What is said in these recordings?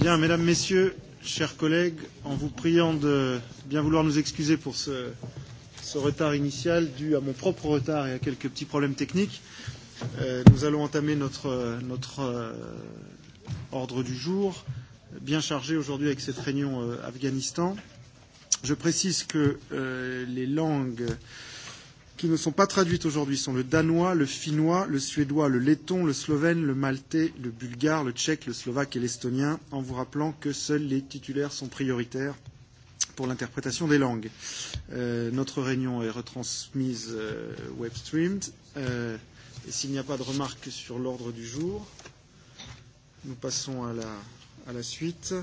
Bien, mesdames, messieurs, chers collègues, en vous priant de bien vouloir nous excuser pour ce, ce retard initial dû à mon propre retard et à quelques petits problèmes techniques, euh, nous allons entamer notre, notre euh, ordre du jour, bien chargé aujourd'hui avec cette réunion euh, Afghanistan. Je précise que euh, les langues euh, qui ne sont pas traduites aujourd'hui sont le danois, le finnois, le suédois, le letton, le slovène, le maltais, le bulgare, le tchèque, le slovaque et l'estonien, en vous rappelant que seuls les titulaires sont prioritaires pour l'interprétation des langues. Euh, notre réunion est retransmise euh, web-streamed. Euh, et s'il n'y a pas de remarques sur l'ordre du jour, nous passons à la, à la suite. Euh,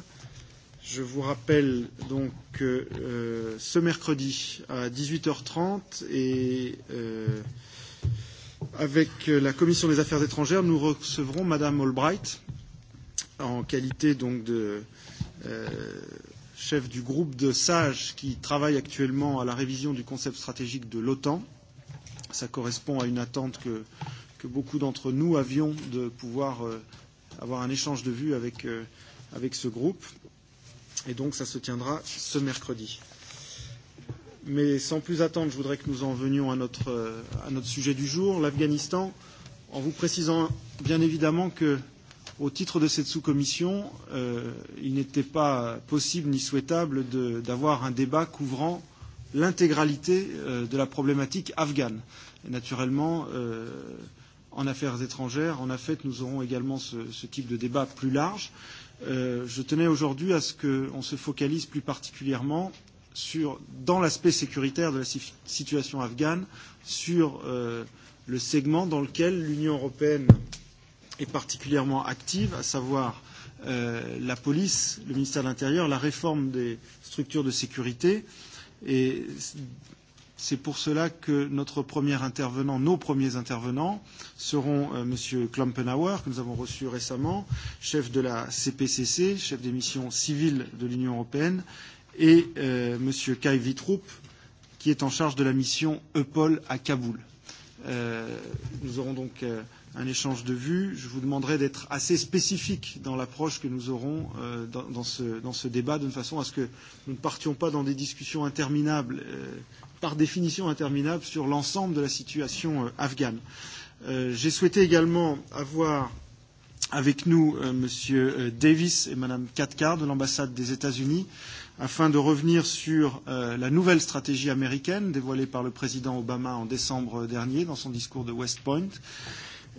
Je vous rappelle donc que euh, ce mercredi à 18h30 et euh, avec la Commission des affaires étrangères, nous recevrons Madame Albright en qualité donc de euh, chef du groupe de sages qui travaille actuellement à la révision du concept stratégique de l'OTAN. Ça correspond à une attente que, que beaucoup d'entre nous avions de pouvoir euh, avoir un échange de vues avec, euh, avec ce groupe. Et donc ça se tiendra ce mercredi. Mais sans plus attendre, je voudrais que nous en venions à notre, euh, à notre sujet du jour, l'Afghanistan, en vous précisant bien évidemment que, au titre de cette sous-commission, euh, il n'était pas possible ni souhaitable d'avoir un débat couvrant l'intégralité euh, de la problématique afghane. Et naturellement, euh, en affaires étrangères, en affaires, nous aurons également ce, ce type de débat plus large. Euh, je tenais aujourd'hui à ce qu'on se focalise plus particulièrement sur, dans l'aspect sécuritaire de la situation afghane, sur euh, le segment dans lequel l'Union européenne est particulièrement active, à savoir euh, la police, le ministère de l'Intérieur, la réforme des structures de sécurité. Et C'est pour cela que notre premier intervenant, nos premiers intervenants seront euh, M. Klumpenauer, que nous avons reçu récemment, chef de la CPCC, chef des missions civiles de l'Union européenne, et euh, M. Kai Vitroup, qui est en charge de la mission EPOL à Kaboul. Euh, nous aurons donc euh, un échange de vues. Je vous demanderai d'être assez spécifique dans l'approche que nous aurons euh, dans, dans, ce, dans ce débat, de façon à ce que nous ne partions pas dans des discussions interminables euh, par définition interminable sur l'ensemble de la situation euh, afghane. Euh, j'ai souhaité également avoir avec nous euh, Monsieur euh, Davis et Madame Katkar de l'ambassade des États-Unis afin de revenir sur euh, la nouvelle stratégie américaine dévoilée par le président Obama en décembre dernier dans son discours de West Point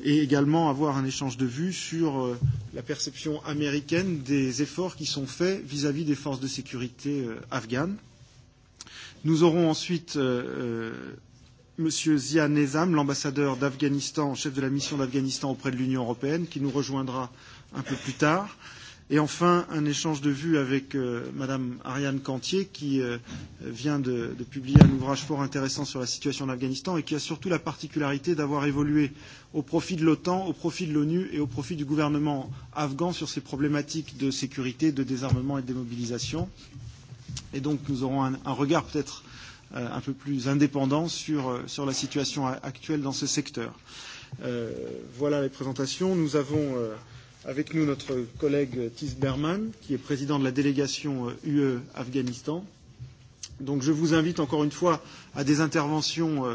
et également avoir un échange de vues sur euh, la perception américaine des efforts qui sont faits vis-à-vis -vis des forces de sécurité euh, afghanes. Nous aurons ensuite euh, euh, Monsieur Zia Nezam, l'ambassadeur d'Afghanistan, chef de la mission d'Afghanistan auprès de l'Union européenne, qui nous rejoindra un peu plus tard. Et enfin, un échange de vues avec euh, Madame Ariane Cantier, qui euh, vient de, de publier un ouvrage fort intéressant sur la situation en Afghanistan et qui a surtout la particularité d'avoir évolué au profit de l'OTAN, au profit de l'ONU et au profit du gouvernement afghan sur ces problématiques de sécurité, de désarmement et de démobilisation. Euh, et donc nous aurons un, un regard peut-être euh, un peu plus indépendant sur, euh, sur la situation actuelle dans ce secteur. Euh, voilà les présentations. Nous avons euh, avec nous notre collègue Tis Berman, qui est président de la délégation euh, UE Afghanistan. Donc je vous invite encore une fois à des interventions euh,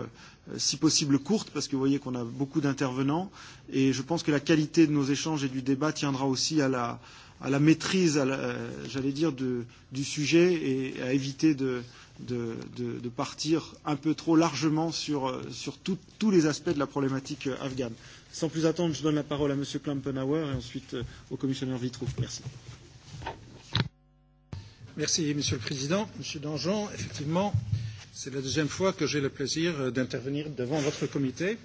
euh, si possible courtes, parce que vous voyez qu'on a beaucoup d'intervenants, et je pense que la qualité de nos échanges et du débat tiendra aussi à la, euh, à la maîtrise, à euh, j'allais dire, de, du sujet et à éviter de, de, de, de partir un peu trop largement sur, euh, sur tout, tous les aspects de la problématique euh, afghane. Sans plus attendre, je donne la parole à M. Klampenauer et ensuite au commissionnaire Vitrouf. Merci. Merci, M. le Président. M. Dangean, effectivement, c'est la deuxième fois que j'ai le plaisir d'intervenir devant votre comité.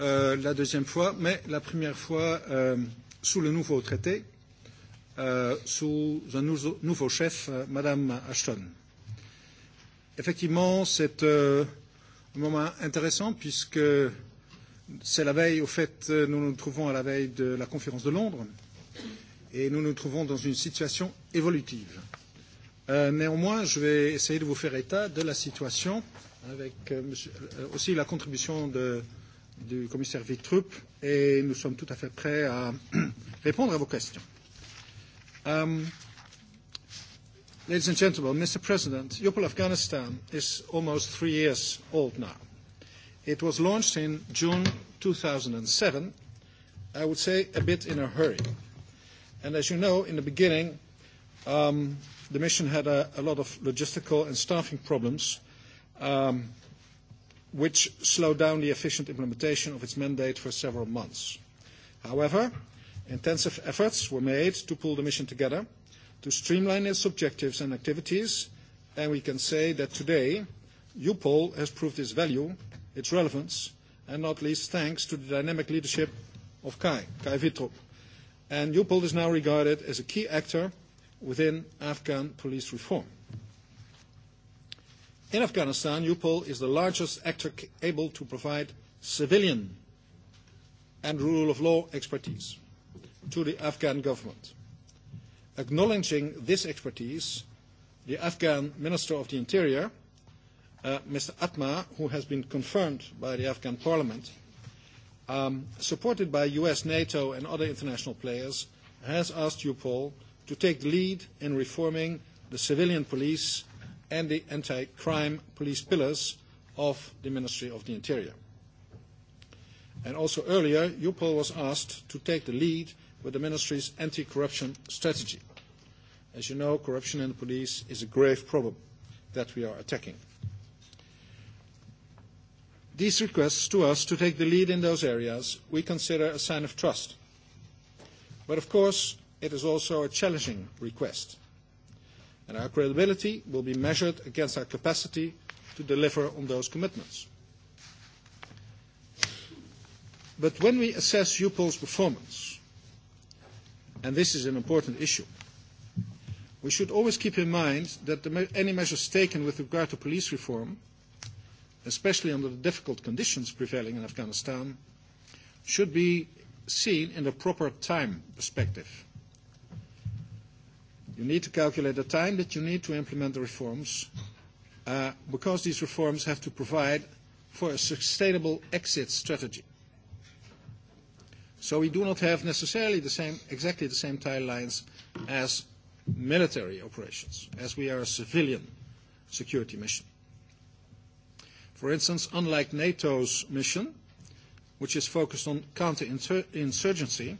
Euh, la deuxième fois, mais la première fois euh, sous le nouveau traité, Euh, sous un nouveau chef, euh, Madame Ashton. Effectivement, c'est euh, un moment intéressant puisque c'est la veille, au fait, nous nous trouvons à la veille de la conférence de Londres et nous nous trouvons dans une situation évolutive. Euh, néanmoins, je vais essayer de vous faire état de la situation avec euh, monsieur, euh, aussi la contribution de, du commissaire Wittrup et nous sommes tout à fait prêts à répondre à vos questions. Um, ladies and gentlemen, Mr. President, Yopal Afghanistan is almost three years old now. It was launched in June 2007, I would say a bit in a hurry. And as you know, in the beginning, um, the mission had a, a lot of logistical and staffing problems, um, which slowed down the efficient implementation of its mandate for several months. However, Intensive efforts were made to pull the mission together, to streamline its objectives and activities, and we can say that today, EUPOL has proved its value, its relevance, and not least thanks to the dynamic leadership of Kai, Kai Vitrup. And EUPOL is now regarded as a key actor within Afghan police reform. In Afghanistan, EUPOL is the largest actor able to provide civilian and rule of law expertise to the Afghan government. Acknowledging this expertise, the Afghan Minister of the Interior, uh, Mr. Atma, who has been confirmed by the Afghan parliament, um, supported by US, NATO, and other international players, has asked UPOL to take the lead in reforming the civilian police and the anti-crime police pillars of the Ministry of the Interior. And also earlier, UPOL was asked to take the lead with the Ministry's anti-corruption strategy. As you know, corruption in the police is a grave problem that we are attacking. These requests to us to take the lead in those areas we consider a sign of trust. But of course, it is also a challenging request, and our credibility will be measured against our capacity to deliver on those commitments. But when we assess EUPOL's performance, and this is an important issue. We should always keep in mind that the, any measures taken with regard to police reform, especially under the difficult conditions prevailing in Afghanistan, should be seen in the proper time perspective. You need to calculate the time that you need to implement the reforms, uh, because these reforms have to provide for a sustainable exit strategy. So we do not have necessarily the same, exactly the same timelines as military operations, as we are a civilian security mission. For instance, unlike NATO's mission, which is focused on counterinsurgency,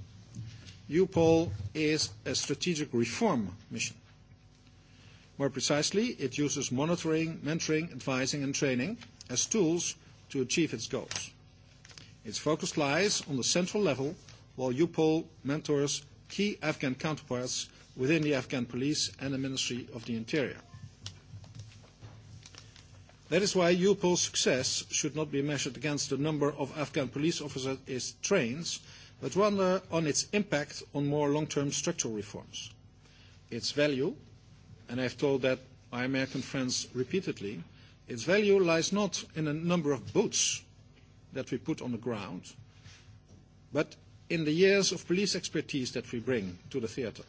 EUPOL is a strategic reform mission. More precisely, it uses monitoring, mentoring, advising, and training as tools to achieve its goals. Its focus lies on the central level, while UPOL mentors key Afghan counterparts within the Afghan police and the Ministry of the Interior. That is why UPOL's success should not be measured against the number of Afghan police officers it trains, but rather on its impact on more long-term structural reforms. Its value, and I have told that my American friends repeatedly, its value lies not in the number of boots that we put on the ground, but in the years of police expertise that we bring to the theatre.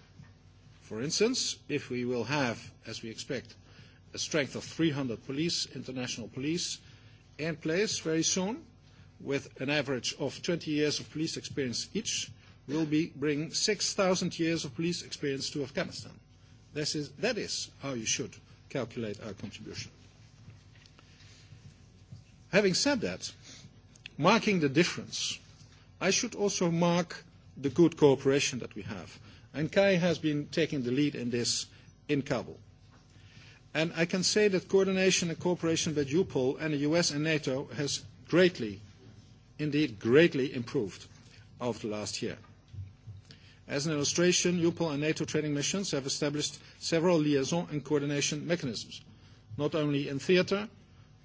For instance, if we will have, as we expect, a strength of 300 police, international police, in place very soon, with an average of 20 years of police experience each, will be bring 6,000 years of police experience to Afghanistan. This is, that is how you should calculate our contribution. Having said that, marking the difference, I should also mark the good cooperation that we have. And Kai has been taking the lead in this in Kabul. And I can say that coordination and cooperation with UPOL and the US and NATO has greatly, indeed greatly improved over the last year. As an illustration, UPOL and NATO training missions have established several liaison and coordination mechanisms, not only in theater,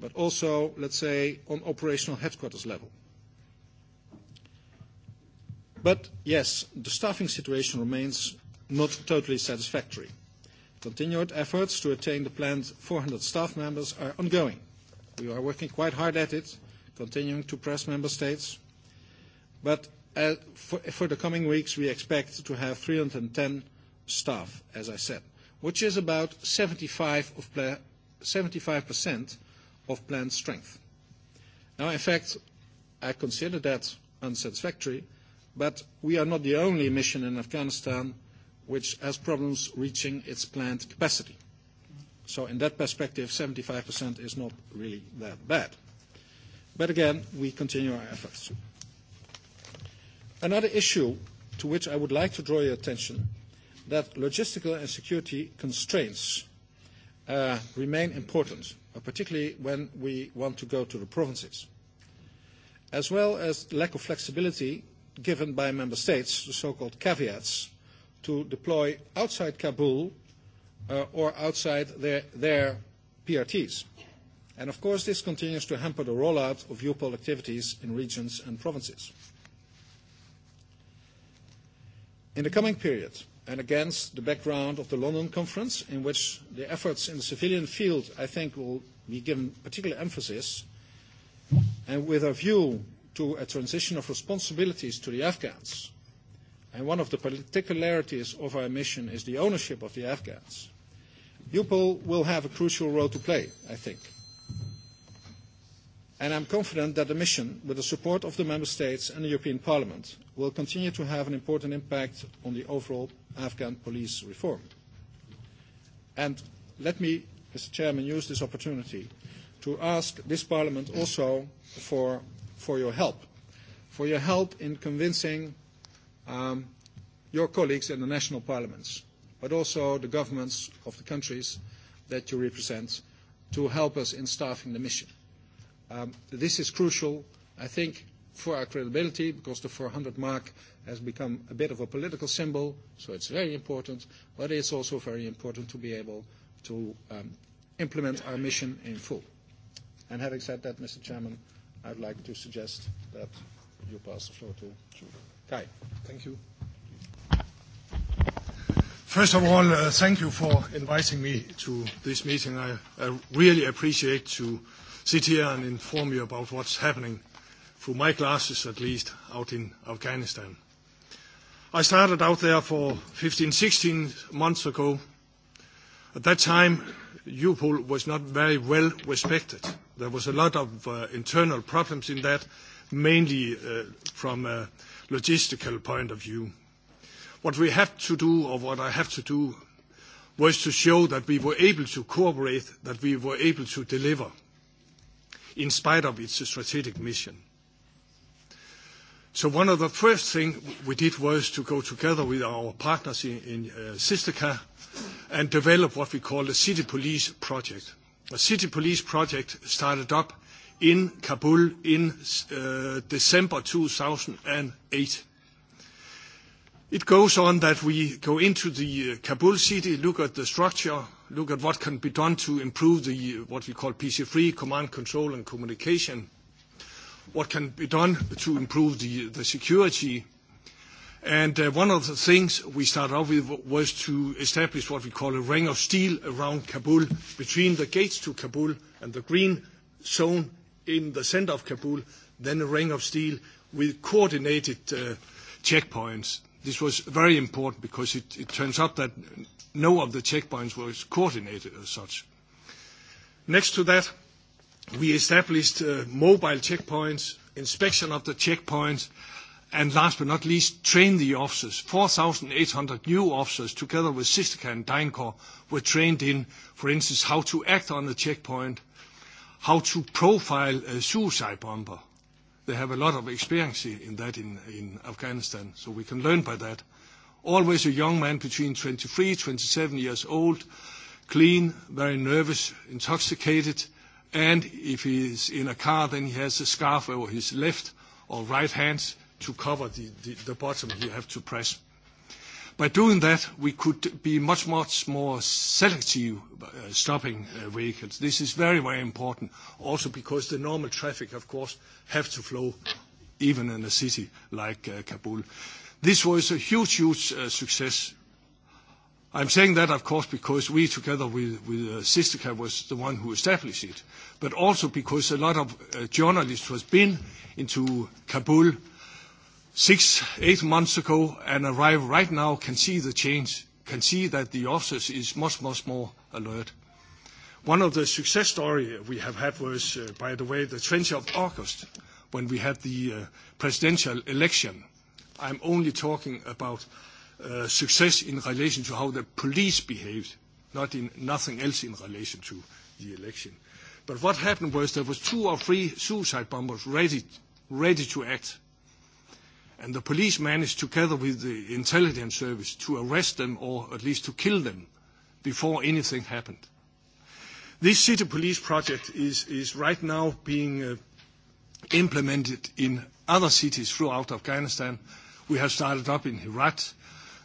but also, let's say, on operational headquarters level. But yes, the staffing situation remains not totally satisfactory. Continued efforts to attain the planned 400 staff members are ongoing. We are working quite hard at it, continuing to press member states. But uh, for, the coming weeks, we expect to have 310 staff, as I said, which is about 75% of, 75 of plant strength. Now, in fact, I consider that unsatisfactory, but we are not the only mission in Afghanistan which has problems reaching its planned capacity. So in that perspective, 75% is not really that bad. But again, we continue our efforts. Another issue to which I would like to draw your attention that logistical and security constraints uh, remain important Uh, particularly when we want to go to the provinces, as well as lack of flexibility given by member states, the so-called caveats, to deploy outside Kabul uh, or outside their, PRTs. And of course, this continues to hamper the rollout of EUPOL activities in regions and provinces. In the coming period, and against the background of the London Conference, in which the efforts in the civilian field, I think, will be given particular emphasis, and with a view to a transition of responsibilities to the Afghans. And one of the particularities of our mission is the ownership of the Afghans. UPOL will have a crucial role to play, I think. And I'm confident that the mission, with the support of the Member States and the European Parliament, will continue to have an important impact on the overall Afghan police reform. And let me, Mr. Chairman, use this opportunity to ask this Parliament also for, for your help, for your help in convincing um, your colleagues in the national parliaments, but also the governments of the countries that you represent, to help us in staffing the mission. Um, this is crucial. I think for our credibility because the 400 mark has become a bit of a political symbol, so it's very important, but it's also very important to be able to um, implement our mission in full. And having said that, Mr. Chairman, I'd like to suggest that you pass the floor to Kai. Thank you. First of all, uh, thank you for inviting me to this meeting. I, I really appreciate to sit here and inform you about what's happening for my classes at least, out in Afghanistan. I started out there for 15, 16 months ago. At that time, UPOL was not very well respected. There was a lot of uh, internal problems in that, mainly uh, from a logistical point of view. What we have to do, or what I have to do, was to show that we were able to cooperate, that we were able to deliver, in spite of its strategic mission. So one of the first thing we did was to go together with our partners in, in uh, and develop what we call the City Police Project. The City Police Project started up in Kabul in uh, December 2008. It goes on that we go into the uh, Kabul city, look at the structure, look at what can be done to improve the, what we call PC3, command, control, and communication what can be done to improve the, the security. And uh, one of the things we started off with was to establish what we call a ring of steel around Kabul, between the gates to Kabul and the green zone in the center of Kabul, then a ring of steel with coordinated uh, checkpoints. This was very important because it, it turns out that no of the checkpoints was coordinated as such. Next to that, we established uh, mobile checkpoints, inspection of the checkpoints, and last but not least, trained the officers. 4,800 new officers, together with Sistika and DynCorp, were trained in, for instance, how to act on the checkpoint, how to profile a suicide bomber. They have a lot of experience in that in Afghanistan, so we can learn by that. Always a young man between 23, 27 years old, clean, very nervous, intoxicated, And if he is in a car, then he has a scarf over his left or right hand to cover the, the, the bottom he have to press. By doing that, we could be much, much more selective uh, stopping uh, vehicles. This is very, very important, also because the normal traffic, of course, have to flow even in a city like uh, Kabul. This was a huge, huge uh, success I'm saying that, of course, because we, together with, with uh, was the one who established it, but also because a lot of uh, journalists was been into Kabul six, eight months ago and arrive right now can see the change, can see that the officers is much, much more alert. One of the success story we have had was, uh, by the way, the 20th of August, when we had the uh, presidential election. I'm only talking about Uh, success in relation to how the police behaved, not in nothing else in relation to the election. But what happened was there was two or three suicide bombers ready, ready to act. And the police managed, together with the intelligence service, to arrest them or at least to kill them before anything happened. This city police project is, is right now being uh, implemented in other cities throughout Afghanistan. We have started up in Herat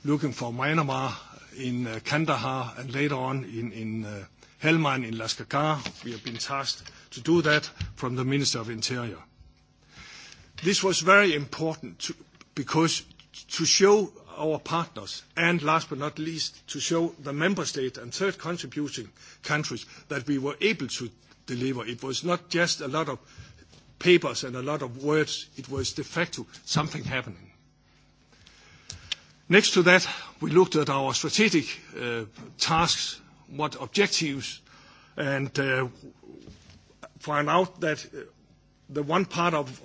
looking for Myanmar in uh, Kandahar and later on in, in uh, Helmand in Lashkar. We have been tasked to do that from the Minister of Interior. This was very important to, because to show our partners, and last but not least, to show the member state and third contributing countries that we were able to deliver. It was not just a lot of papers and a lot of words. It was de facto something happening. Next to that, we looked at our strategic uh, tasks, what objectives, and found uh, find out that uh, the one part of,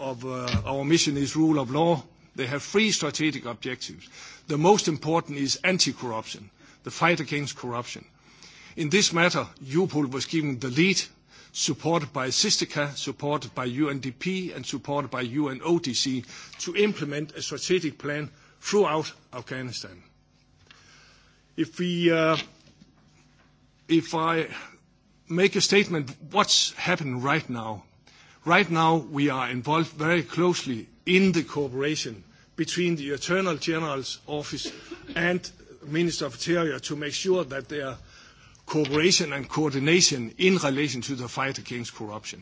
our mission is rule of law. They have three strategic objectives. The most important is anti-corruption, the fight against corruption. In this matter, Europol was given the lead, supported by Sistika, supported by UNDP, and supported by UNODC, to implement a strategic plan throughout Afghanistan. If we, uh, if I make a statement, what's happened right now? Right now, we are involved very closely in the cooperation between the Attorney General's office and Minister of Interior to make sure that there are cooperation and coordination in relation to the fight against corruption.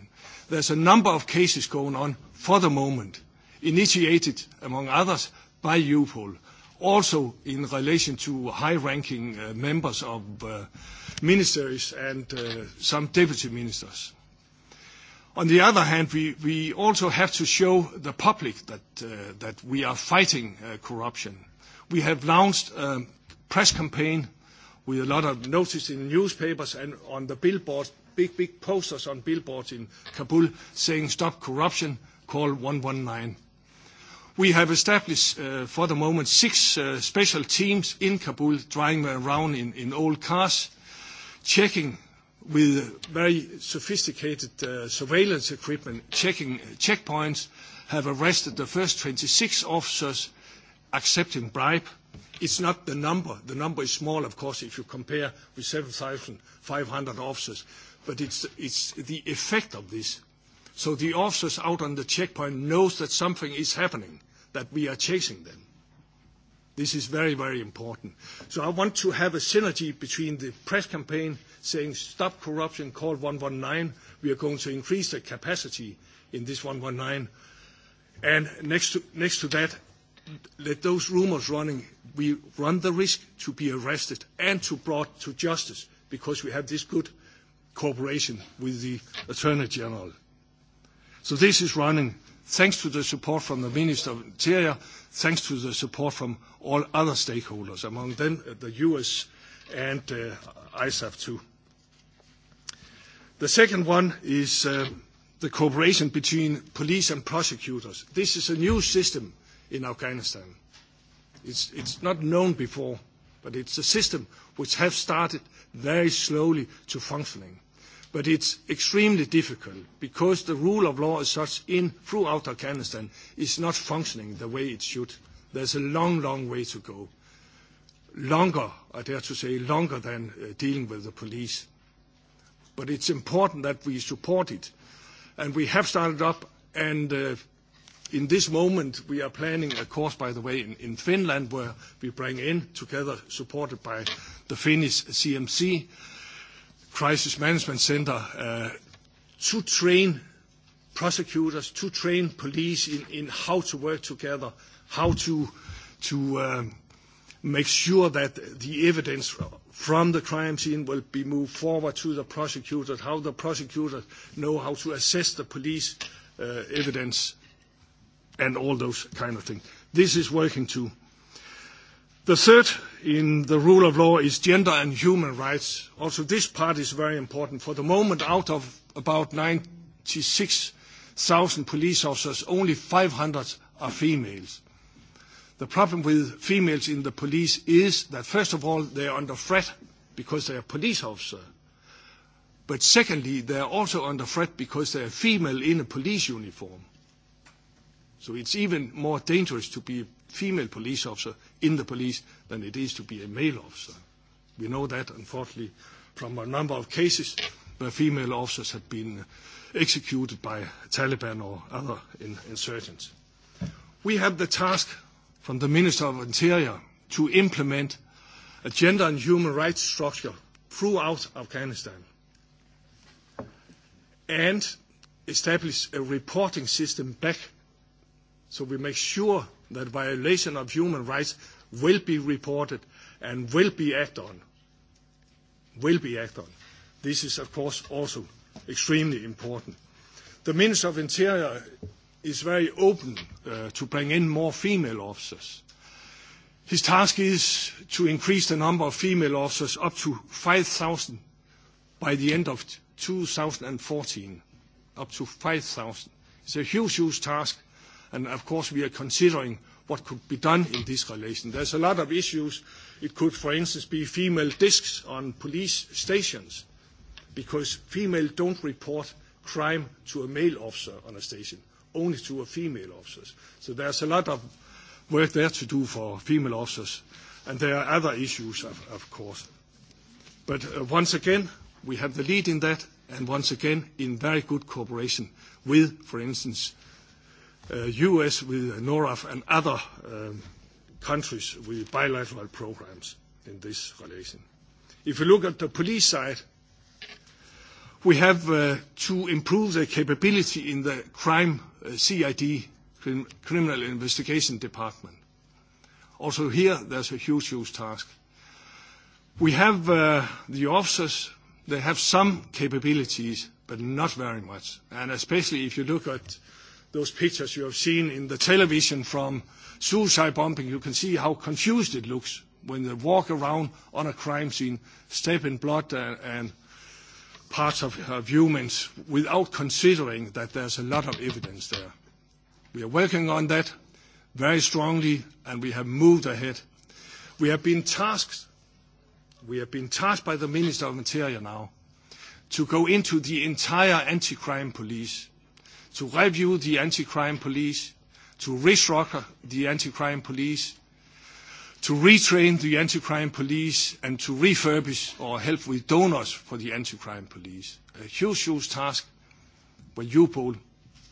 There's a number of cases going on for the moment, initiated, among others, by Europol, also in relation to high-ranking uh, members of uh, ministries and uh, some deputy ministers. On the other hand, we, we also have to show the public that, uh, that we are fighting uh, corruption. We have launched a press campaign with a lot of notice in newspapers and on the billboards, big, big posters on billboards in Kabul saying, "Stop corruption, call 119." We have established, uh, for the moment, six uh, special teams in Kabul driving around in, old cars, checking with very sophisticated uh, surveillance equipment, checking checkpoints, have arrested the first 26 officers accepting bribe. It's not the number. The number is small, of course, if you compare with 7,500 officers, but it's, it's the effect of this. So the officers out on the checkpoint knows that something is happening that we are chasing them. This is very, very important. So I want to have a synergy between the press campaign saying, "Stop corruption, call 119." We are going to increase the capacity in this 119. And next to, next to that, let those rumors running, we run the risk to be arrested and to brought to justice because we have this good cooperation with the Attorney General. So this is running thanks to the support from the Minister of Interior, thanks to the support from all other stakeholders, among them uh, the US and uh, ISAF too. The second one is uh, the cooperation between police and prosecutors. This is a new system in Afghanistan. It's, it's not known before, but it's a system which has started very slowly to functioning. But it's extremely difficult because the rule of law as such in throughout Afghanistan is not functioning the way it should. There's a long, long way to go. Longer, I dare to say, longer than uh, dealing with the police. But it's important that we support it. And we have started up, and uh, in this moment, we are planning a course, by the way, in, in Finland, where we bring in, together, supported by the Finnish CMC, crisis management center uh, to train prosecutors, to train police in, in how to work together, how to, to um, make sure that the evidence from the crime scene will be moved forward to the prosecutors, how the prosecutors know how to assess the police uh, evidence and all those kind of things. This is working too. The third in the rule of law is gender and human rights. Also, this part is very important. For the moment, out of about 96,000 police officers, only 500 are females. The problem with females in the police is that, first of all, they are under threat because they are police officers. But secondly, they are also under threat because they are female in a police uniform. So it's even more dangerous to be female police officer in the police than it is to be a male officer. We know that, unfortunately, from a number of cases where female officers have been executed by Taliban or other insurgents. We have the task from the Minister of Interior to implement a gender and human rights structure throughout Afghanistan and establish a reporting system back so we make sure that violation of human rights will be reported and will be acted on. Will be acted on. This is, of course, also extremely important. The Minister of Interior is very open uh, to bring in more female officers. His task is to increase the number of female officers up to 5,000 by the end of 2014. Up to 5,000. It's a huge, huge task And of course, we are considering what could be done in this relation. There's a lot of issues. It could, for instance, be female discs on police stations because female don't report crime to a male officer on a station, only to a female officer. So there's a lot of work there to do for female officers. And there are other issues, of, of course. But uh, once again, we have the lead in that, and once again, in very good cooperation with, for instance, uh, US with NORAF and other um, countries with bilateral programs in this relation. If you look at the police side, we have uh, to improve the capability in the crime uh, CID, crim Criminal Investigation Department. Also here, there's a huge, huge task. We have uh, the officers, they have some capabilities, but not very much. And especially if you look at those pictures you have seen in the television from suicide bombing, you can see how confused it looks when they walk around on a crime scene, step in blood and, uh, and parts of, of uh, humans without considering that there's a lot of evidence there. We are working on that very strongly, and we have moved ahead. We have been tasked, we have been tasked by the Minister of Interior now to go into the entire anti-crime police to review the anti-crime police, to restructure the anti-crime police, to retrain the anti-crime police, and to refurbish or help with donors for the anti-crime police. A huge, huge task, where Europol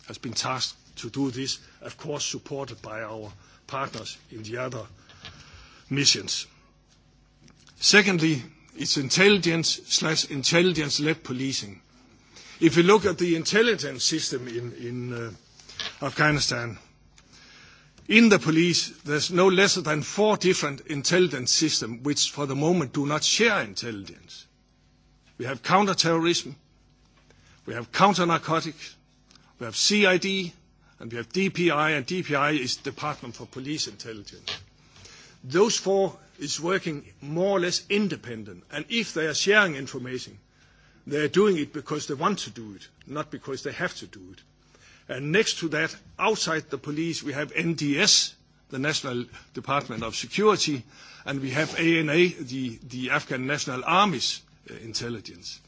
has been tasked to do this, of course, supported by our partners in the other missions. Secondly, it's intelligence/intelligence-led policing. If you look at the intelligence system in, in uh, Afghanistan, in the police, there's no less than four different intelligence systems, which for the moment do not share intelligence. We have counterterrorism, we have counter-narcotics, we have CID, and we have DPI, and DPI is Department for Police Intelligence. Those four is working more or less independent, and if they are sharing information, They are doing it because they want to do it, not because they have to do it. And next to that, outside the police, we have NDS, the National Department of Security, and we have ANA, the, the Afghan National Army's uh, intelligence.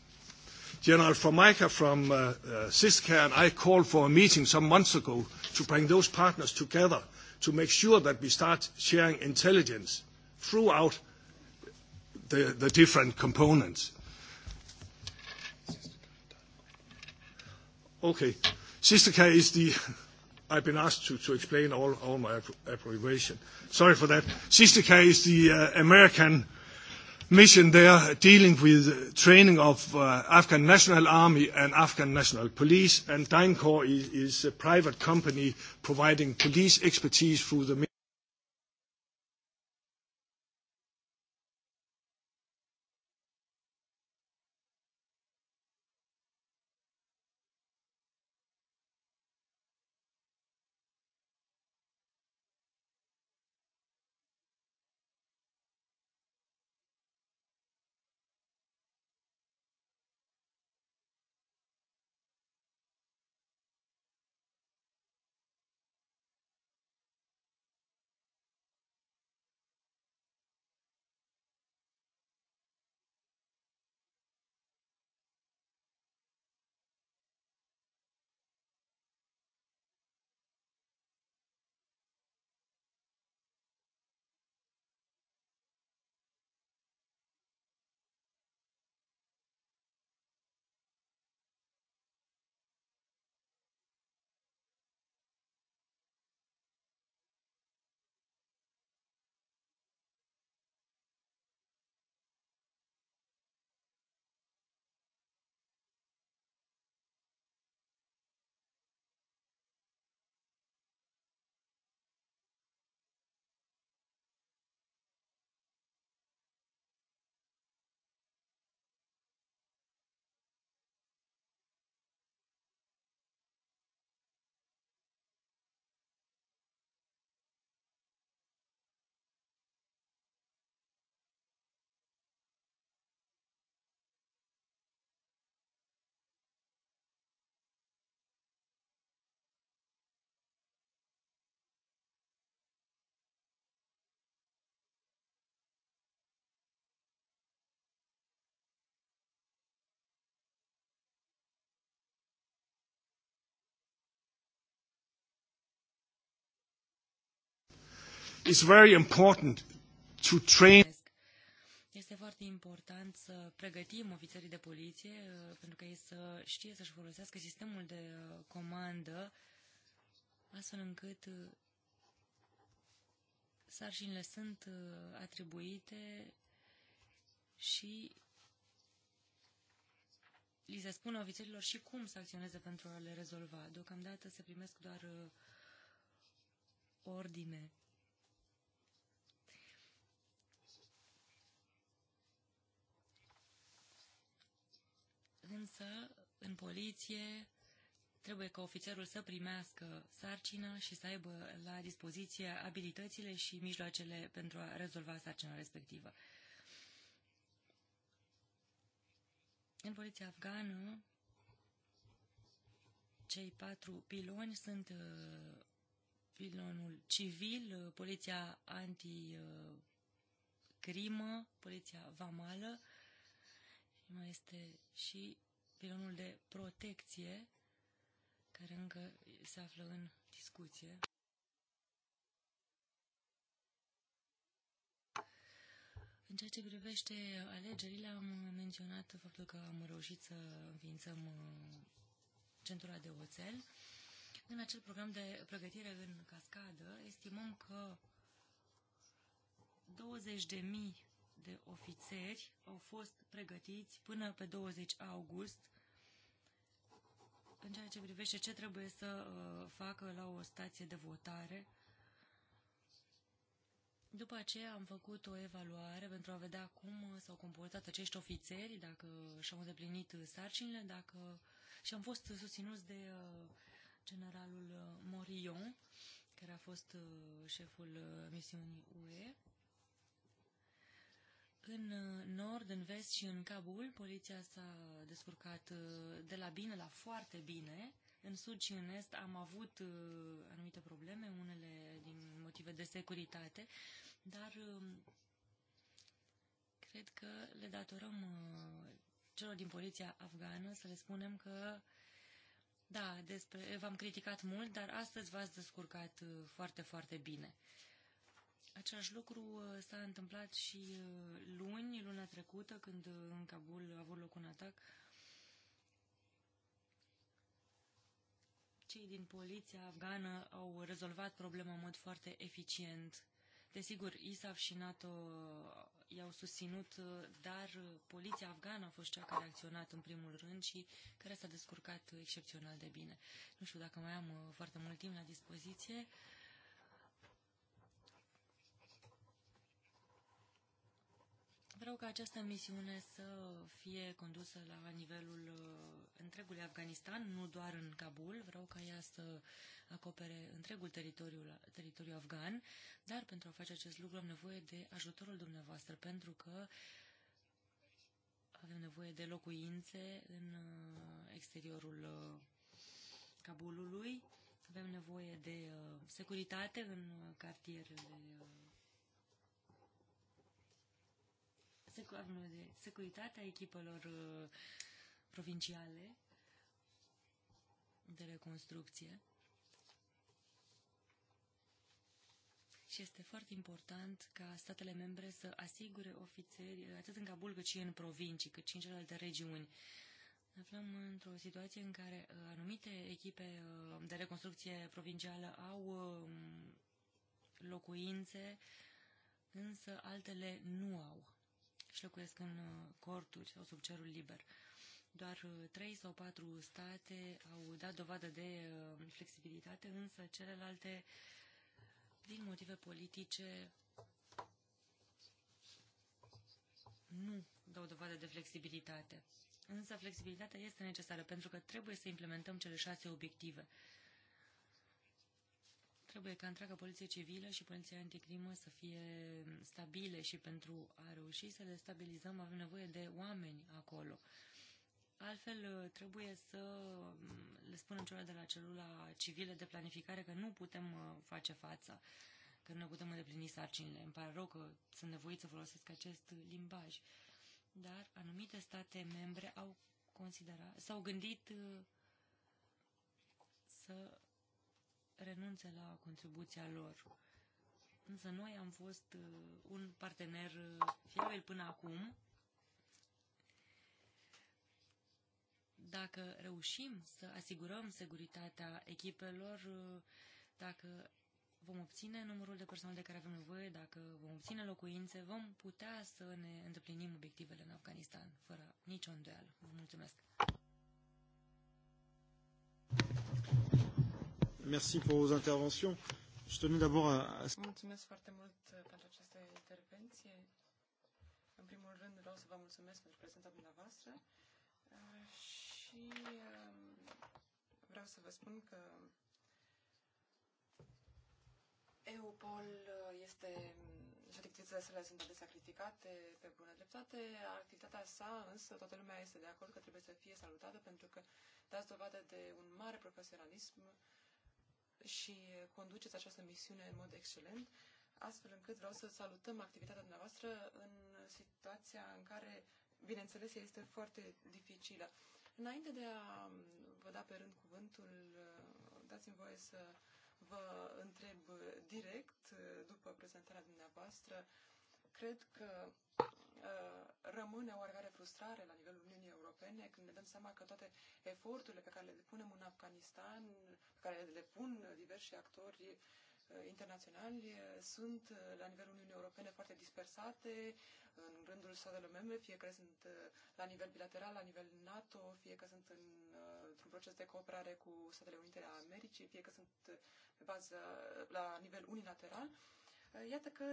General Formica from uh, uh, CISCA and I called for a meeting some months ago to bring those partners together to make sure that we start sharing intelligence throughout the, the different components. Okay. Systica is the I've been asked to, to explain all, all my abbreviation. Sorry for that. Systica is the uh, American mission there dealing with training of uh, Afghan National Army and Afghan National Police, and DynCorp is, is a private company providing police expertise through the it's very important to train este foarte important să pregătim ofițerii de poliție uh, pentru că ei să știe să-și folosească sistemul de uh, comandă astfel încât uh, sarcinile sunt atribuite și li se spune ofițerilor și cum să acționeze pentru a le rezolva. Deocamdată se primesc doar ordine Însă, în poliție, trebuie ca ofițerul să primească sarcina și să aibă la dispoziție abilitățile și mijloacele pentru a rezolva sarcina respectivă. În poliția afgană, cei patru piloni sunt uh, pilonul civil, uh, poliția anticrimă, uh, poliția vamală mai este și pilonul de protecție, care încă se află în discuție. În ceea ce privește alegerile, am menționat faptul că am reușit să înființăm uh, centura de oțel. În acel program de pregătire în cascadă, estimăm că 20.000 de ofițeri au fost pregătiți până pe 20 august în ceea ce privește ce trebuie să uh, facă la o stație de votare. După aceea am făcut o evaluare pentru a vedea cum uh, s-au comportat acești ofițeri, dacă și-au îndeplinit uh, sarcinile, dacă și am fost susținuți de generalul Morion, care a fost șeful misiunii UE. În uh, nord, în vest și în Kabul, poliția s-a descurcat uh, de la bine la foarte bine. În sud și în est am avut uh, anumite probleme, unele din motive de securitate, dar um, cred că le datorăm celor din poliția afgană să le spunem că da, despre, v-am criticat mult, dar astăzi v-ați descurcat foarte, foarte bine. Același lucru uh, s-a întâmplat și uh, luni, luna trecută, când uh, în Kabul a avut loc un atac. Cei din poliția afgană au rezolvat problema în mod foarte eficient. Desigur, ISAF și NATO i-au susținut, dar poliția afgană a fost cea care a acționat în primul rând și care s-a descurcat excepțional de bine. Nu știu dacă mai am foarte mult timp la dispoziție. vreau ca această misiune să fie condusă la nivelul uh, întregului Afganistan, nu doar în Kabul. Vreau ca ea să acopere întregul teritoriu, teritoriu afgan, dar pentru a face acest lucru am nevoie de ajutorul dumneavoastră, pentru că avem nevoie de locuințe în uh, exteriorul uh, Kabulului, avem nevoie de securitate în cartierele Securitatea securitate echipelor uh, provinciale de reconstrucție. Și este foarte important ca statele membre să asigure ofițeri, atât în Kabul cât și în provincii, cât și în celelalte regiuni. Ne aflăm într-o situație în care uh, anumite echipe uh, de reconstrucție provincială au um, locuințe, însă altele nu au și locuiesc în uh, corturi sau sub cerul liber. Doar uh, trei sau patru state au dat dovadă de uh, flexibilitate, însă celelalte, din motive politice, nu dau dovadă de flexibilitate. Însă flexibilitatea este necesară pentru că trebuie să implementăm cele șase obiective. Trebuie ca întreaga poliție civilă și poliția anticrimă să fie stabile și pentru a reuși să le stabilizăm avem nevoie de oameni acolo. Altfel, trebuie să mm, le spunem celor de la celula civilă de planificare că nu putem uh, face față, că nu putem îndeplini sarcinile. Îmi pare rău că sunt nevoit să folosesc acest limbaj. Dar anumite state membre au considerat, s-au gândit uh, să renunțe la contribuția lor. Însă noi am fost uh, un partener uh, fiabil până acum. Dacă reușim să asigurăm securitatea echipelor, uh, dacă vom obține numărul de persoane de care avem nevoie, dacă vom obține locuințe, vom putea să ne îndeplinim obiectivele în Afganistan, fără nicio îndoială. Vă mulțumesc! merci pour vos interventions. Je tenais d'abord à... Mulțumesc foarte mult uh, pentru această intervenție. În primul rând vreau să vă mulțumesc pentru prezența dumneavoastră uh, și uh, vreau să vă spun că EUPOL este și activitățile sale sunt adesea criticate pe bună dreptate. Activitatea sa, însă, toată lumea este de acord că trebuie să fie salutată pentru că dați dovadă de un mare profesionalism și conduceți această misiune în mod excelent, astfel încât vreau să salutăm activitatea dumneavoastră în situația în care, bineînțeles, este foarte dificilă. Înainte de a vă da pe rând cuvântul, dați-mi voie să vă întreb direct, după prezentarea dumneavoastră, cred că Uh, rămâne oarecare frustrare la nivelul Uniunii Europene când ne dăm seama că toate eforturile pe care le depunem în Afganistan, pe care le depun diversi actori uh, internaționali, uh, sunt la nivelul Uniunii Europene foarte dispersate în rândul statelor membre, fie că sunt la nivel bilateral, la nivel NATO, fie că sunt în, într-un proces de cooperare cu Statele Unite ale Americii, fie că sunt pe bază la nivel unilateral. Iată că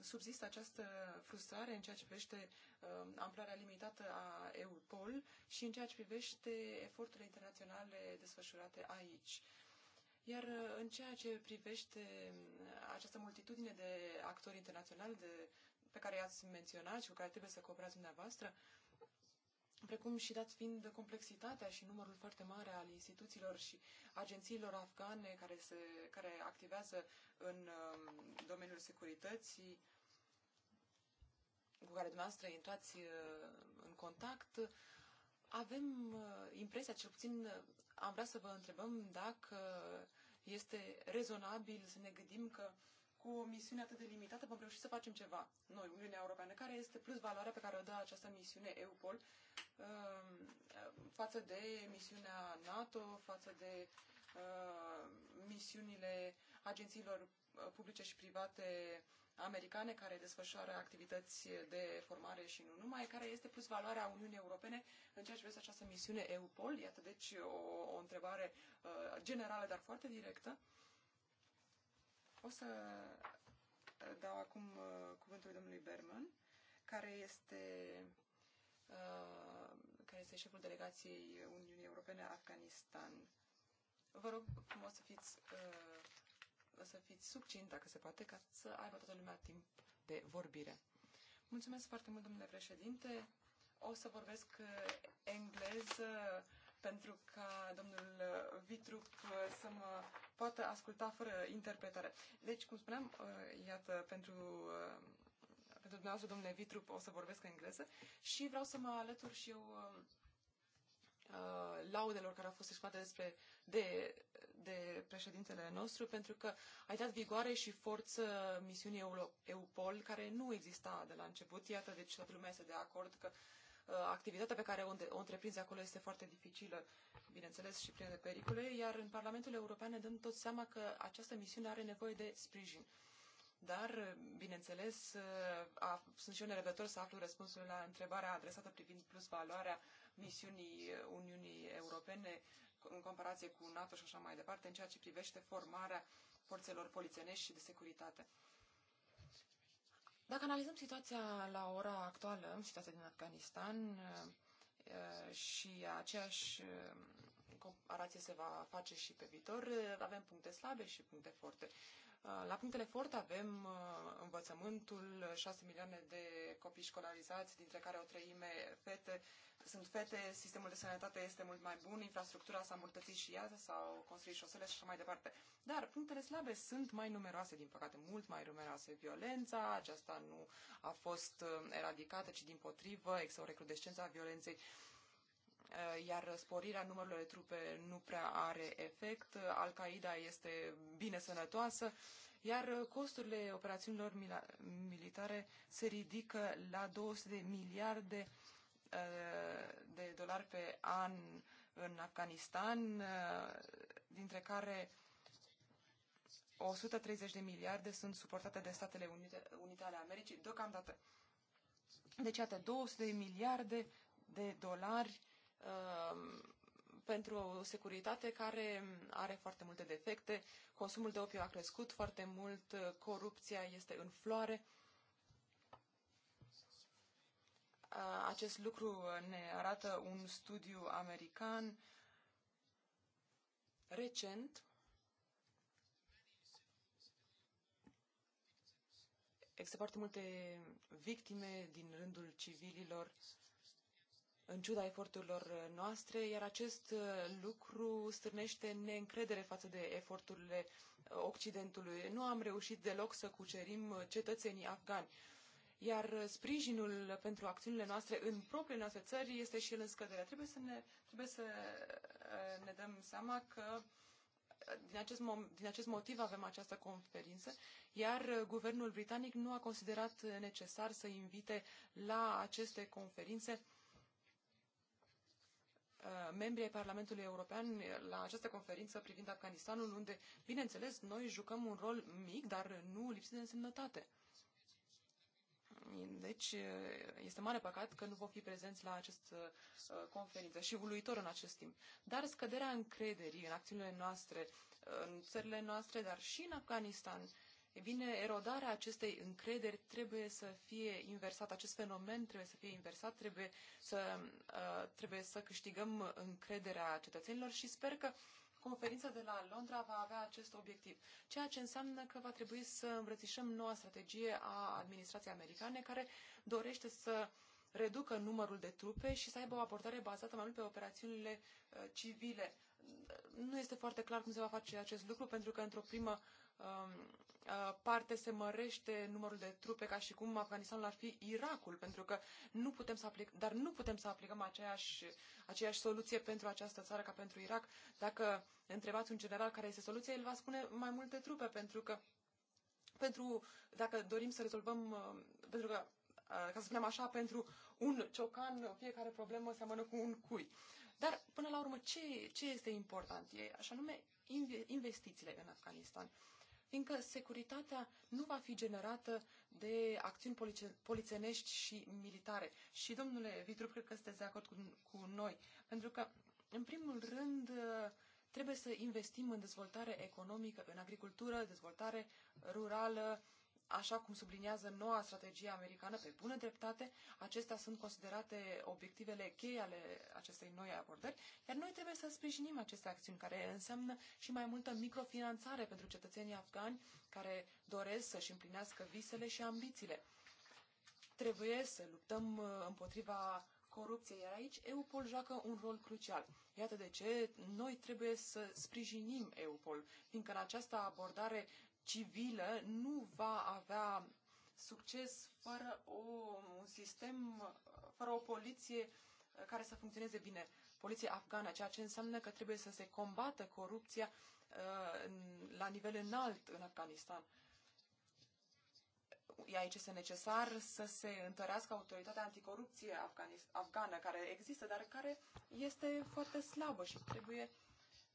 subzistă această frustrare în ceea ce privește amplarea limitată a EUPOL și în ceea ce privește eforturile internaționale desfășurate aici. Iar în ceea ce privește această multitudine de actori internaționali de, pe care i-ați menționat și cu care trebuie să cooperați dumneavoastră, uh, precum și dat fiind complexitatea și numărul foarte mare al instituțiilor și agențiilor afgane care, se, care activează în um, domeniul securității, cu care dumneavoastră intrați uh, în contact, avem uh, impresia, cel puțin am vrea să vă întrebăm dacă este rezonabil să ne gândim că cu o misiune atât de limitată vom reuși să facem ceva. Noi, Uniunea Europeană, care este plus valoarea pe care o dă această misiune EUPOL Um, față de misiunea NATO, față de uh, misiunile agențiilor uh, publice și private americane care desfășoară activități de formare și nu numai, care este plus valoarea Uniunii Europene în ceea ce vezi această misiune EUPOL. Iată deci o, o întrebare uh, generală, dar foarte directă. O să uh, dau acum uh, cuvântul domnului Berman, care este uh, este șeful delegației Uniunii Europene Afganistan. Vă rog frumos să fiți, uh, să fiți succint, dacă se poate, ca să aibă toată lumea timp de vorbire. Mulțumesc foarte mult, domnule președinte. O să vorbesc uh, engleză pentru ca domnul uh, Vitrup să mă poată asculta fără interpretare. Deci, cum spuneam, iată, pentru pentru dumneavoastră, domnule Vitru, o să vorbesc în engleză și vreau să mă alătur și eu um, uh, laudelor care au fost exprimate despre de, de președintele nostru, pentru că ai dat vigoare și forță misiunii EUPOL, care nu exista de la început. Iată, deci toată lumea este de acord că uh, activitatea pe care o întreprinzi acolo este foarte dificilă, bineînțeles, și plină de pericole, iar în Parlamentul European ne dăm tot seama că această misiune are nevoie de sprijin. Dar, bineînțeles, a, sunt și eu nerăbdător să aflu răspunsul la întrebarea adresată privind plus valoarea misiunii Uniunii Europene în comparație cu NATO și așa mai departe, în ceea ce privește formarea forțelor polițienești și de securitate. Dacă analizăm situația la ora actuală, situația din Afganistan, eh, și aceeași eh, comparație se va face și pe viitor, eh, avem puncte slabe și puncte forte. La punctele fort avem uh, învățământul, 6 milioane de copii școlarizați, dintre care o treime fete, sunt fete, sistemul de sănătate este mult mai bun, infrastructura s-a îmbunătățit și ea, s-au construit șosele și așa mai departe. Dar punctele slabe sunt mai numeroase, din păcate, mult mai numeroase. Violența, aceasta nu a fost uh, eradicată, ci din potrivă, există o recrudescență a violenței Eh, iar sporirea numărului de trupe nu prea are efect, Al-Qaeda este bine sănătoasă, iar costurile operațiunilor militare se ridică la 200 de miliarde eh, de dolari pe an în Afganistan, eh, dintre care 130 de miliarde sunt suportate de Statele Unite, Unite ale Americii deocamdată. Deci, iată, 200 de miliarde de dolari Um, pentru o securitate care are foarte multe defecte, consumul de opiu a crescut foarte mult, corupția este în floare. Uh, acest lucru ne arată un studiu american recent. Există foarte multe victime din rândul civililor uh, în ciuda eforturilor noastre, iar acest uh, lucru stârnește neîncredere față de eforturile uh, Occidentului. Nu am reușit deloc să cucerim uh, cetățenii afgani, iar sprijinul pentru acțiunile noastre în propriile noastre țări este și el în scădere. Trebuie să ne, trebuie să ne dăm seama că din acest, din acest motiv avem această conferință, iar guvernul britanic nu a considerat necesar să invite la aceste conferințe Uh, membrii ai Parlamentului European la această conferință privind Afganistanul, unde, bineînțeles, noi jucăm un rol mic, dar nu lipsit de însemnătate. Deci, uh, este mare păcat că nu vom fi prezenți la această uh, conferință și uluitor în acest timp. Dar scăderea încrederii în acțiunile noastre, în țările noastre, dar și în Afganistan, vine bine, erodarea acestei încrederi trebuie să fie inversată, acest fenomen trebuie să fie inversat, trebuie să, uh, trebuie să câștigăm încrederea cetățenilor și sper că conferința de la Londra va avea acest obiectiv, ceea ce înseamnă că va trebui să îmbrățișăm noua strategie a administrației americane care dorește să reducă numărul de trupe și să aibă o abordare bazată mai mult pe operațiunile uh, civile. Nu este foarte clar cum se va face acest lucru, pentru că într-o primă um, Uh, parte se mărește numărul de trupe ca și cum Afganistanul ar fi Irakul, pentru că nu putem să aplicăm, dar nu putem să aplicăm aceeași, aceeași soluție pentru această țară ca pentru Irak. Dacă întrebați un general care este soluția, el va spune mai multe trupe, pentru că pentru, dacă dorim să rezolvăm, uh, pentru că, uh, ca să spunem așa, pentru un ciocan, fiecare problemă seamănă cu un cui. Dar, până la urmă, ce, ce este important? E, așa nume, investițiile în Afganistan fiindcă securitatea nu va fi generată de acțiuni polițenești și militare. Și, domnule Vitru, cred că sunteți de acord cu, cu noi, pentru că, în primul rând, trebuie să investim în dezvoltare economică, în agricultură, dezvoltare rurală, Așa cum subliniază noua strategie americană, pe bună dreptate, acestea sunt considerate obiectivele cheie ale acestei noi abordări, iar noi trebuie să sprijinim aceste acțiuni, care înseamnă și mai multă microfinanțare pentru cetățenii afgani care doresc să-și împlinească visele și ambițiile. Trebuie să luptăm uh, împotriva corupției, iar aici EUPOL joacă un rol crucial. Iată de ce noi trebuie să sprijinim EUPOL, fiindcă în această abordare civilă nu va avea succes fără o, un sistem, fără o poliție care să funcționeze bine, poliție afgană, ceea ce înseamnă că trebuie să se combată corupția uh, la nivel înalt în Afganistan. Aici este necesar să se întărească autoritatea anticorupție afgană, care există, dar care este foarte slabă și trebuie,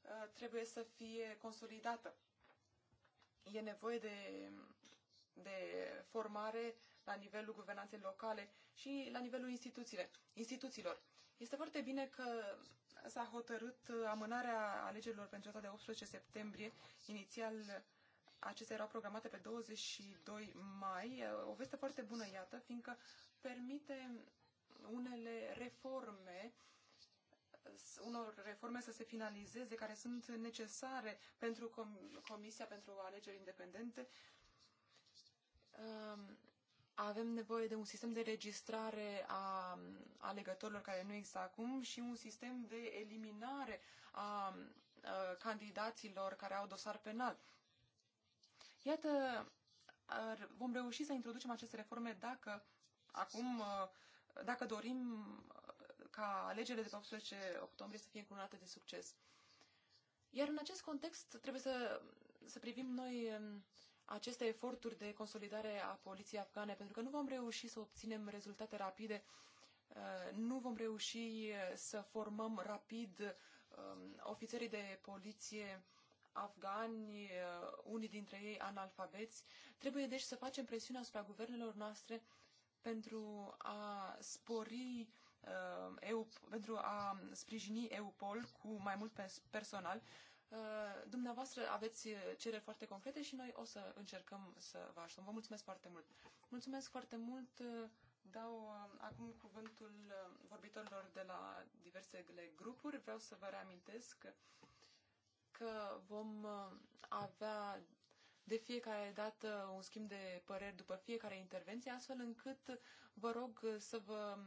uh, trebuie să fie consolidată e nevoie de, de formare la nivelul guvernanței locale și la nivelul instituțiilor. Este foarte bine că s-a hotărât amânarea alegerilor pentru data de 18 septembrie. Inițial, acestea erau programate pe 22 mai. O veste foarte bună, iată, fiindcă permite unele reforme unor reforme să se finalizeze, care sunt necesare pentru com Comisia pentru Alegeri Independente. Um, avem nevoie de un sistem de registrare a alegătorilor care nu există acum și un sistem de eliminare a candidaților care au dosar penal. Iată, vom reuși să introducem aceste reforme dacă acum, uh, dacă dorim ca alegerile de pe 18 octombrie să fie încununate de succes. Iar în acest context trebuie să, să privim noi um, aceste eforturi de consolidare a poliției afgane, pentru că nu vom reuși să obținem rezultate rapide, uh, nu vom reuși uh, să formăm rapid um, ofițerii de poliție afgani, uh, unii dintre ei analfabeți. Trebuie deci să facem presiune asupra guvernelor noastre pentru a spori Uh, EU, pentru a sprijini EUPOL cu mai mult personal. Uh, dumneavoastră aveți cereri foarte concrete și noi o să încercăm să vă ajutăm. Vă mulțumesc foarte mult. Mulțumesc foarte mult. Dau uh, acum cuvântul vorbitorilor de la diversele grupuri. Vreau să vă reamintesc că vom avea de fiecare dată un schimb de păreri după fiecare intervenție, astfel încât vă rog să vă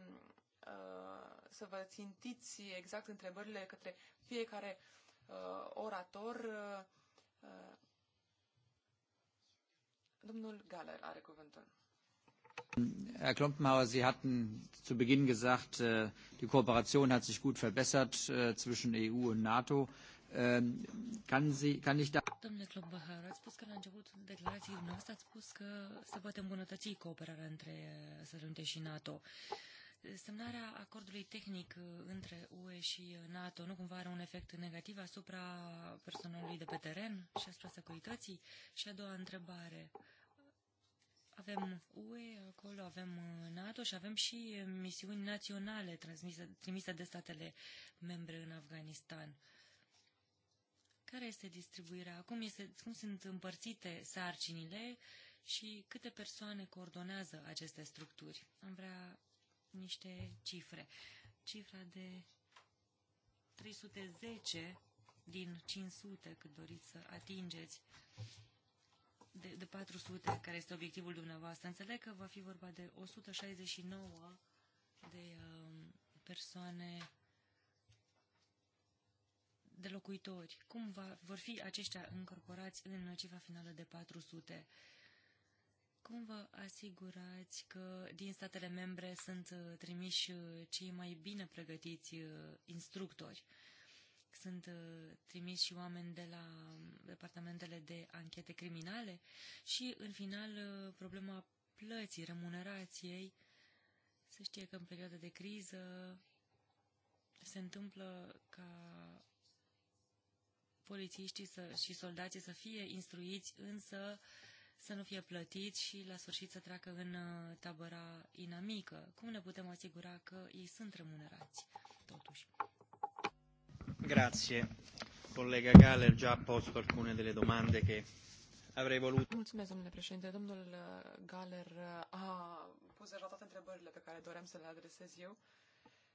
Uh, să vă țintiți exact întrebările către fiecare uh, orator. Uh, uh domnul Galer are cuvântul. Herr Klompenhauer, Sie hatten zu Beginn gesagt, äh, die Kooperation hat sich gut verbessert äh, zwischen EU und NATO. Ähm, kann, Sie, kann ich da... Domnule Klompenhauer, ați spus că la începutul declarației dumneavoastră ați spus că se poate îmbunătăți cooperarea între Sărânte și NATO. Uh, semnarea acordului tehnic uh, între UE și uh, NATO nu cumva are un efect negativ asupra personalului de pe teren și asupra securității? Și a doua întrebare. Avem UE acolo, avem uh, NATO și avem și misiuni naționale trimise de statele membre în Afganistan. Care este distribuirea? Cum, este, cum sunt împărțite sarcinile și câte persoane coordonează aceste structuri? Am vrea niște cifre. Cifra de 310 din 500 cât doriți să atingeți de, de 400, care este obiectivul dumneavoastră. Înțeleg că va fi vorba de 169 de um, persoane de locuitori. Cum va, vor fi aceștia încorporați în cifra finală de 400? Cum vă asigurați că din statele membre sunt uh, trimiși uh, cei mai bine pregătiți uh, instructori? Sunt trimiși și oameni de la um, departamentele de anchete criminale? Și, în final, problema plății, remunerației. Se știe că în perioada de criză se întâmplă ca polițiștii să, și soldații să fie instruiți, însă uh, să nu fie plătiți și la sfârșit să treacă în uh, tabăra inamică? Cum ne putem asigura că ei sunt remunerați, totuși? Grazie. Colega Galler già posto alcune delle domande che avrei voluto. Mulțumesc, domnule președinte. Domnul uh, Galler uh, a pus deja toate întrebările pe care doream să le adresez eu.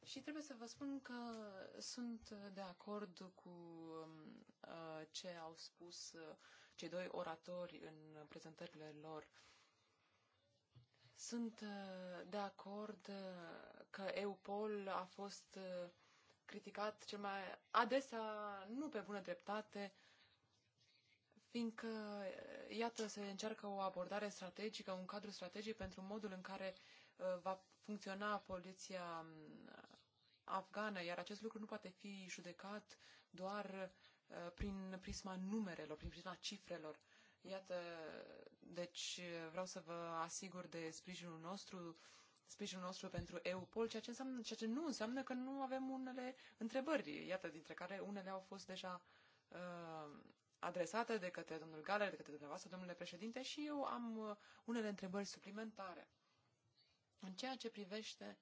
Și trebuie să vă spun că sunt de acord cu um, ce au spus cei doi oratori în prezentările lor. Sunt uh, de acord uh, că EUPOL a fost uh, criticat cel mai adesea, nu pe bună dreptate, fiindcă, iată, se încearcă o abordare strategică, un cadru strategic pentru modul în care va funcționa poliția um, afgană, iar acest lucru nu poate fi judecat doar Uh, prin prisma numerelor, prin prisma cifrelor. Iată, deci uh, vreau să vă asigur de sprijinul nostru, sprijinul nostru pentru EUPOL, ceea ce, înseamnă, ceea ce nu înseamnă că nu avem unele întrebări, iată, dintre care unele au fost deja uh, adresate de către domnul Galer, de către dumneavoastră, domnule președinte, și eu am uh, unele întrebări suplimentare. În ceea ce privește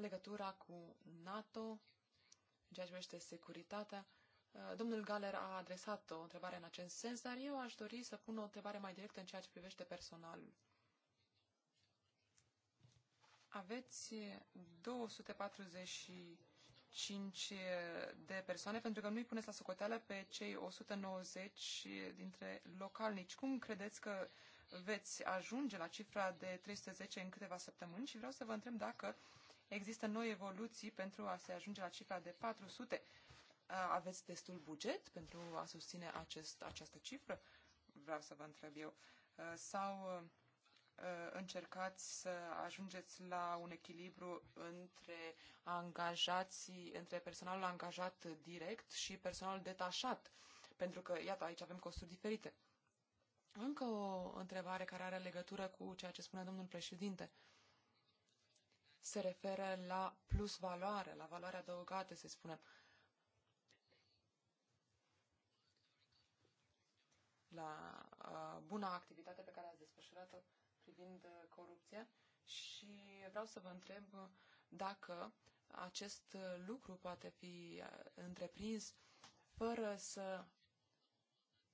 legătura cu NATO, în ceea ce privește securitatea. Uh, domnul Galer a adresat o întrebare în acest sens, dar eu aș dori să pun o întrebare mai directă în ceea ce privește personalul. Aveți 245 de persoane, pentru că nu-i puneți la socoteală pe cei 190 dintre localnici. Cum credeți că veți ajunge la cifra de 310 în câteva săptămâni? Și vreau să vă întreb dacă uh, există noi evoluții pentru a se ajunge la cifra de 400. Aveți destul buget pentru a susține acest, această cifră? Vreau să vă întreb eu. Sau încercați să ajungeți la un echilibru între angajații, între personalul angajat direct și personalul detașat? Pentru că, iată, aici avem costuri diferite. Încă o întrebare care are legătură cu ceea ce spune domnul președinte. Uh, se referă la plus valoare, la valoare adăugată, să spunem. La uh, buna activitate pe care ați desfășurat-o privind uh, corupția și vreau să vă întreb dacă acest uh, lucru poate fi uh, întreprins fără să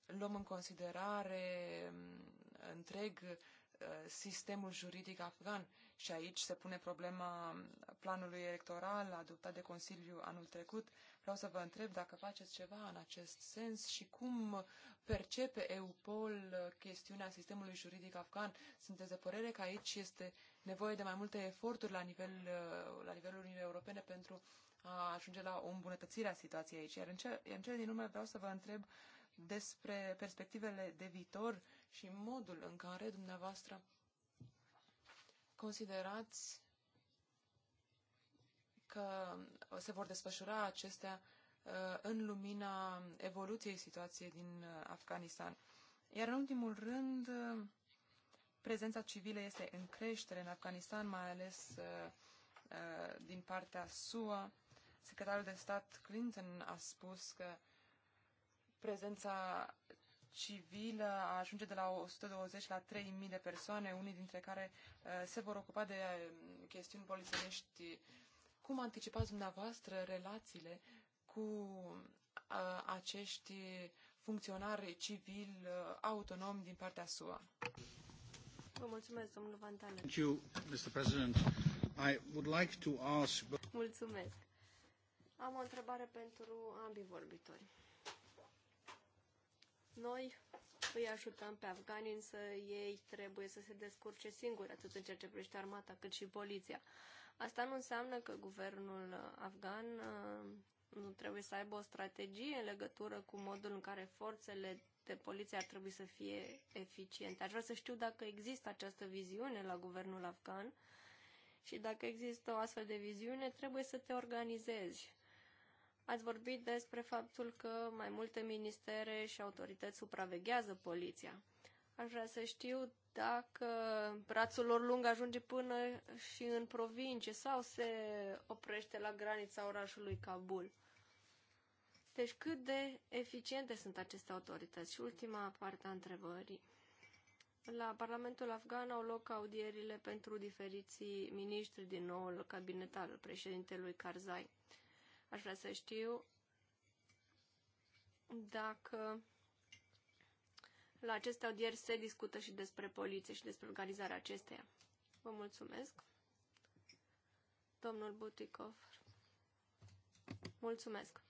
luăm în considerare um, întreg uh, sistemul juridic afgan și aici se pune problema planului electoral adoptat de Consiliu anul trecut. Vreau să vă întreb dacă faceți ceva în acest sens și cum percepe EUPOL chestiunea sistemului juridic afgan. Sunteți de părere că aici este nevoie de mai multe eforturi la, nivel, la nivelul Uniunii Europene pentru a ajunge la o îmbunătățire a situației aici. Iar în, ce, iar în cele din urmă vreau să vă întreb despre perspectivele de viitor și modul în care dumneavoastră considerați că se vor desfășura acestea uh, în lumina evoluției situației din uh, Afganistan. Iar în ultimul rând, uh, prezența civilă este în creștere în Afganistan, mai ales din partea SUA. Secretarul de stat Clinton a spus că prezența civilă ajunge de la 120 la 3.000 de persoane, unii dintre care uh, se vor ocupa de um, chestiuni polițienești. Cum anticipați dumneavoastră relațiile cu uh, acești funcționari civili uh, autonomi din partea SUA? Vă mulțumesc, domnul Vantane. Thank you, Mr. President. I would like to ask... Mulțumesc. Am o întrebare pentru ambii vorbitori. Noi îi ajutăm pe afgani, însă ei trebuie să se descurce singuri, atât în ceea ce privește armata, cât și poliția. Asta nu înseamnă că guvernul afgan uh, nu trebuie să aibă o strategie în legătură cu modul în care forțele de poliție ar trebui să fie eficiente. Aș vrea să știu dacă există această viziune la guvernul afgan și dacă există o astfel de viziune, trebuie să te organizezi Ați vorbit despre faptul că mai multe ministere și autorități supraveghează poliția. Aș vrea să știu dacă brațul lor lung ajunge până și în provincie sau se oprește la granița orașului Kabul. Deci cât de eficiente sunt aceste autorități? Și ultima parte a întrebării. La Parlamentul Afgan au loc audierile pentru diferiții miniștri din noul cabinet al președintelui Karzai. Aș vrea să știu dacă la aceste audieri se discută și despre poliție și despre organizarea acesteia. Vă mulțumesc. Domnul Buticov. Mulțumesc.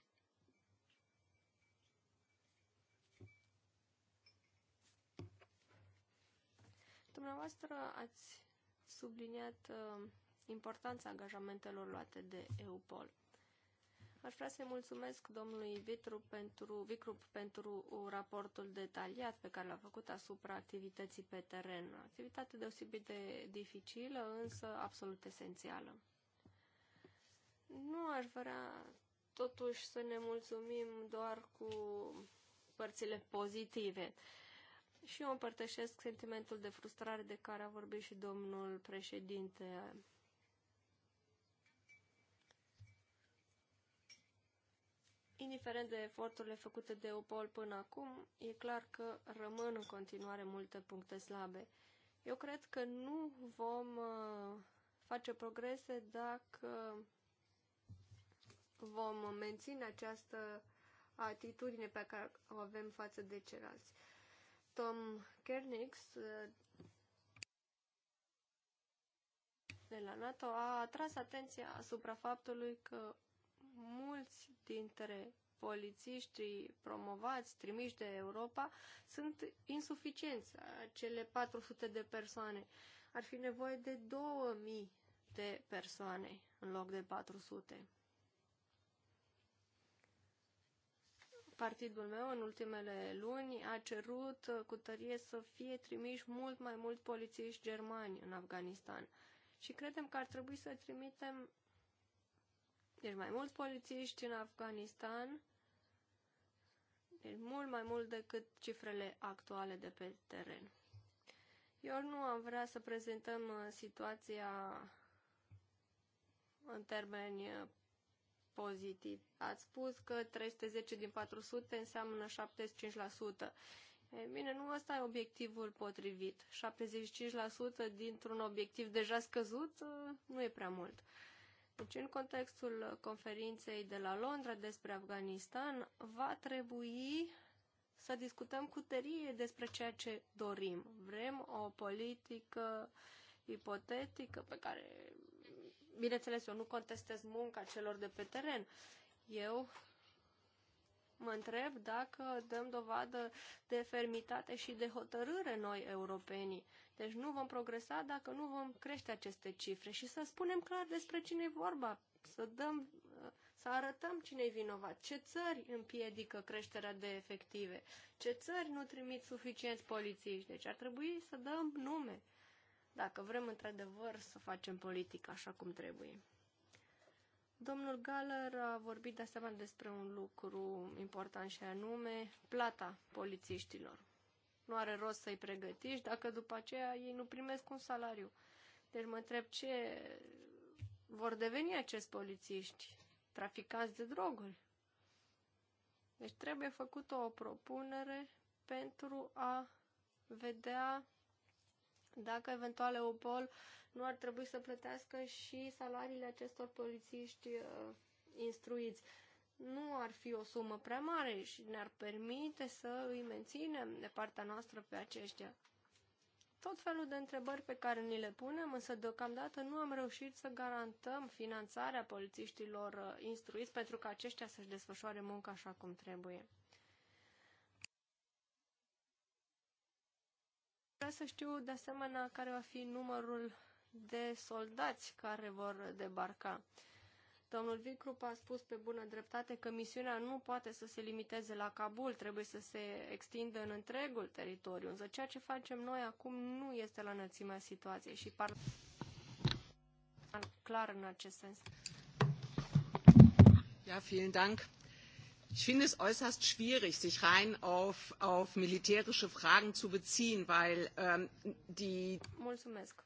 Dumneavoastră ați subliniat uh, importanța angajamentelor luate de EUPOL. Aș vrea să-i mulțumesc domnului Vitru pentru, Vicrup pentru raportul detaliat pe care l-a făcut asupra activității pe teren. Activitate deosebit de dificilă, însă absolut esențială. Nu aș vrea totuși să ne mulțumim doar cu părțile pozitive. Și eu împărtășesc sentimentul de frustrare de care a vorbit și domnul președinte indiferent de eforturile făcute de OPOL până acum, e clar că rămân în continuare multe puncte slabe. Eu cred că nu vom uh, face progrese dacă vom menține această atitudine pe care o avem față de ceilalți. Tom Kernix uh, de la NATO a atras atenția asupra faptului că mulți dintre polițiștii promovați, trimiși de Europa, sunt insuficienți, acele 400 de persoane. Ar fi nevoie de 2000 de persoane în loc de 400. Partidul meu în ultimele luni a cerut cu tărie să fie trimiși mult mai mulți polițiști germani în Afganistan și credem că ar trebui să trimitem deci mai mulți polițiști în Afganistan, deci mult mai mult decât cifrele actuale de pe teren. Eu nu am vrea să prezentăm uh, situația în termeni uh, pozitiv. Ați spus că 310 din 400 înseamnă 75%. E bine, nu ăsta e obiectivul potrivit. 75% dintr-un obiectiv deja scăzut uh, nu e prea mult. Deci, în contextul conferinței de la Londra despre Afganistan, va trebui să discutăm cu tărie despre ceea ce dorim. Vrem o politică ipotetică pe care, bineînțeles, eu nu contestez munca celor de pe teren. Eu mă întreb dacă dăm dovadă de fermitate și de hotărâre noi europenii deci nu vom progresa dacă nu vom crește aceste cifre și să spunem clar despre cine e vorba, să dăm să arătăm cine e vinovat, ce țări împiedică creșterea de efective, ce țări nu trimit suficienți polițiști. Deci ar trebui să dăm nume dacă vrem într-adevăr să facem politică așa cum trebuie. Domnul Galler a vorbit de asemenea despre un lucru important și anume plata polițiștilor nu are rost să-i pregătești dacă după aceea ei nu primesc un salariu. Deci mă întreb ce vor deveni acești polițiști, traficanți de droguri. Deci trebuie făcută o propunere pentru a vedea dacă eventual Eupol nu ar trebui să plătească și salariile acestor polițiști uh, instruiți nu ar fi o sumă prea mare și ne-ar permite să îi menținem de partea noastră pe aceștia. Tot felul de întrebări pe care ni le punem, însă deocamdată nu am reușit să garantăm finanțarea polițiștilor uh, instruiți pentru ca aceștia să-și desfășoare munca așa cum trebuie. Vreau să știu de asemenea care va fi numărul de soldați care vor debarca. Domnul Vicrup a spus pe bună dreptate că misiunea nu poate să se limiteze la Kabul, trebuie să se extindă în întregul teritoriu, însă ceea ce facem noi acum nu este la înălțimea situației și par clar în acest sens. Ja, vielen Dank. Ich finde es äußerst schwierig, sich rein auf, auf militärische Fragen zu beziehen, weil ähm, die. Mulțumesc.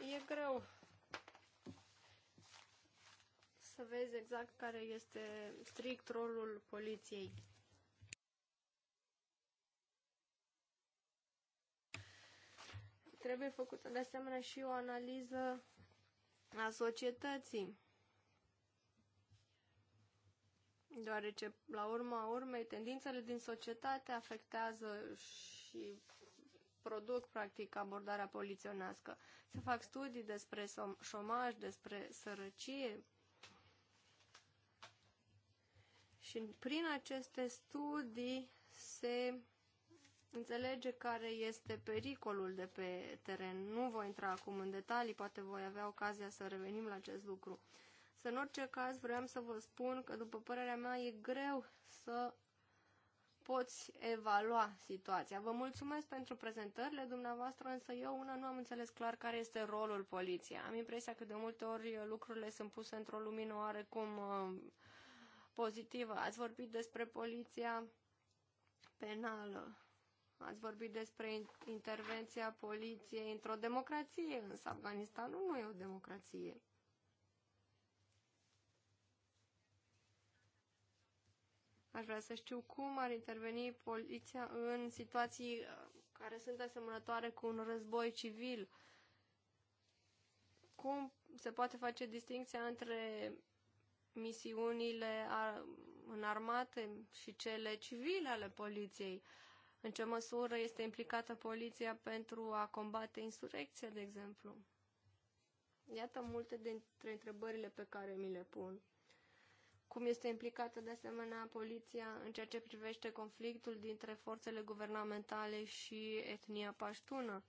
E greu să vezi exact care este strict rolul poliției. Trebuie făcută de asemenea și o analiză a societății. Deoarece, la urma urmei, tendințele din societate afectează și produc, practic, abordarea poliționească. Se fac studii despre șomaj, despre sărăcie, Și prin aceste studii se înțelege care este pericolul de pe teren. Nu voi intra acum în detalii, poate voi avea ocazia să revenim la acest lucru. Să în orice caz vreau să vă spun că, după părerea mea, e greu să poți evalua situația. Vă mulțumesc pentru prezentările dumneavoastră, însă eu una nu am înțeles clar care este rolul poliției. Am impresia că de multe ori lucrurile sunt puse într-o lumină oarecum uh, pozitivă. Ați vorbit despre poliția penală, ați vorbit despre intervenția poliției într-o democrație, însă Afganistanul nu e o democrație. Aș vrea să știu cum ar interveni poliția în situații uh, care sunt asemănătoare cu un război civil. Cum se poate face distinția între misiunile în armate și cele civile ale poliției. În ce măsură este implicată poliția pentru a combate insurecția, de exemplu? Iată multe dintre întrebările pe care mi le pun. Cum este implicată de asemenea poliția în ceea ce privește conflictul dintre forțele guvernamentale și etnia paștună?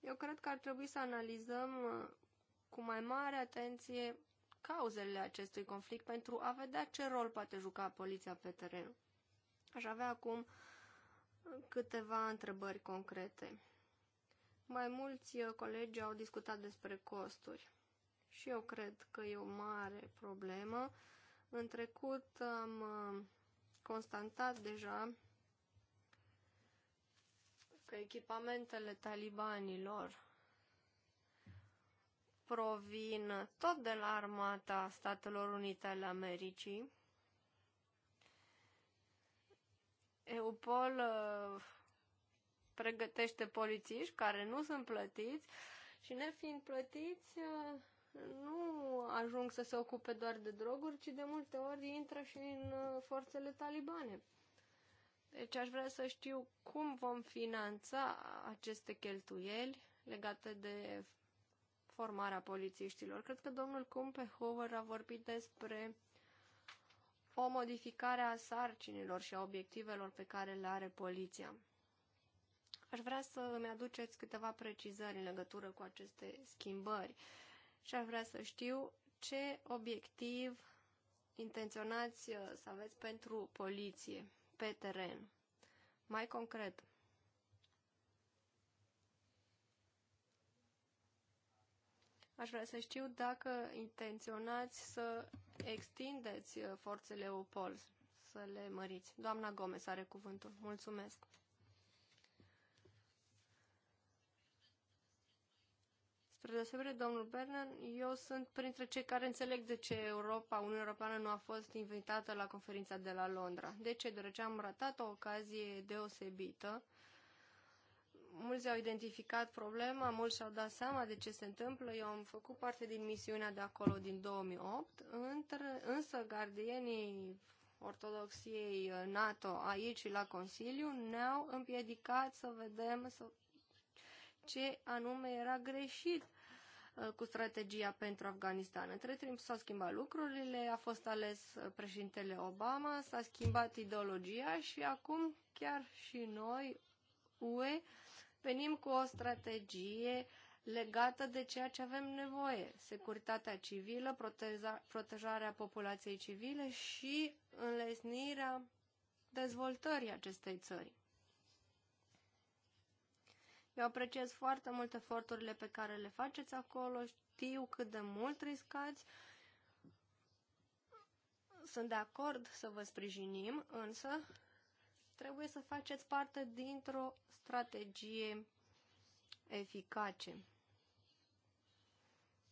Eu cred că ar trebui să analizăm cu mai mare atenție cauzele acestui conflict pentru a vedea ce rol poate juca poliția pe teren. Aș avea acum câteva întrebări concrete. Mai mulți uh, colegi au discutat despre costuri și eu cred că e o mare problemă. În trecut am uh, constatat deja că echipamentele talibanilor provin tot de la armata Statelor Unite ale Americii. EUPOL uh, pregătește polițiști care nu sunt plătiți și nefiind plătiți uh, nu ajung să se ocupe doar de droguri, ci de multe ori intră și în uh, forțele talibane. Deci aș vrea să știu cum vom finanța aceste cheltuieli legate de formarea polițiștilor. Cred că domnul Kumpehover a vorbit despre o modificare a sarcinilor și a obiectivelor pe care le are poliția. Aș vrea să îmi aduceți câteva precizări în legătură cu aceste schimbări și aș vrea să știu ce obiectiv intenționați să aveți pentru poliție pe teren. Mai concret, Aș vrea să știu dacă intenționați să extindeți uh, forțele EUPOL, să le măriți. Doamna Gomez are cuvântul. Mulțumesc. Spre deosebire, domnul Bernan, eu sunt printre cei care înțeleg de ce Europa, Uniunea Europeană nu a fost invitată la conferința de la Londra. De ce? Deoarece am ratat o ocazie deosebită mulți au identificat problema, mulți au dat seama de ce se întâmplă. Eu am făcut parte din misiunea de acolo din 2008, între, însă gardienii ortodoxiei uh, NATO aici și la Consiliu ne-au împiedicat să vedem să, ce anume era greșit uh, cu strategia pentru Afganistan. Între timp s-au schimbat lucrurile, a fost ales uh, președintele Obama, s-a schimbat ideologia și acum chiar și noi, UE, venim cu o strategie legată de ceea ce avem nevoie, securitatea civilă, proteza, protejarea populației civile și înlesnirea dezvoltării acestei țări. Eu apreciez foarte mult eforturile pe care le faceți acolo, știu cât de mult riscați, sunt de acord să vă sprijinim, însă Trebuie să faceți parte dintr-o strategie eficace.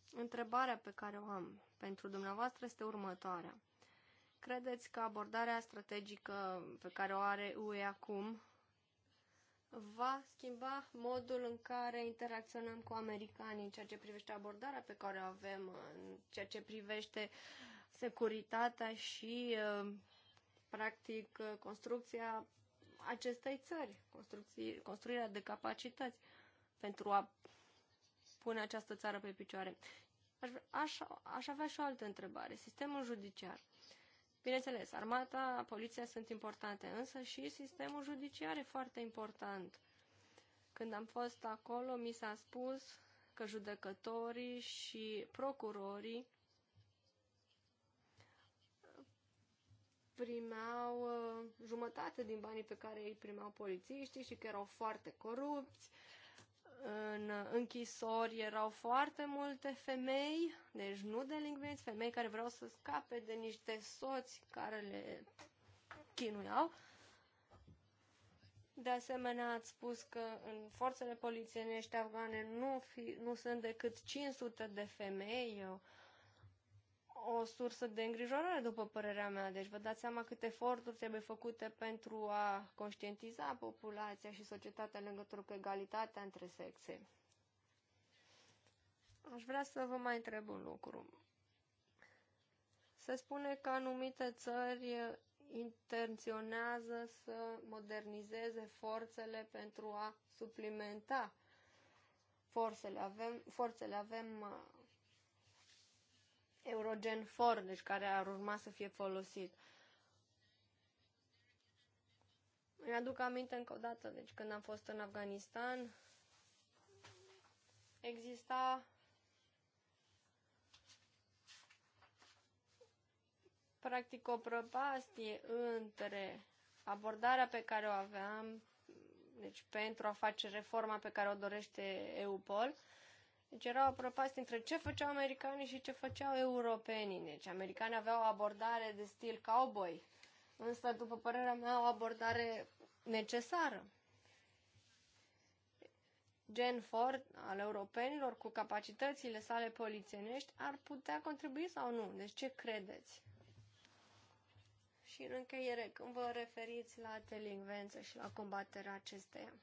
Întrebarea pe care o am pentru dumneavoastră este următoarea. Credeți că abordarea strategică pe care o are UE acum va schimba modul în care interacționăm cu americanii în ceea ce privește abordarea pe care o avem, în ceea ce privește securitatea și, uh, practic, uh, construcția acestei țări, construirea de capacități pentru a pune această țară pe picioare. Aș, aș avea și o altă întrebare. Sistemul judiciar. Bineînțeles, armata, poliția sunt importante, însă și sistemul judiciar e foarte important. Când am fost acolo, mi s-a spus că judecătorii și procurorii primeau uh, jumătate din banii pe care îi primeau polițiștii și că erau foarte corupți. În închisori erau foarte multe femei, deci nu delinvenți, femei care vreau să scape de niște soți care le chinuiau. De asemenea, ați spus că în forțele polițienești afgane nu, fi, nu sunt decât 500 de femei. Eu, o sursă de îngrijorare, după părerea mea. Deci vă dați seama câte eforturi trebuie făcute pentru a conștientiza populația și societatea în legătură cu egalitatea între sexe. Aș vrea să vă mai întreb un lucru. Se spune că anumite țări intenționează să modernizeze forțele pentru a suplimenta forțele. Avem, forțele avem Eurogen 4, deci care ar urma să fie folosit. Îmi aduc aminte încă o dată, deci când am fost în Afganistan, exista practic o prăpastie între abordarea pe care o aveam, deci pentru a face reforma pe care o dorește EUPOL deci era o prăpastie între ce făceau americanii și ce făceau europenii. Deci americanii aveau o abordare de stil cowboy, însă, după părerea mea, o abordare necesară. Gen Ford al europenilor cu capacitățile sale polițienești ar putea contribui sau nu? Deci ce credeți? Și în încheiere, când vă referiți la delinvență și la combaterea acesteia?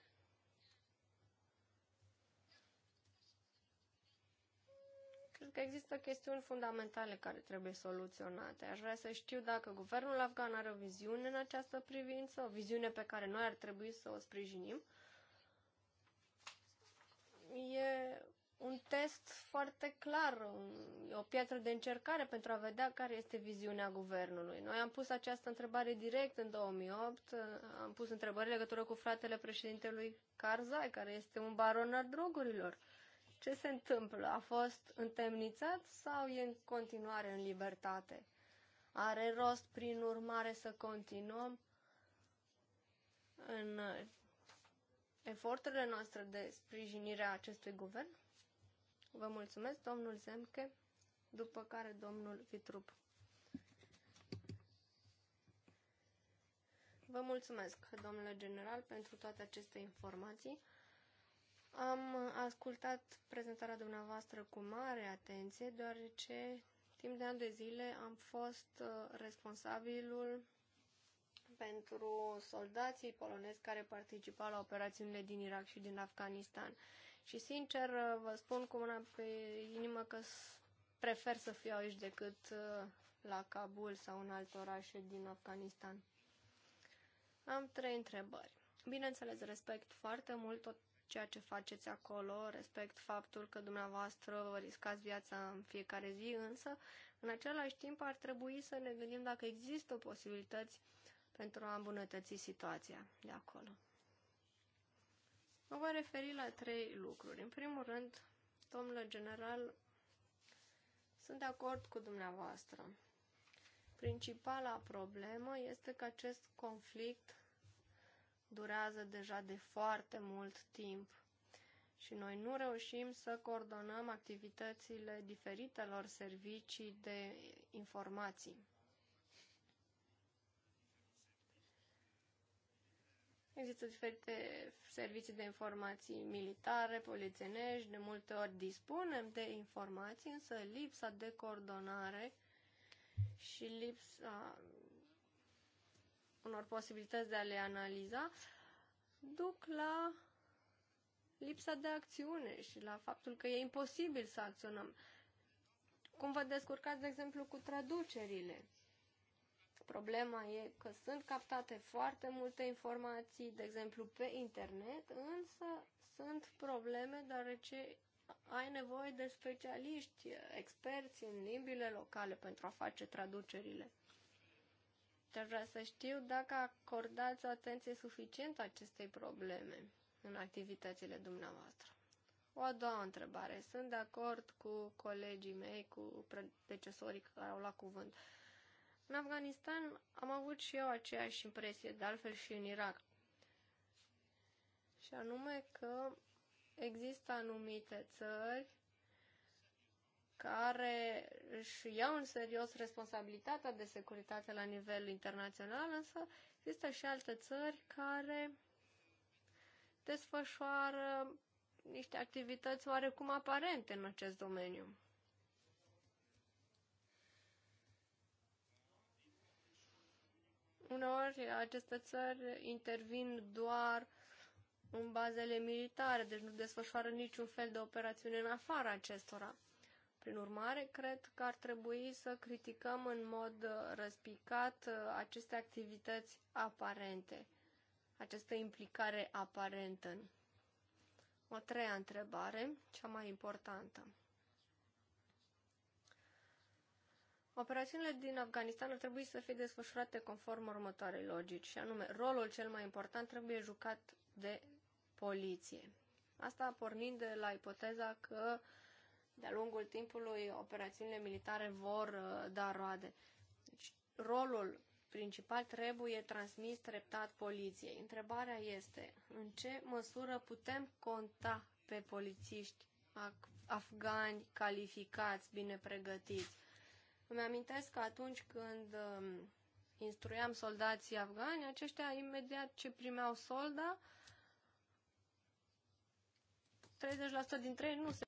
că există chestiuni fundamentale care trebuie soluționate. Aș vrea să știu dacă guvernul afgan are o viziune în această privință, o viziune pe care noi ar trebui să o sprijinim. E un test foarte clar, o piatră de încercare pentru a vedea care este viziunea guvernului. Noi am pus această întrebare direct în 2008, am pus întrebări legătură cu fratele președintelui Karzai, care este un baron al drogurilor. Ce se întâmplă? A fost întemnițat sau e în continuare în libertate? Are rost, prin urmare, să continuăm în eforturile noastre de sprijinire a acestui guvern? Vă mulțumesc, domnul Zemke, după care domnul Vitrup. Vă mulțumesc, domnule general, pentru toate aceste informații. Am ascultat prezentarea dumneavoastră cu mare atenție, deoarece timp de ani de zile am fost uh, responsabilul pentru soldații polonezi care participau la operațiunile din Irak și din Afganistan. Și sincer uh, vă spun cu mâna pe inimă că prefer să fiu aici decât uh, la Kabul sau în alt oraș din Afganistan. Am trei întrebări. Bineînțeles, respect foarte mult tot ceea ce faceți acolo, respect faptul că dumneavoastră vă riscați viața în fiecare zi, însă în același timp ar trebui să ne gândim dacă există posibilități pentru a îmbunătăți situația de acolo. Mă voi referi la trei lucruri. În primul rând, domnule general, sunt de acord cu dumneavoastră. Principala problemă este că acest conflict durează deja de foarte mult timp și noi nu reușim să coordonăm activitățile diferitelor servicii de informații. Există diferite servicii de informații militare, polițienești, de multe ori dispunem de informații, însă lipsa de coordonare și lipsa unor posibilități de a le analiza, duc la lipsa de acțiune și la faptul că e imposibil să acționăm. Cum vă descurcați, de exemplu, cu traducerile? Problema e că sunt captate foarte multe informații, de exemplu, pe internet, însă sunt probleme deoarece ai nevoie de specialiști, experți în limbile locale pentru a face traducerile. Și ar vrea să știu dacă acordați o atenție suficientă acestei probleme în activitățile dumneavoastră. O a doua întrebare. Sunt de acord cu colegii mei, cu predecesorii care au luat cuvânt. În Afganistan am avut și eu aceeași impresie, de altfel și în Irak. Și anume că există anumite țări care își iau în serios responsabilitatea de securitate la nivel internațional, însă există și alte țări care desfășoară niște activități oarecum aparente în acest domeniu. Uneori aceste țări intervin doar în bazele militare, deci nu desfășoară niciun fel de operațiune în afara acestora. Prin urmare, cred că ar trebui să criticăm în mod răspicat uh, aceste activități aparente, această implicare aparentă. O treia întrebare, cea mai importantă. Operațiunile din Afganistan ar trebui să fie desfășurate conform următoarei logici, și anume, rolul cel mai important trebuie jucat de poliție. Asta pornind de la ipoteza că uh, de-a lungul timpului, operațiunile militare vor uh, da roade. Deci, rolul principal trebuie transmis treptat poliției. Întrebarea este, în ce măsură putem conta pe polițiști afgani calificați, bine pregătiți? Îmi amintesc că atunci când um, instruiam soldații afgani, aceștia imediat ce primeau solda, 30% dintre ei nu se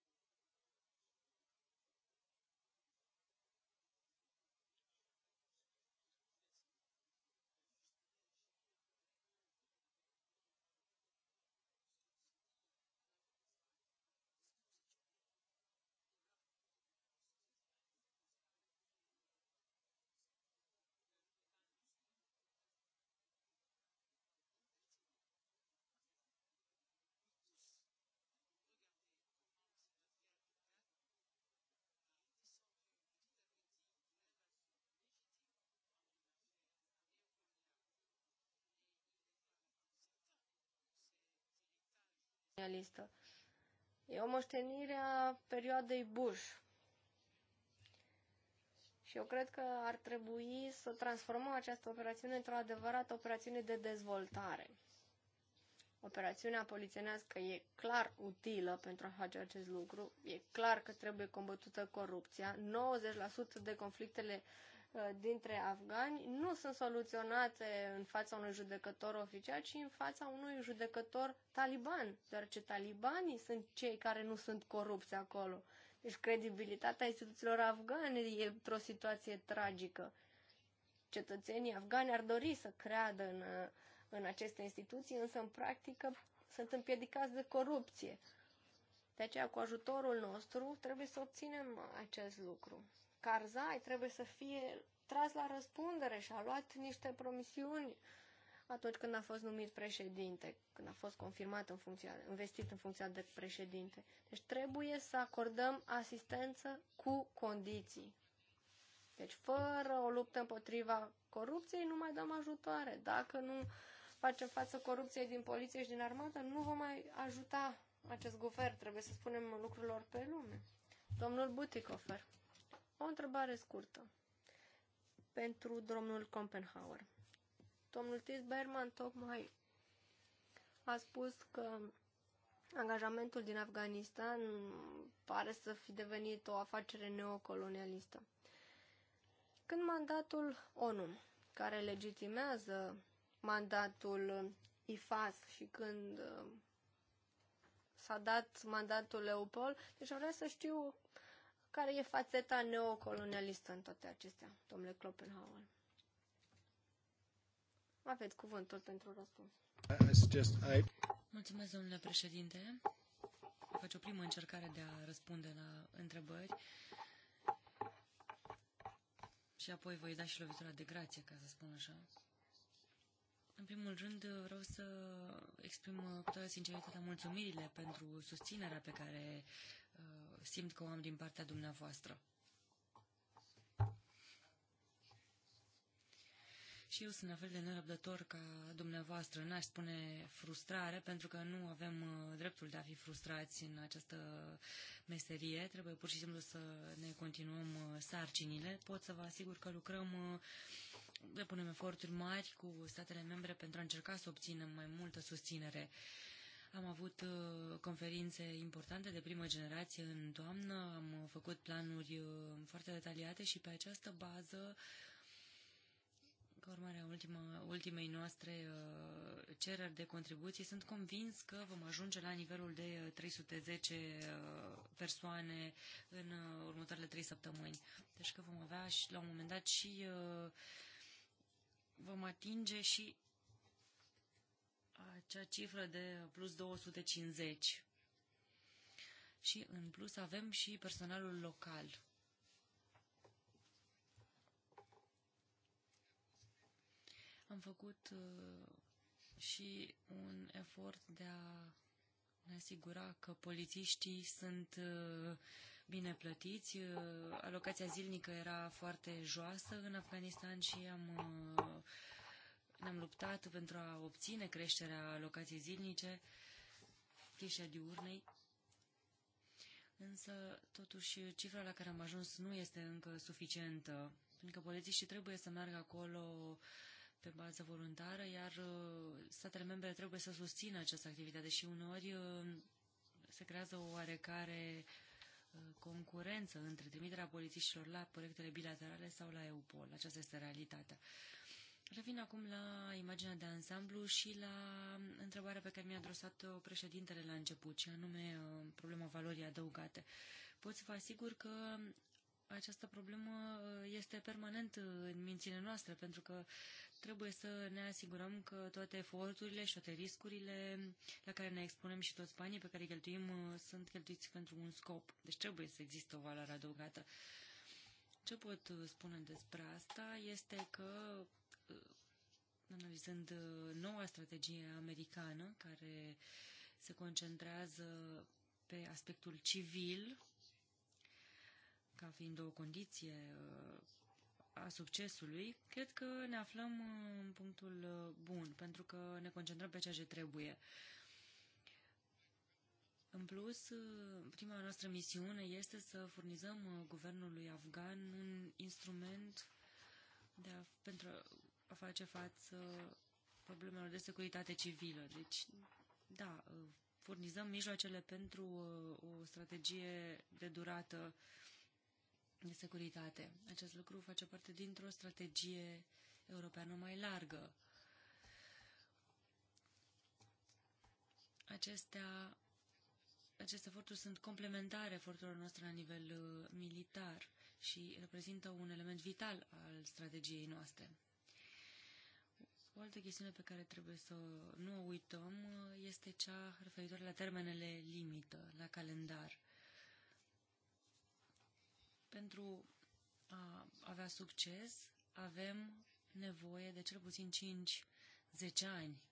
colonialistă. E o moștenire a perioadei Bush. Și eu cred că ar trebui să transformăm această operațiune într-o adevărată operațiune de dezvoltare. Operațiunea polițienească e clar utilă pentru a face acest lucru. E clar că trebuie combătută corupția. 90% de conflictele uh, Uh, dintre afgani nu sunt soluționate în fața unui judecător oficial, ci în fața unui judecător taliban, deoarece talibanii sunt cei care nu sunt corupți acolo. Deci credibilitatea instituțiilor afgane e într-o situație tragică. Cetățenii afgani ar dori să creadă în, uh, în aceste instituții, însă în practică sunt împiedicați de corupție. De aceea, cu ajutorul nostru, trebuie să obținem acest lucru. Carzai trebuie să fie tras la răspundere și a luat niște promisiuni atunci când a fost numit președinte, când a fost confirmat în funcția, investit în funcția de președinte. Deci trebuie să acordăm asistență cu condiții. Deci fără o luptă împotriva corupției nu mai dăm ajutoare. Dacă nu facem față corupției din poliție și din armată, nu vom mai ajuta acest guvern. Trebuie să spunem lucrurilor pe lume. Domnul Butikofer. O întrebare scurtă pentru domnul Kopenhauer. Domnul Tis Berman tocmai a spus că angajamentul din Afganistan pare să fi devenit o afacere neocolonialistă. Când mandatul ONU, care legitimează mandatul IFAS și când uh, s-a dat mandatul Leopold, deci vreau să știu care e fațeta neocolonialistă în toate acestea, domnule Kloppenhauer? Aveți cuvântul pentru răspuns. Uh, Mulțumesc, domnule președinte. Fac o primă încercare de a răspunde la întrebări și apoi voi da și lovitura de grație, ca să spun așa. În primul rând, vreau să exprim cu toată sinceritatea mulțumirile pentru susținerea pe care simt că o am din partea dumneavoastră. Și eu sunt la fel de nerăbdător ca dumneavoastră. N-aș spune frustrare, pentru că nu avem uh, dreptul de a fi frustrați în această meserie. Trebuie pur și simplu să ne continuăm uh, sarcinile. Pot să vă asigur că lucrăm, uh, depunem eforturi mari cu statele membre pentru a încerca să obținem mai multă susținere am avut uh, conferințe importante de primă generație în toamnă, am uh, făcut planuri uh, foarte detaliate și pe această bază, ca urmare a ultima, ultimei noastre cereri de contribuții, sunt convins că vom ajunge la nivelul de 310 persoane în următoarele 3 săptămâni. Deci că vom avea și la un moment dat și vom atinge și acea cifră de plus 250. Și în plus avem și personalul local. Am făcut uh, și un efort de a ne asigura că polițiștii sunt uh, bine plătiți. Uh, alocația zilnică era foarte joasă în Afganistan și am ne-am luptat pentru a obține creșterea locației zilnice, fișa diurnei, însă totuși cifra la care am ajuns nu este încă suficientă, pentru că polițiștii trebuie să meargă acolo pe bază voluntară, iar uh, statele membre trebuie să susțină această activitate și uneori uh, se creează o oarecare uh, concurență între trimiterea polițiștilor la proiectele bilaterale sau la EUPOL. Aceasta este realitatea. Revin acum la imaginea de ansamblu și la întrebarea pe care mi-a adresat-o uh, președintele la început, și anume uh, problema valorii adăugate. Pot să vă asigur că această problemă uh, este permanent în mințile noastre, pentru că trebuie să ne asigurăm că toate eforturile și toate riscurile la care ne expunem și toți banii pe care îi cheltuim sunt cheltuiți pentru un scop. Deci trebuie să există o valoare adăugată. Ce pot spune despre asta este că Uh, analizând uh, noua strategie americană care se concentrează pe aspectul civil ca fiind o condiție uh, a succesului, cred că ne aflăm în punctul bun, pentru că ne concentrăm pe ceea ce trebuie. În plus, prima noastră misiune este să furnizăm guvernului afgan un instrument de a, pentru a face față problemelor de securitate civilă. Deci, da, uh, furnizăm mijloacele pentru uh, o strategie de durată de securitate. Acest lucru face parte dintr-o strategie europeană mai largă. Acestea, aceste eforturi sunt complementare eforturilor noastre la nivel uh, militar și reprezintă un element vital al strategiei noastre. O altă chestiune pe care trebuie să nu o uităm uh, este cea referitoare la termenele limită, la calendar. Pentru a avea succes, avem nevoie de cel puțin 5-10 ani.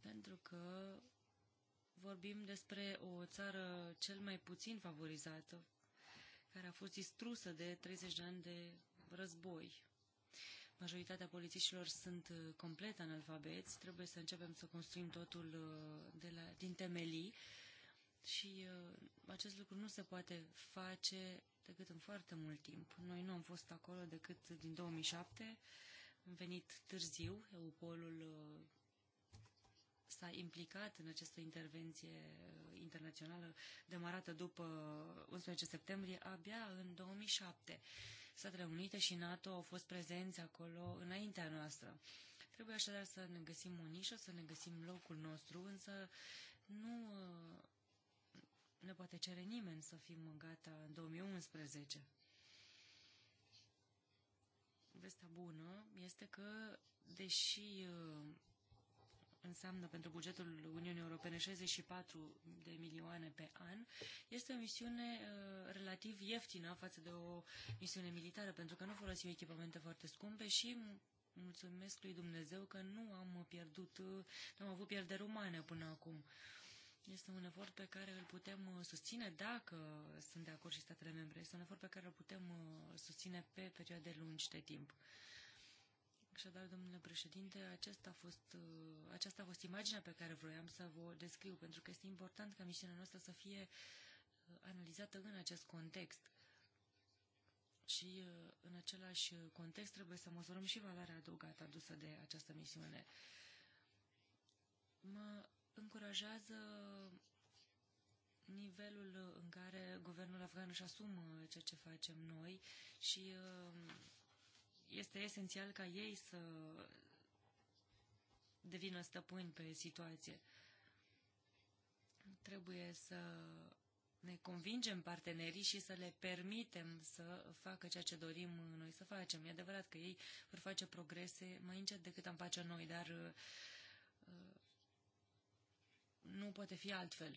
Pentru că vorbim despre o țară cel mai puțin favorizată, care a fost distrusă de 30 de ani de război majoritatea polițiștilor sunt uh, complet analfabeți, trebuie să începem să construim totul uh, de la, din temelii și uh, acest lucru nu se poate face decât în foarte mult timp. Noi nu am fost acolo decât din 2007, am venit târziu, Eupolul s-a implicat în această intervenție internațională demarată după 11 septembrie, abia în 2007. Statele Unite și NATO au fost prezenți acolo înaintea noastră. Trebuie așadar să ne găsim o nișă, să ne găsim locul nostru, însă nu uh, ne poate cere nimeni să fim gata în 2011. Vestea bună este că, deși uh, înseamnă pentru bugetul Uniunii Europene 64 de milioane pe an, este o misiune uh, relativ ieftină față de o misiune militară, pentru că nu folosim echipamente foarte scumpe și mulțumesc lui Dumnezeu că nu am pierdut, uh, nu am avut pierderi umane până acum. Este un efort pe care îl putem uh, susține dacă sunt de acord și statele membre. Este un efort pe care îl putem susține pe perioade lungi de timp. Așadar, domnule președinte, aceasta a, fost, uh, aceasta a fost imaginea pe care vroiam să vă descriu, pentru că este important ca misiunea noastră să fie uh, analizată în acest context. Și uh, în același context trebuie să măsurăm și valoarea adăugată adusă de această misiune. Mă încurajează nivelul în care guvernul afgan își asumă ceea ce facem noi și uh, este esențial ca ei să devină stăpâni pe situație. Trebuie să ne convingem partenerii și să le permitem să facă ceea ce dorim noi să facem. E adevărat că ei vor face progrese mai încet decât am face noi, dar uh, nu poate fi altfel.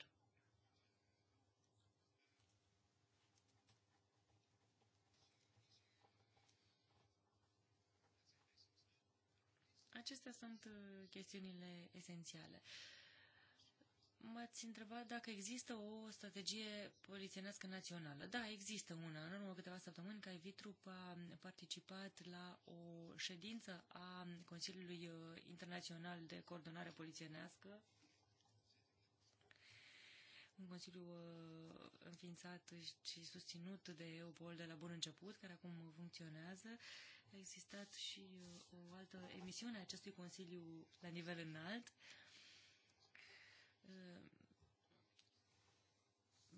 Acestea sunt uh, chestiunile esențiale. M-ați întrebat dacă există o strategie polițienească națională. Da, există una. În urmă câteva săptămâni, Cai Vitrup a participat la o ședință a Consiliului uh, Internațional de Coordonare Polițienească, un consiliu uh, înființat și susținut de EUPOL de la bun început, care acum funcționează. A existat și uh, o altă emisiune a acestui Consiliu la nivel înalt. Uh,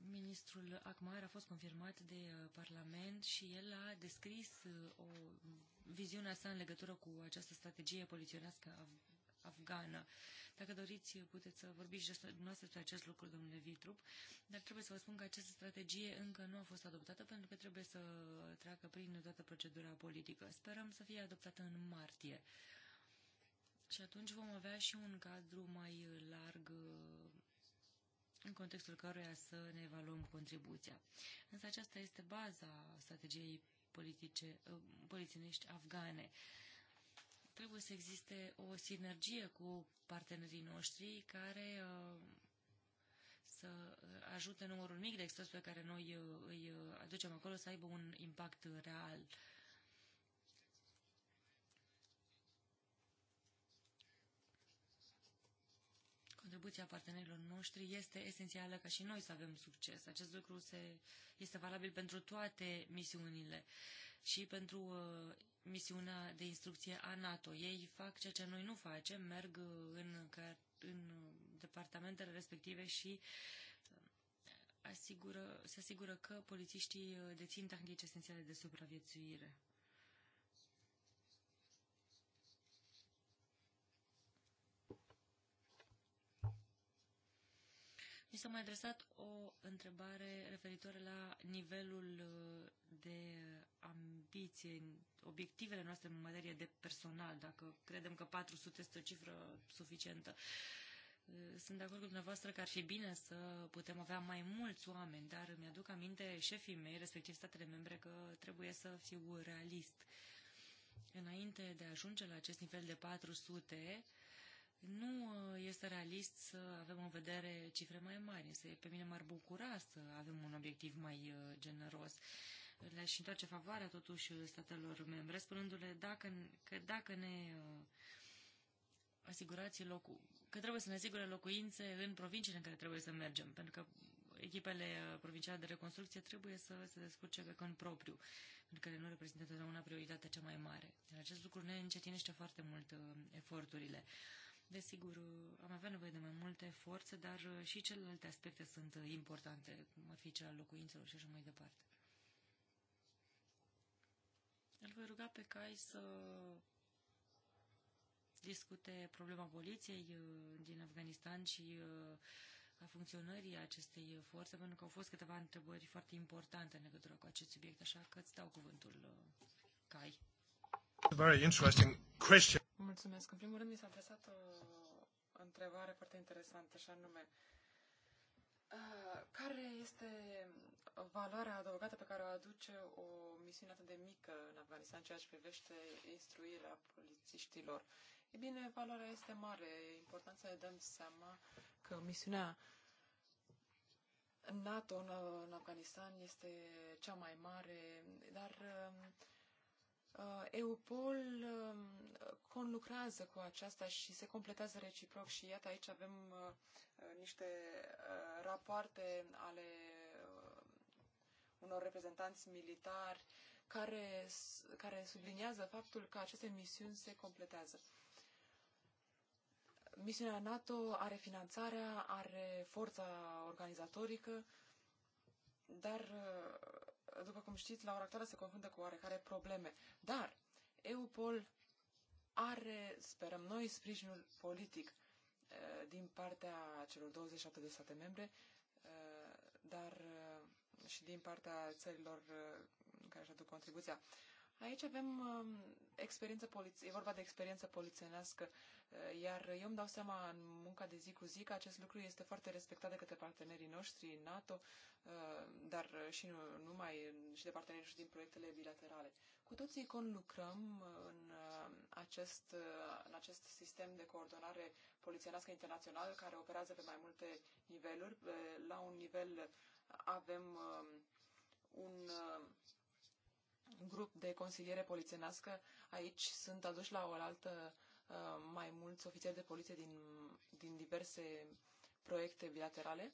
ministrul Acmar a fost confirmat de uh, Parlament și el a descris o viziunea sa în legătură cu această strategie poliționească a afgană. Dacă doriți, puteți să vorbiți și dumneavoastră despre acest lucru, domnule Vitrup, dar trebuie să vă spun că această strategie încă nu a fost adoptată pentru că trebuie să treacă prin toată procedura politică. Sperăm să fie adoptată în martie. Și atunci vom avea și un cadru mai larg uh, în contextul căruia să ne evaluăm contribuția. Însă aceasta este baza strategiei politice, uh, polițienești afgane. Uh, Trebuie să existe o sinergie cu partenerii noștri care uh, să uh, ajute numărul mic de experți pe care noi uh, îi aducem acolo să aibă un impact real. contribuția partenerilor noștri este esențială ca și noi să avem succes. Acest lucru se, este valabil pentru toate misiunile și pentru uh, misiunea de instrucție a NATO. Ei fac ceea ce noi nu facem, merg în, în departamentele respective și uh, asigură, se asigură că polițiștii uh, dețin tehnici esențiale de supraviețuire. Mi s-a mai adresat o întrebare referitoare la nivelul uh, de ambiție, obiectivele noastre în materie de personal, dacă credem că 400 este o cifră suficientă. Uh, sunt de acord cu dumneavoastră că ar fi bine să putem avea mai mulți oameni, dar mi-aduc aminte șefii mei, respectiv statele membre, că trebuie să fiu realist. Înainte de a ajunge la acest nivel de 400, nu uh, este realist să avem în vedere cifre mai mari, însă pe mine m-ar bucura să avem un obiectiv mai uh, generos. Le-aș întoarce favoarea totuși uh, statelor membre, spunându-le dacă, că dacă ne asigurați locul, că trebuie să ne asigure locuințe în provinciile în care trebuie să mergem, pentru că echipele provinciale de reconstrucție trebuie să se descurce pe cont propriu, pentru că nu reprezintă întotdeauna prioritatea cea mai mare. Deci acest lucru ne încetinește foarte mult eforturile. Uh, Desigur, am avea nevoie de mai multe forțe, dar uh, și celelalte aspecte sunt uh, importante, cum ar fi cel al locuințelor și așa mai departe. Îl voi ruga pe Cai să discute problema poliției uh, din Afganistan și a funcționării acestei forțe, pentru că au fost câteva întrebări foarte importante în legătură cu acest subiect, așa că îți dau cuvântul, Cai. Very interesting question. Mulțumesc. În primul rând, mi s-a adresat o întrebare foarte interesantă, și anume, care este valoarea adăugată pe care o aduce o misiune atât de mică în Afganistan, ceea ce privește instruirea polițiștilor? E bine, valoarea este mare. E important să ne dăm seama că misiunea NATO în, Afganistan este cea mai mare, dar uh, Uh, EUPOL um, conlucrează cu aceasta și se completează reciproc și iată aici avem uh, uh, niște rapoarte ale unor reprezentanți militari care, care subliniază faptul că aceste misiuni se completează. Misiunea NATO are finanțarea, are forța organizatorică, dar după cum știți, la ora actuală se confruntă cu oarecare probleme. Dar EUPOL are, sperăm noi, sprijinul politic uh, din partea celor 27 de state membre, uh, dar uh, și din partea țărilor care și aduc contribuția. Aici avem um, experiență poliție, e vorba de experiență polițienească Eh, iar eu îmi dau seama în munca de zi cu zi că acest lucru este foarte respectat de către partenerii noștri, NATO, eh, dar și nu, numai, și de partenerii noștri din proiectele bilaterale. Cu toții conlucrăm în eh, acest, în acest sistem de coordonare polițienască internațional care operează pe mai multe niveluri. La un nivel avem un grup de consiliere polițienască. Aici sunt aduși la oaltă Uh, mai mulți ofițeri de poliție din, din diverse proiecte bilaterale.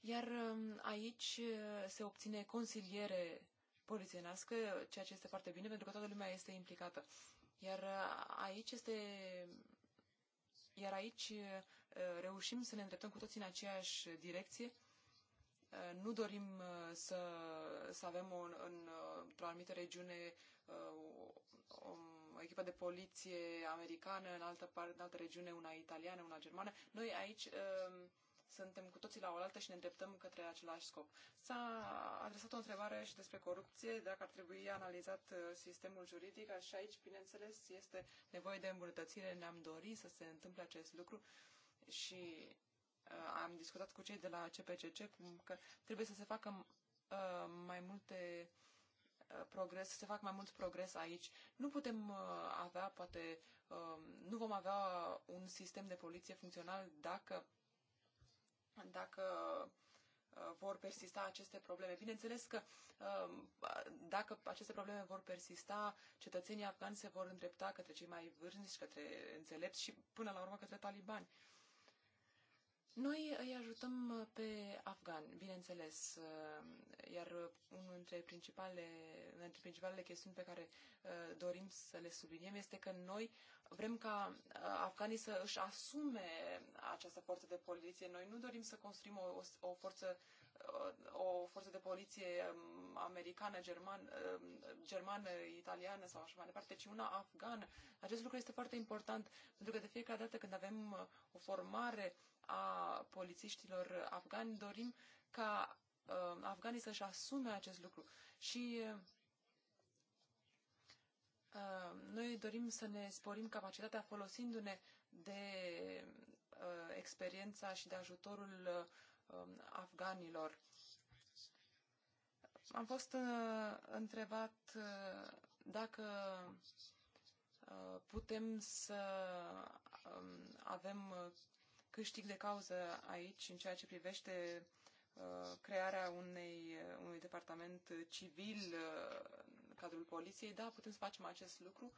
Iar um, aici uh, se obține consiliere polițienească, ceea ce este foarte bine pentru că toată lumea este implicată. Iar uh, aici este iar aici reușim să ne îndreptăm cu toții în aceeași direcție. Nu dorim să, să avem o, în, într-o anumită regiune o, o echipă de poliție americană, în altă parte, în altă regiune, una italiană, una germană. Noi aici uh, suntem cu toții la oaltă și ne îndreptăm către același scop. S-a adresat o întrebare și despre corupție, dacă ar trebui analizat uh, sistemul juridic, și aici, bineînțeles, este nevoie de îmbunătățire, ne-am dorit să se întâmple acest lucru și uh, am discutat cu cei de la CPCC că trebuie să se facă uh, mai multe uh, Uh, progres, să se fac mai mult progres aici. Nu putem uh, avea, poate, um, nu vom avea un sistem de poliție funcțional dacă, dacă uh, vor persista aceste probleme. Bineînțeles că um, dacă aceste probleme vor persista, cetățenii afgani se vor îndrepta către cei mai vârstnici, către înțelepți și până la urmă către talibani. Noi îi ajutăm uh, pe afgani, bineînțeles, uh, iar unul dintre principalele, una dintre principalele chestiuni pe care uh, dorim să le subliniem este că noi vrem ca afganii să își asume această forță de poliție. Noi nu dorim să construim o, o forță o forță de poliție um, americană, german, germană, italiană sau așa mai departe, ci una afgană. Acest lucru este foarte important, pentru că de fiecare dată când avem o formare a polițiștilor afgani, dorim ca uh, afganii să-și asume acest lucru. Și uh, noi dorim să ne sporim capacitatea folosindu-ne de uh, experiența și de ajutorul uh, afganilor. Am fost uh, întrebat uh, dacă uh, putem să um, avem uh, câștig de cauză aici în ceea ce privește uh, crearea unei, uh, unui departament civil uh, în cadrul poliției. Da, putem să facem acest lucru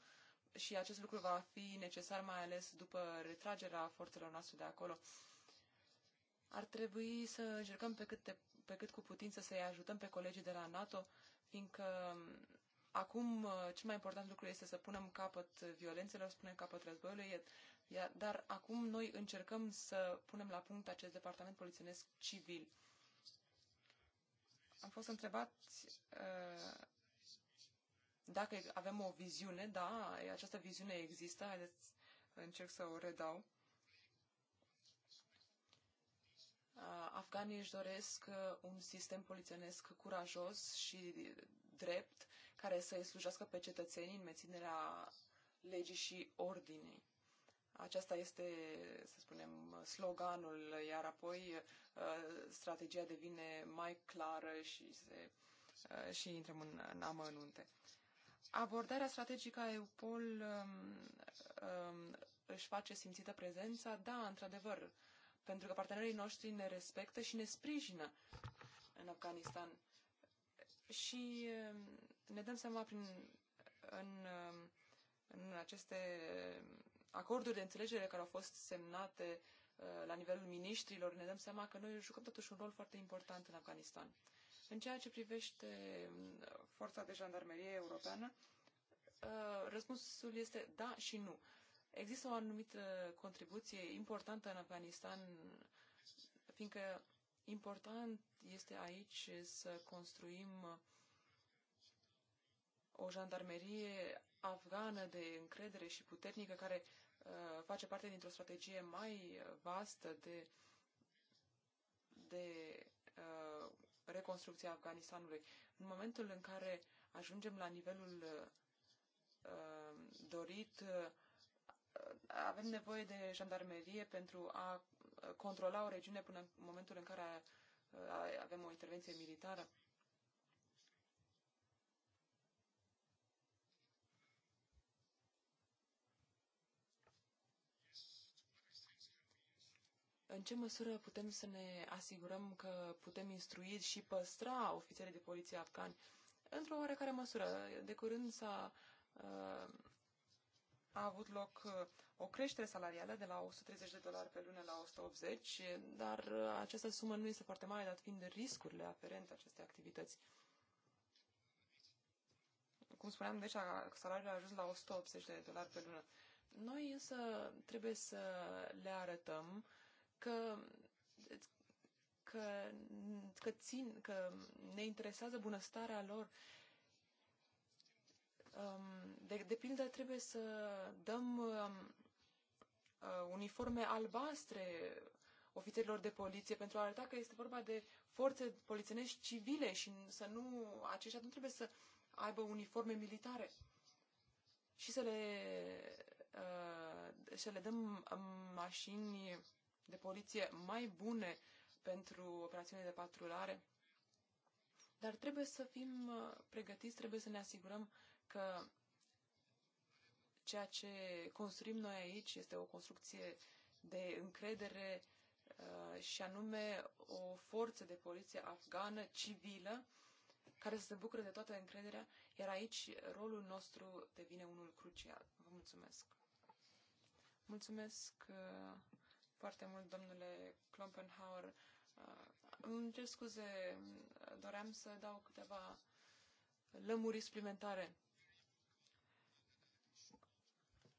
și acest lucru va fi necesar mai ales după retragerea forțelor noastre de acolo. Ar trebui să încercăm pe cât, te, pe cât cu putință să-i ajutăm pe colegii de la NATO, fiindcă um, acum cel mai important lucru este să punem capăt violențelor, să punem capăt războiului. Iar, dar acum noi încercăm să punem la punct acest departament polițienesc civil. Am fost întrebat uh, dacă avem o viziune. Da, această viziune există. Haideți, încerc să o redau. Uh, afganii își doresc uh, un sistem polițienesc curajos și drept, care să i slujească pe cetățenii în menținerea legii și ordinii. Aceasta este, să spunem, sloganul, iar apoi uh, strategia devine mai clară și, se, uh, și intrăm în, în amănunte. Abordarea strategică a EUPOL um, um, își face simțită prezența? Da, într-adevăr, pentru că partenerii noștri ne respectă și ne sprijină în Afganistan. Și um, ne dăm seama prin, în, um, în aceste acorduri de înțelegere care au fost semnate uh, la nivelul miniștrilor, ne dăm seama că noi jucăm totuși un rol foarte important în Afganistan. În ceea ce privește um, forța de jandarmerie europeană, uh, răspunsul este da și nu. Există o anumită contribuție importantă în Afganistan, fiindcă important este aici să construim o jandarmerie afgană de încredere și puternică care Uh, face parte dintr-o strategie mai vastă de, de uh, reconstrucție a Afganistanului. În momentul în care ajungem la nivelul uh, dorit, avem nevoie de jandarmerie pentru a controla o regiune până în momentul în care avem o intervenție militară. în ce măsură putem să ne asigurăm că putem instrui și păstra ofițerii de poliție afgani într-o oarecare măsură. De curând s-a uh, a avut loc uh, o creștere salarială de la 130 de dolari pe lună la 180, dar uh, această sumă nu este foarte mare, dat fiind riscurile aferente acestei activități. Cum spuneam, deci salariul a ajuns la 180 de dolari pe lună. Noi însă trebuie să le arătăm că că, că țin, că ne interesează bunăstarea lor. Um, de, de pildă, trebuie să dăm um, uh, uniforme albastre ofițerilor de poliție pentru a arăta că este vorba de forțe polițienești civile și să nu, aceștia nu trebuie să aibă uniforme militare și să le, uh, să le dăm um, mașini de poliție mai bune pentru operațiunile de patrulare, dar trebuie să fim uh, pregătiți, trebuie să ne asigurăm că ceea ce construim noi aici este o construcție de încredere uh, și anume o forță de poliție afgană civilă care să se bucure de toată încrederea, iar aici rolul nostru devine unul crucial. Vă mulțumesc! Mulțumesc, uh, foarte mult, domnule Klompenhauer. Uh, îmi cer scuze, doream să dau câteva lămuri suplimentare.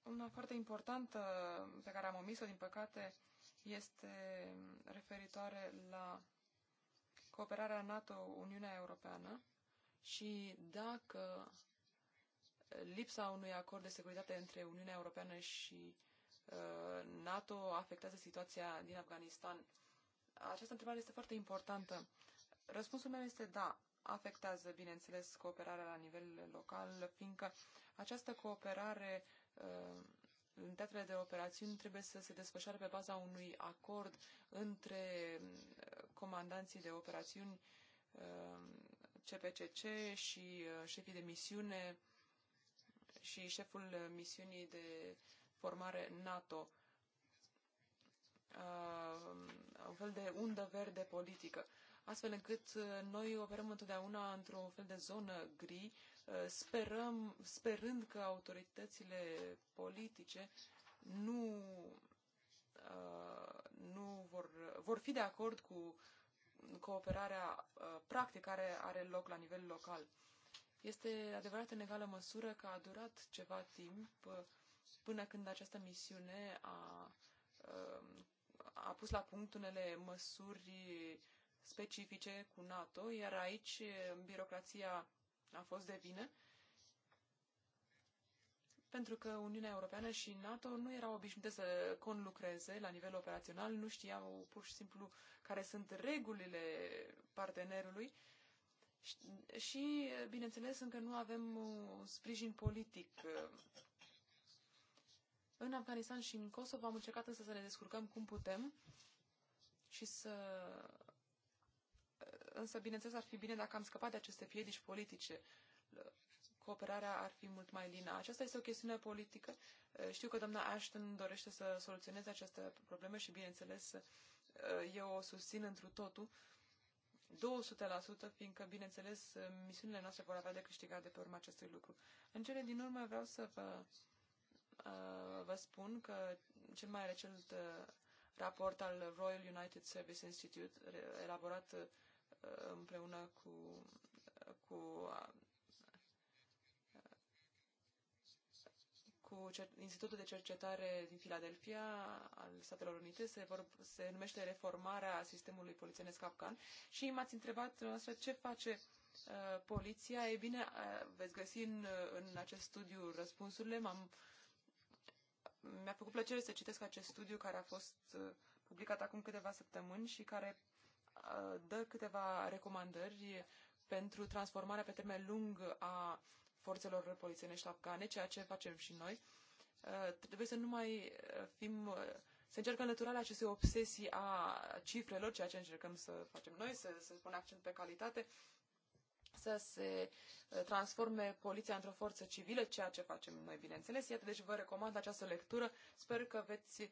Una foarte importantă pe care am omis-o, din păcate, este referitoare la cooperarea NATO-Uniunea Europeană și dacă lipsa unui acord de securitate între Uniunea Europeană și Uh, NATO afectează situația din Afganistan? Această întrebare este foarte importantă. Răspunsul meu este da, afectează, bineînțeles, cooperarea la nivel local, fiindcă această cooperare uh, în teatrele de operațiuni trebuie să se desfășoare pe baza unui acord între uh, comandanții de operațiuni CPCC și șefii de misiune și șeful misiunii de formare NATO, uh, un fel de undă verde politică, astfel încât uh, noi operăm întotdeauna într-un fel de zonă gri, uh, sperăm, sperând că autoritățile politice nu, nu vor, vor fi de acord cu cooperarea practică care are loc la nivel local. Este adevărat în egală măsură că a durat ceva timp până când această misiune a, um, a pus la punct unele măsuri specifice cu NATO, iar aici um, birocrația a fost de vină, pentru că Uniunea Europeană și NATO nu erau obișnuite să conlucreze la nivel operațional, nu știau pur și simplu care sunt regulile partenerului și, bineînțeles, încă nu avem un sprijin politic um, în Afganistan și în Kosovo am încercat însă să ne descurcăm cum putem și să... Însă, bineînțeles, ar fi bine dacă am scăpat de aceste piedici politice. Cooperarea ar fi mult mai lină. Aceasta este o chestiune politică. Știu că doamna Ashton dorește să soluționeze aceste probleme și, bineînțeles, eu o susțin întru totul. 200%, fiindcă, bineînțeles, misiunile noastre vor avea de câștigat de pe urma acestui lucru. În cele din urmă vreau să vă Uh, vă spun că cel mai recent uh, raport al Royal United Service Institute, elaborat uh, împreună cu, cu, cu Institutul de Cercetare din Filadelfia al Statelor Unite, se, vor, se numește Reformarea Sistemului Polițienesc Afgan și m-ați întrebat ce face poliția. E bine, veți găsi în, în acest studiu răspunsurile. M-am uh, mi-a făcut plăcere să citesc acest studiu care a fost uh, publicat acum câteva săptămâni și care uh, dă câteva recomandări pentru transformarea pe termen lung a forțelor polițienești afgane, ceea ce facem și noi. Uh, trebuie să nu mai fim să încercăm înlăturarea acestei obsesii a cifrelor, ceea ce încercăm să facem noi, să, să punem accent pe calitate, să se uh, transforme poliția într-o forță civilă, ceea ce facem noi, bineînțeles. Iată, deci vă recomand această lectură. Sper că veți uh,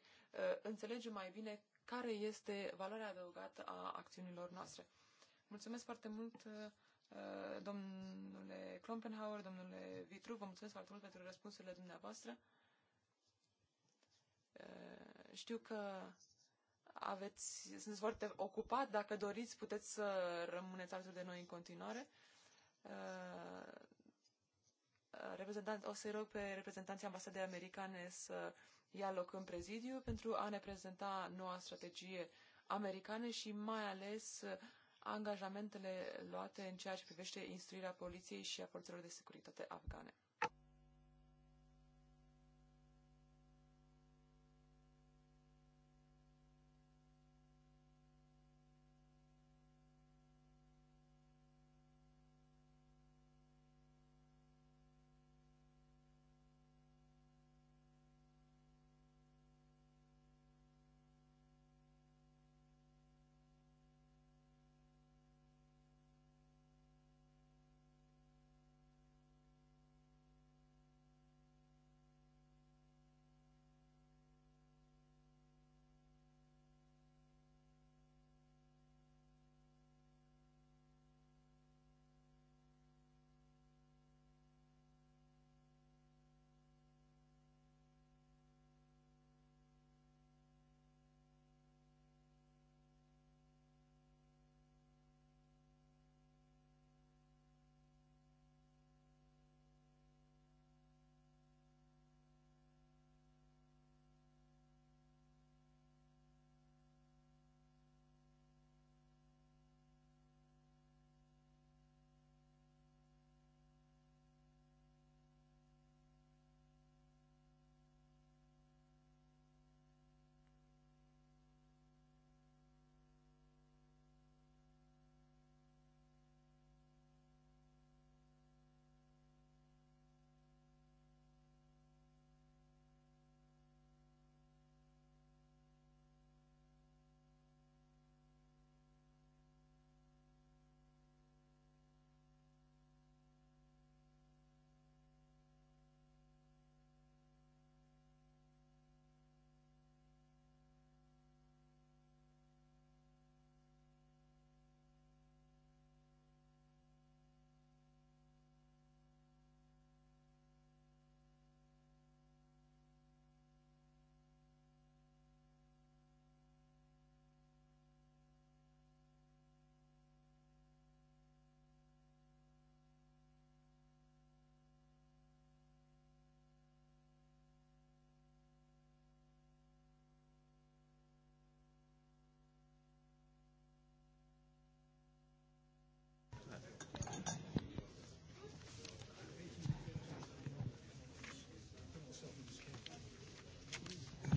înțelege mai bine care este valoarea adăugată a acțiunilor noastre. Mulțumesc foarte mult, uh, domnule Klompenhauer, domnule Vitru, vă mulțumesc foarte mult pentru răspunsurile dumneavoastră. Știu că aveți, sunteți foarte ocupat. Dacă doriți, puteți să rămâneți alături de noi în continuare. Uh, reprezentant, o să-i rog pe reprezentanții ambasadei americane să ia loc în prezidiu pentru a ne prezenta noua strategie americană și mai ales angajamentele luate în ceea ce privește instruirea poliției și a forțelor de securitate afgane.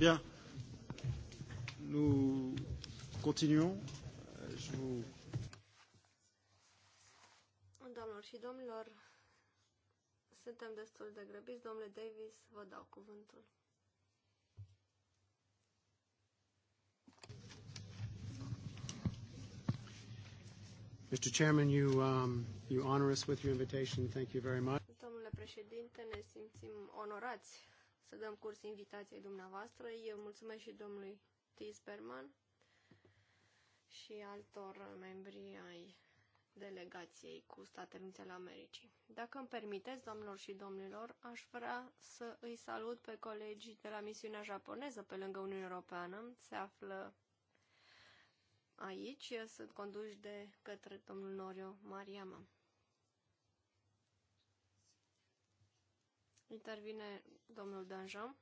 Bien. Nous continuons. Euh, je vous... Doamnelor și domnilor, suntem destul de grăbiți. Domnule Davis, vă dau cuvântul. Mr. Chairman, you, um, you honor us with your invitation. Thank you very much. Domnule președinte, ne simțim onorați să dăm curs invitației dumneavoastră. Eu mulțumesc și domnului Tisberman și altor membri ai delegației cu Statele Unite ale Americii. Dacă îmi permiteți, domnilor și domnilor, aș vrea să îi salut pe colegii de la misiunea japoneză pe lângă Uniunea Europeană. Se află aici, sunt conduși de către domnul Norio Mariama. Intervine domnul Danjean.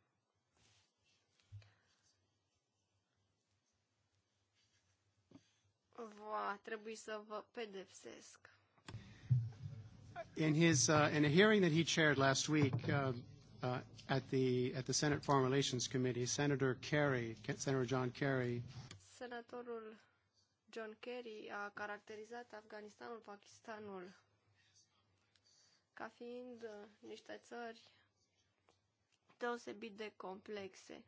Va trebui să vă pedepsesc. In his uh, in a hearing that he chaired last week uh, uh, at the at the Senate Foreign Relations Committee, Senator Kerry, Senator John Kerry. Senatorul John Kerry a caracterizat Afganistanul, Pakistanul ca fiind uh, niște țări deosebit de complexe,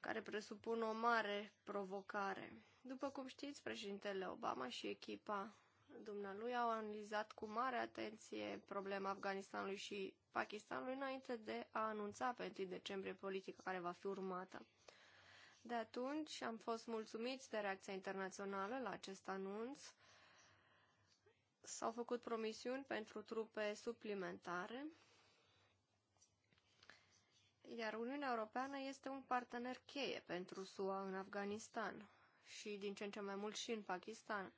care presupun o mare provocare. După cum știți, președintele Obama și echipa dumnealui au analizat cu mare atenție problema Afganistanului și Pakistanului înainte de a anunța pe 1 decembrie politica care va fi urmată. De atunci am fost mulțumiți de reacția internațională la acest anunț. S-au făcut promisiuni pentru trupe suplimentare iar Uniunea Europeană este un partener cheie pentru SUA în Afganistan și din ce în ce mai mult și în Pakistan.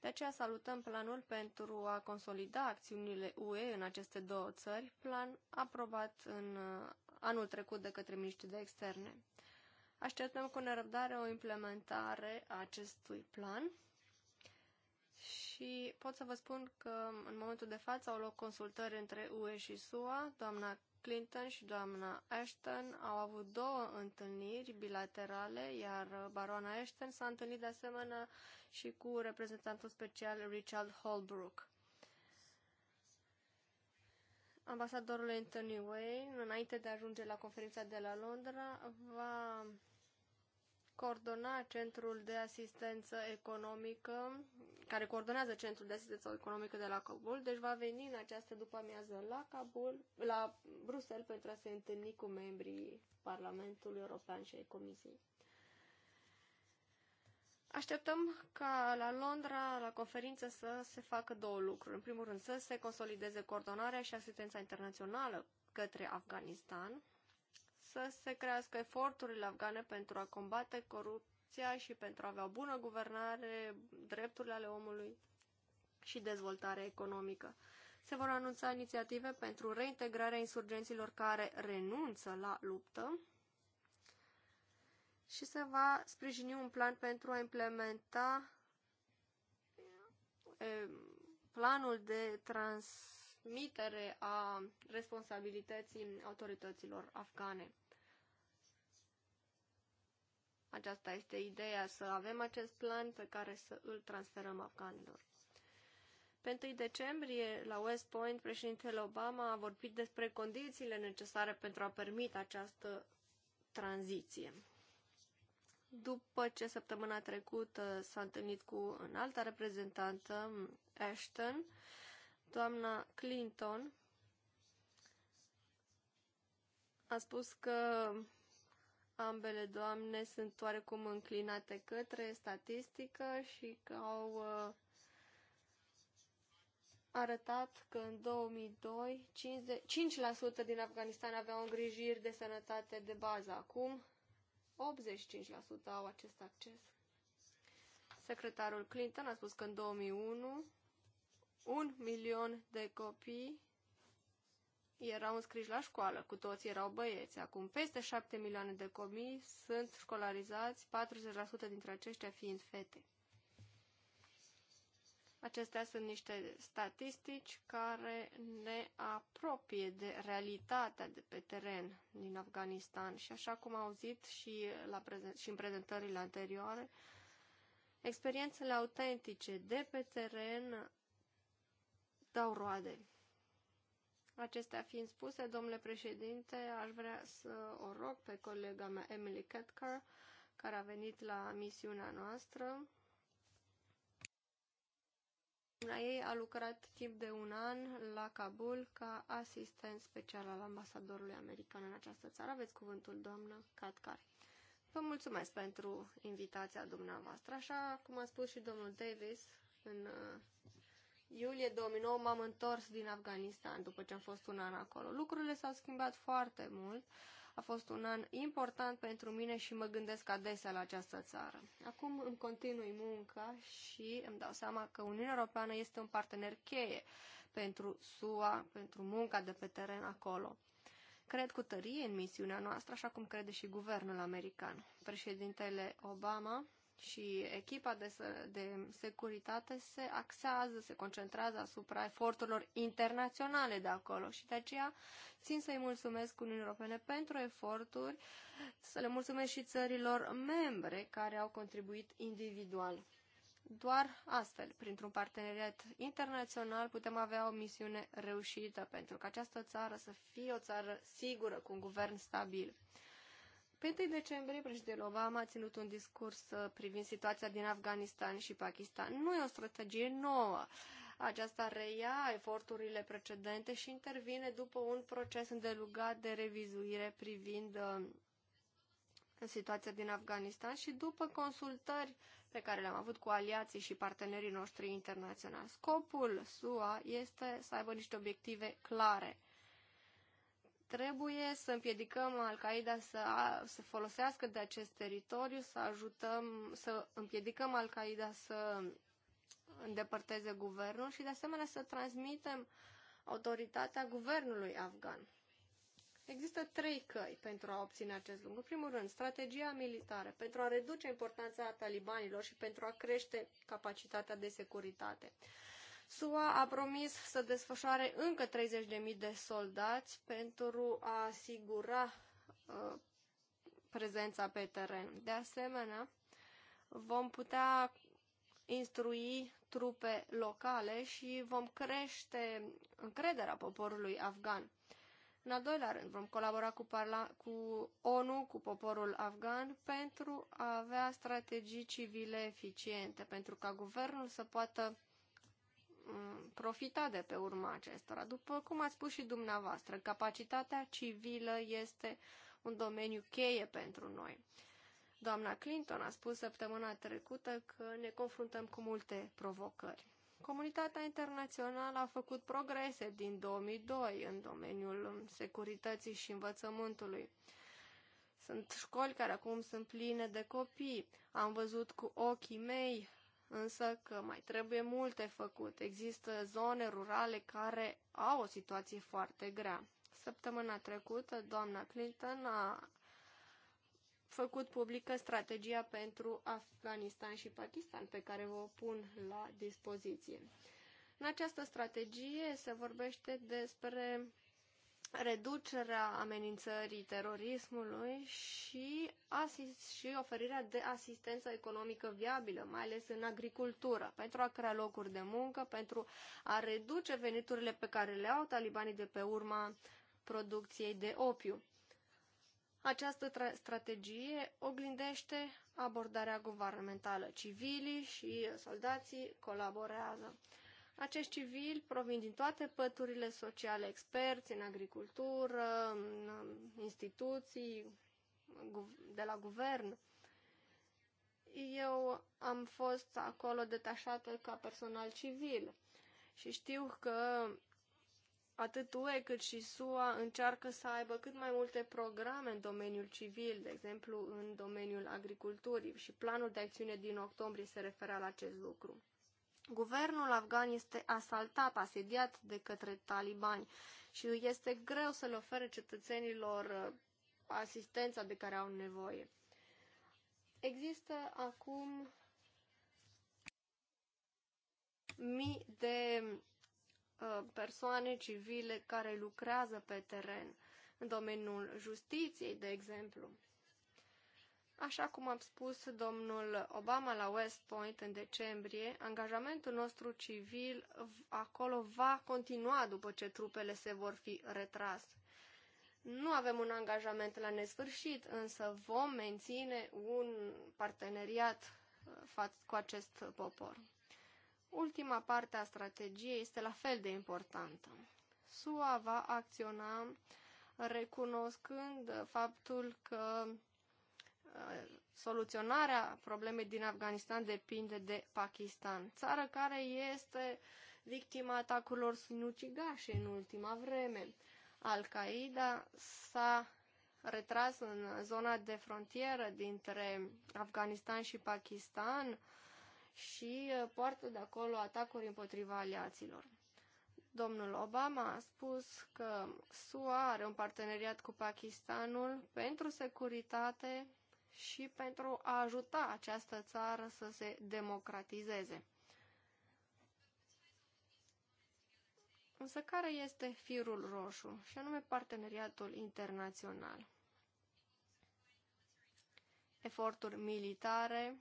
De aceea salutăm planul pentru a consolida acțiunile UE în aceste două țări, plan aprobat în uh, anul trecut de către miniștrii de externe. Așteptăm cu nerăbdare o implementare a acestui plan și pot să vă spun că în momentul de față au loc consultări între UE și SUA. Doamna Clinton și doamna Ashton au avut două întâlniri bilaterale, iar barona Ashton s-a întâlnit de asemenea și cu reprezentantul special Richard Holbrook. Ambasadorul Anthony Wayne, înainte de a ajunge la conferința de la Londra, va coordona Centrul de Asistență Economică, care coordonează Centrul de Asistență Economică de la Kabul, deci va veni în această după amiază la Kabul, la Bruxelles pentru a se întâlni cu membrii Parlamentului European și ai Comisiei. Așteptăm ca la Londra, la conferință, să se facă două lucruri. În primul rând, să se consolideze coordonarea și asistența internațională către Afganistan, să se crească eforturile afgane pentru a combate corupția și pentru a avea o bună guvernare, drepturile ale omului și dezvoltare economică. Se vor anunța inițiative pentru reintegrarea insurgenților care renunță la luptă și se va sprijini un plan pentru a implementa planul de transmitere a responsabilității autorităților afgane. Aceasta este ideea, să avem acest plan pe care să îl transferăm afganilor. Pe 1 decembrie, la West Point, președintele Obama a vorbit despre condițiile necesare pentru a permite această tranziție. După ce săptămâna trecută s-a întâlnit cu în alta reprezentantă, Ashton, doamna Clinton a spus că ambele doamne sunt oarecum înclinate către statistică și că au uh, arătat că în 2002 50, 5% din Afganistan aveau îngrijiri de sănătate de bază. Acum 85% au acest acces. Secretarul Clinton a spus că în 2001 un milion de copii erau înscriși la școală, cu toți erau băieți. Acum peste 7 milioane de copii sunt școlarizați, 40% dintre aceștia fiind fete. Acestea sunt niște statistici care ne apropie de realitatea de pe teren din Afganistan și așa cum am auzit și, la prezent, și în prezentările anterioare, experiențele autentice de pe teren dau roade. Acestea fiind spuse, domnule președinte, aș vrea să o rog pe colega mea Emily Ketker, care a venit la misiunea noastră. La ei a lucrat timp de un an la Kabul ca asistent special al ambasadorului american în această țară. Aveți cuvântul, doamnă Katkar. Vă mulțumesc pentru invitația dumneavoastră. Așa cum a spus și domnul Davis în iulie 2009 m-am întors din Afganistan după ce am fost un an acolo. Lucrurile s-au schimbat foarte mult. A fost un an important pentru mine și mă gândesc adesea la această țară. Acum îmi continui munca și îmi dau seama că Uniunea Europeană este un partener cheie pentru SUA, pentru munca de pe teren acolo. Cred cu tărie în misiunea noastră, așa cum crede și guvernul american. Președintele Obama și echipa de, de securitate se axează, se concentrează asupra eforturilor internaționale de acolo și de aceea țin să-i mulțumesc Uniunii Europene pentru eforturi, să le mulțumesc și țărilor membre care au contribuit individual. Doar astfel, printr-un parteneriat internațional, putem avea o misiune reușită pentru că această țară să fie o țară sigură, cu un guvern stabil. Pe 1 decembrie, președintele Obama a ținut un discurs uh, privind situația din Afganistan și Pakistan. Nu e o strategie nouă. Aceasta reia eforturile precedente și intervine după un proces îndelugat de revizuire privind uh, situația din Afganistan și după consultări pe care le-am avut cu aliații și partenerii noștri internaționali. Scopul SUA este să aibă niște obiective clare Trebuie să împiedicăm Al-Qaeda să, să folosească de acest teritoriu, să ajutăm, să împiedicăm Al-Qaeda să îndepărteze guvernul și de asemenea să transmitem autoritatea guvernului afgan. Există trei căi pentru a obține acest lucru. În primul rând, strategia militară pentru a reduce importanța talibanilor și pentru a crește capacitatea de securitate. SUA a promis să desfășoare încă 30.000 de soldați pentru a asigura uh, prezența pe teren. De asemenea, vom putea instrui trupe locale și vom crește încrederea poporului afgan. În al doilea rând, vom colabora cu, parla- cu ONU, cu poporul afgan, pentru a avea strategii civile eficiente, pentru ca guvernul să poată Mm, profita de pe urma acestora. După cum ați spus și dumneavoastră, capacitatea civilă este un domeniu cheie pentru noi. Doamna Clinton a spus săptămâna trecută că ne confruntăm cu multe provocări. Comunitatea internațională a făcut progrese din 2002 în domeniul securității și învățământului. Sunt școli care acum sunt pline de copii. Am văzut cu ochii mei însă că mai trebuie multe făcut. Există zone rurale care au o situație foarte grea. Săptămâna trecută, doamna Clinton a făcut publică strategia pentru Afganistan și Pakistan, pe care vă o pun la dispoziție. În această strategie se vorbește despre reducerea amenințării terorismului și, asist- și oferirea de asistență economică viabilă, mai ales în agricultură, pentru a crea locuri de muncă, pentru a reduce veniturile pe care le au talibanii de pe urma producției de opiu. Această strategie oglindește abordarea guvernamentală. Civilii și soldații colaborează. Acești civili provin din toate păturile sociale, experți în agricultură, în instituții, de la guvern. Eu am fost acolo detașată ca personal civil și știu că atât UE cât și SUA încearcă să aibă cât mai multe programe în domeniul civil, de exemplu în domeniul agriculturii și planul de acțiune din octombrie se referea la acest lucru. Guvernul afgan este asaltat, asediat de către talibani și este greu să le ofere cetățenilor uh, asistența de care au nevoie. Există acum mii de uh, persoane civile care lucrează pe teren în domeniul justiției, de exemplu. Așa cum am spus domnul Obama la West Point în decembrie, angajamentul nostru civil acolo va continua după ce trupele se vor fi retras. Nu avem un angajament la nesfârșit, însă vom menține un parteneriat uh, cu acest popor. Ultima parte a strategiei este la fel de importantă. SUA va acționa recunoscând faptul că soluționarea problemei din Afganistan depinde de Pakistan, țară care este victima atacurilor sinucigașe în ultima vreme. Al-Qaeda s-a retras în zona de frontieră dintre Afganistan și Pakistan și poartă de acolo atacuri împotriva aliaților. Domnul Obama a spus că SUA are un parteneriat cu Pakistanul pentru securitate și pentru a ajuta această țară să se democratizeze. Însă care este firul roșu, și anume parteneriatul internațional? Eforturi militare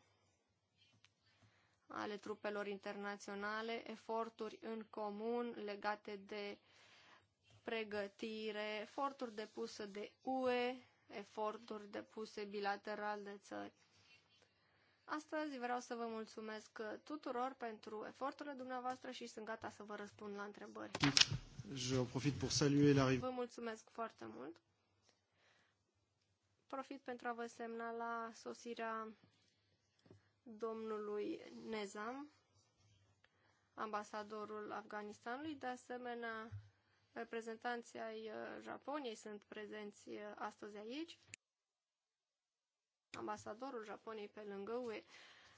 ale trupelor internaționale, eforturi în comun legate de pregătire, eforturi depuse de UE, eforturi depuse bilateral de țări. Astăzi vreau să vă mulțumesc tuturor pentru eforturile dumneavoastră și sunt gata să vă răspund la întrebări. Je profit pour saluer Vă mulțumesc foarte mult. Profit pentru a vă semnala sosirea domnului Nezam, ambasadorul Afganistanului, de asemenea reprezentanții ai uh, Japoniei sunt prezenți uh, astăzi aici. Ambasadorul Japoniei pe lângă UE.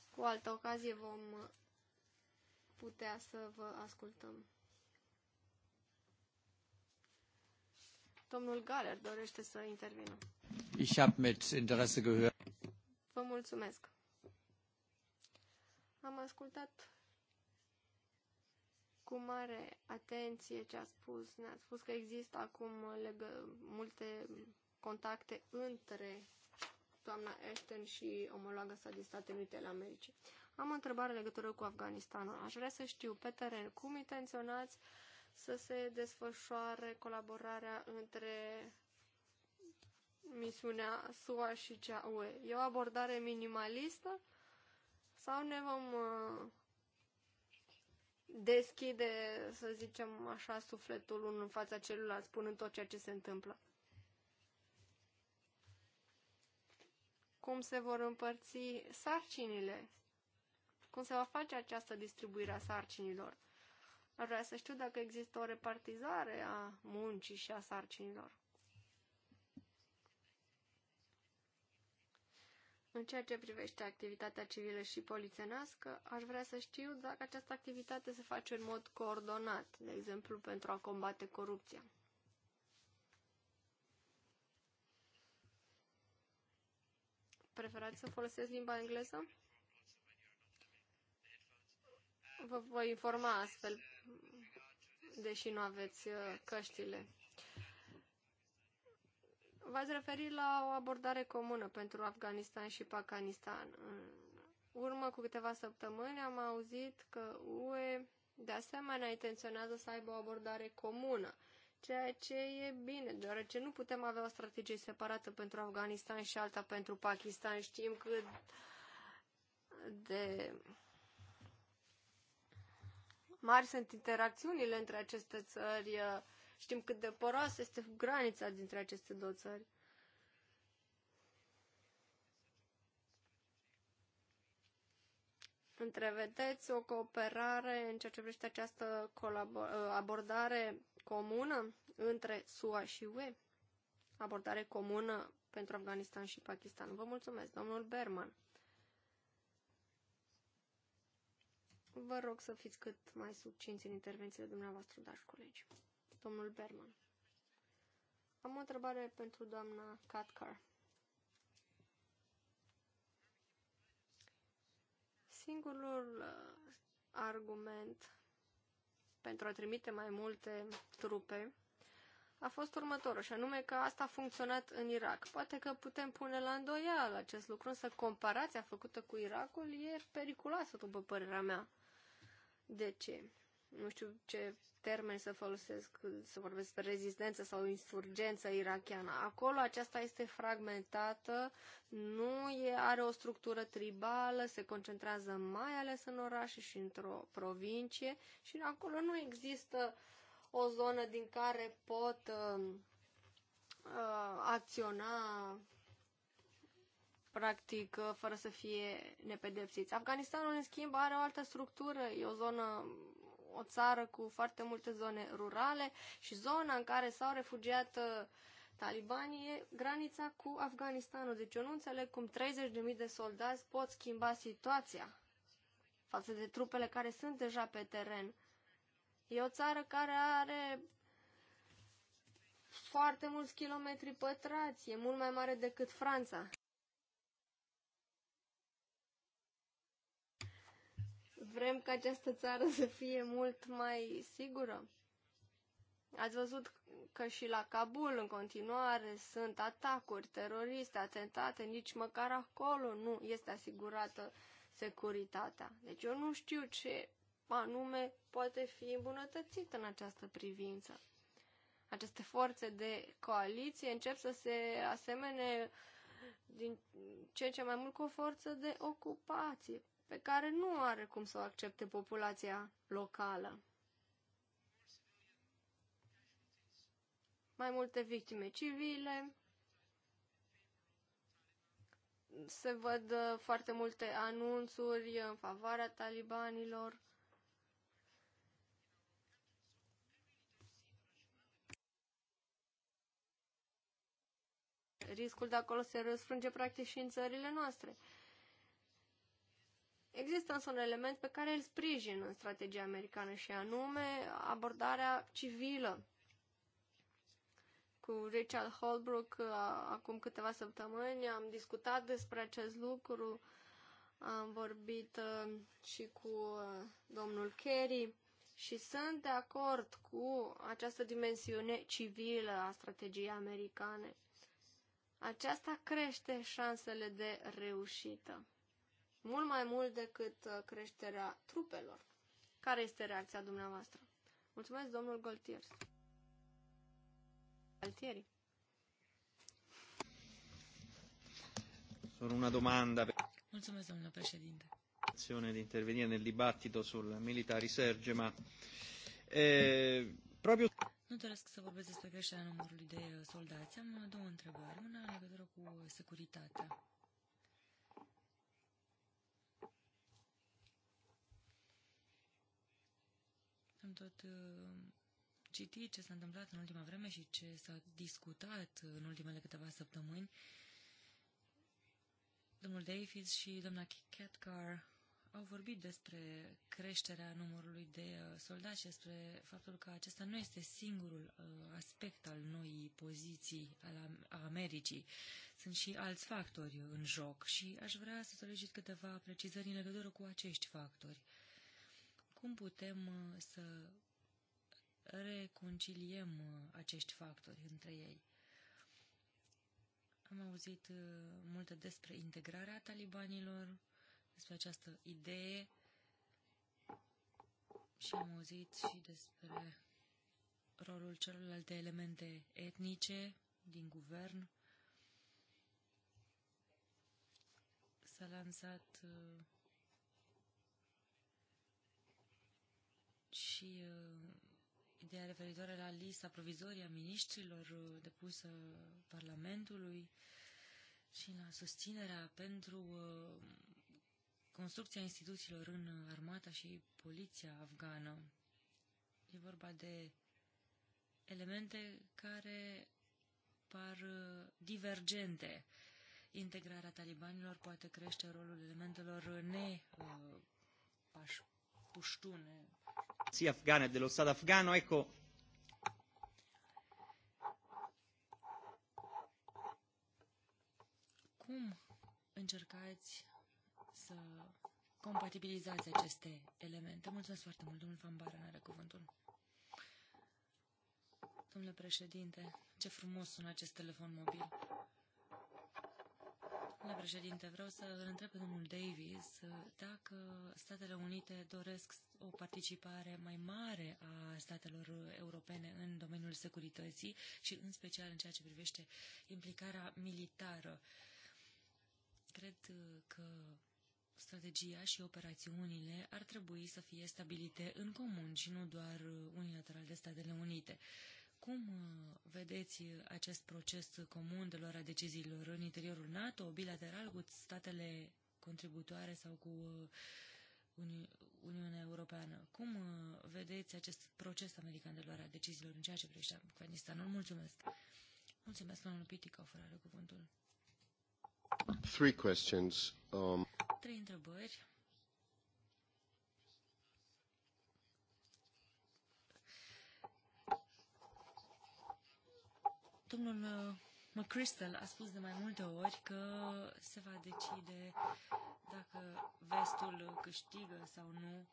Cu altă ocazie vom putea să vă ascultăm. Domnul Galer dorește să intervină. Ich habe mit Interesse gehört. Vă mulțumesc. Am ascultat cu mare atenție ce a spus. Ne-a spus că există acum legă, multe contacte între doamna Ashton și omologa sa din Statele Unite ale Americii. Am o întrebare legătură cu Afganistanul. Aș vrea să știu, pe teren, cum intenționați să se desfășoare colaborarea între misiunea SUA și cea UE? E o abordare minimalistă sau ne vom uh, deschide, să zicem așa, sufletul unul în fața celuilalt, spunând tot ceea ce se întâmplă. Cum se vor împărți sarcinile? Cum se va face această distribuire a sarcinilor? Ar vrea să știu dacă există o repartizare a muncii și a sarcinilor. În ceea ce privește activitatea civilă și polițenească, aș vrea să știu dacă această activitate se face în mod coordonat, de exemplu pentru a combate corupția. Preferați să folosesc limba engleză? Vă voi informa astfel, deși nu aveți uh, căștile V-ați referit la o abordare comună pentru Afganistan și Pakistan. În urmă cu câteva săptămâni am auzit că UE de asemenea intenționează să aibă o abordare comună, ceea ce e bine, deoarece nu putem avea o strategie separată pentru Afganistan și alta pentru Pakistan. Știm cât de mari sunt interacțiunile între aceste țări Știm cât de poroasă este granița dintre aceste două țări. Întrevedeți o cooperare în ceea ce privește această abordare comună între SUA și UE? Abordare comună pentru Afganistan și Pakistan. Vă mulțumesc, domnul Berman. Vă rog să fiți cât mai succinți în intervențiile dumneavoastră, dragi colegi domnul Berman. Am o întrebare pentru doamna Catcar. Singurul uh, argument pentru a trimite mai multe trupe a fost următorul, și anume că asta a funcționat în Irak. Poate că putem pune la îndoială acest lucru, însă comparația făcută cu Irakul e periculoasă, după părerea mea. De ce? Nu știu ce termeni să folosesc, să vorbesc despre rezistență sau insurgență irachiană. Acolo aceasta este fragmentată, nu e, are o structură tribală, se concentrează mai ales în orașe și într-o provincie și acolo nu există o zonă din care pot uh, uh, acționa practic, uh, fără să fie nepedepsiți. Afganistanul, în schimb, are o altă structură, e o zonă o țară cu foarte multe zone rurale și zona în care s-au refugiat uh, talibanii e granița cu Afganistanul. Deci eu nu înțeleg cum 30.000 de soldați pot schimba situația față de trupele care sunt deja pe teren. E o țară care are foarte mulți kilometri pătrați, e mult mai mare decât Franța. Vrem ca această țară să fie mult mai sigură? Ați văzut că și la Kabul în continuare sunt atacuri teroriste, atentate, nici măcar acolo nu este asigurată securitatea. Deci eu nu știu ce anume poate fi îmbunătățit în această privință. Aceste forțe de coaliție încep să se asemene din ce în ce mai mult cu o forță de ocupație pe care nu are cum să o accepte populația locală. Mai multe victime civile, se văd uh, foarte multe anunțuri în favoarea talibanilor. Riscul de acolo se răsfrânge practic și în țările noastre. Există însă un element pe care îl sprijin în strategia americană și anume abordarea civilă. Cu Richard Holbrook acum câteva săptămâni am discutat despre acest lucru, am vorbit și cu domnul Kerry și sunt de acord cu această dimensiune civilă a strategiei americane. Aceasta crește șansele de reușită mult mai mult decât uh, creșterea trupelor. Care este reacția dumneavoastră? Mulțumesc, domnul Goltiers. Galtieri. Solo una domanda. Mulțumesc, domnule președinte. Di intervenire nel dibattito sul militar, Serge, ma eh, proprio. Nu doresc să vorbesc despre creșterea numărului de uh, soldați. Am uh, două întrebări. Una în legătură cu securitatea. Am tot uh, citit ce s-a întâmplat în ultima vreme și ce s-a discutat în ultimele câteva săptămâni. Domnul Davis și doamna Catcar au vorbit despre creșterea numărului de uh, soldați și despre faptul că acesta nu este singurul uh, aspect al noii poziții a Americii. Sunt și alți factori în joc și aș vrea să solicit câteva precizări în legătură cu acești factori. Cum putem uh, să reconciliem uh, acești factori între ei? Am auzit uh, multe despre integrarea talibanilor, despre această idee și am auzit și despre rolul celorlalte elemente etnice din guvern. S-a lansat uh, și uh, ideea referitoare la lista provizorie a miniștrilor uh, depusă Parlamentului și la susținerea pentru uh, construcția instituțiilor în armata și poliția afgană. E vorba de elemente care par divergente. Integrarea talibanilor poate crește rolul elementelor ne puștune, democrazia afghana e dello Stato afghano, ecco, cum încercați să compatibilizați aceste elemente? Mulțumesc foarte mult, domnul Van Baren are cuvântul. Domnule președinte, ce frumos sună acest telefon mobil. Domnule președinte, vreau să îl întreb pe domnul Davis dacă Statele Unite doresc o participare mai mare a statelor europene în domeniul securității și în special în ceea ce privește implicarea militară. Cred că strategia și operațiunile ar trebui să fie stabilite în comun și nu doar unilateral de Statele Unite. Uh, cum uh, vedeți acest proces comun de luarea deciziilor în interiorul NATO, bilateral cu statele contributoare sau cu uh, Uni Uniunea Europeană? Cum uh, vedeți acest proces american de luarea a deciziilor în ceea ce privește Afganistanul? Mulțumesc! Mulțumesc, domnul Piticofer, are cuvântul. Three questions. Um... Trei întrebări. Domnul uh, McChrystal a spus de mai multe ori că se va decide dacă vestul câștigă sau nu.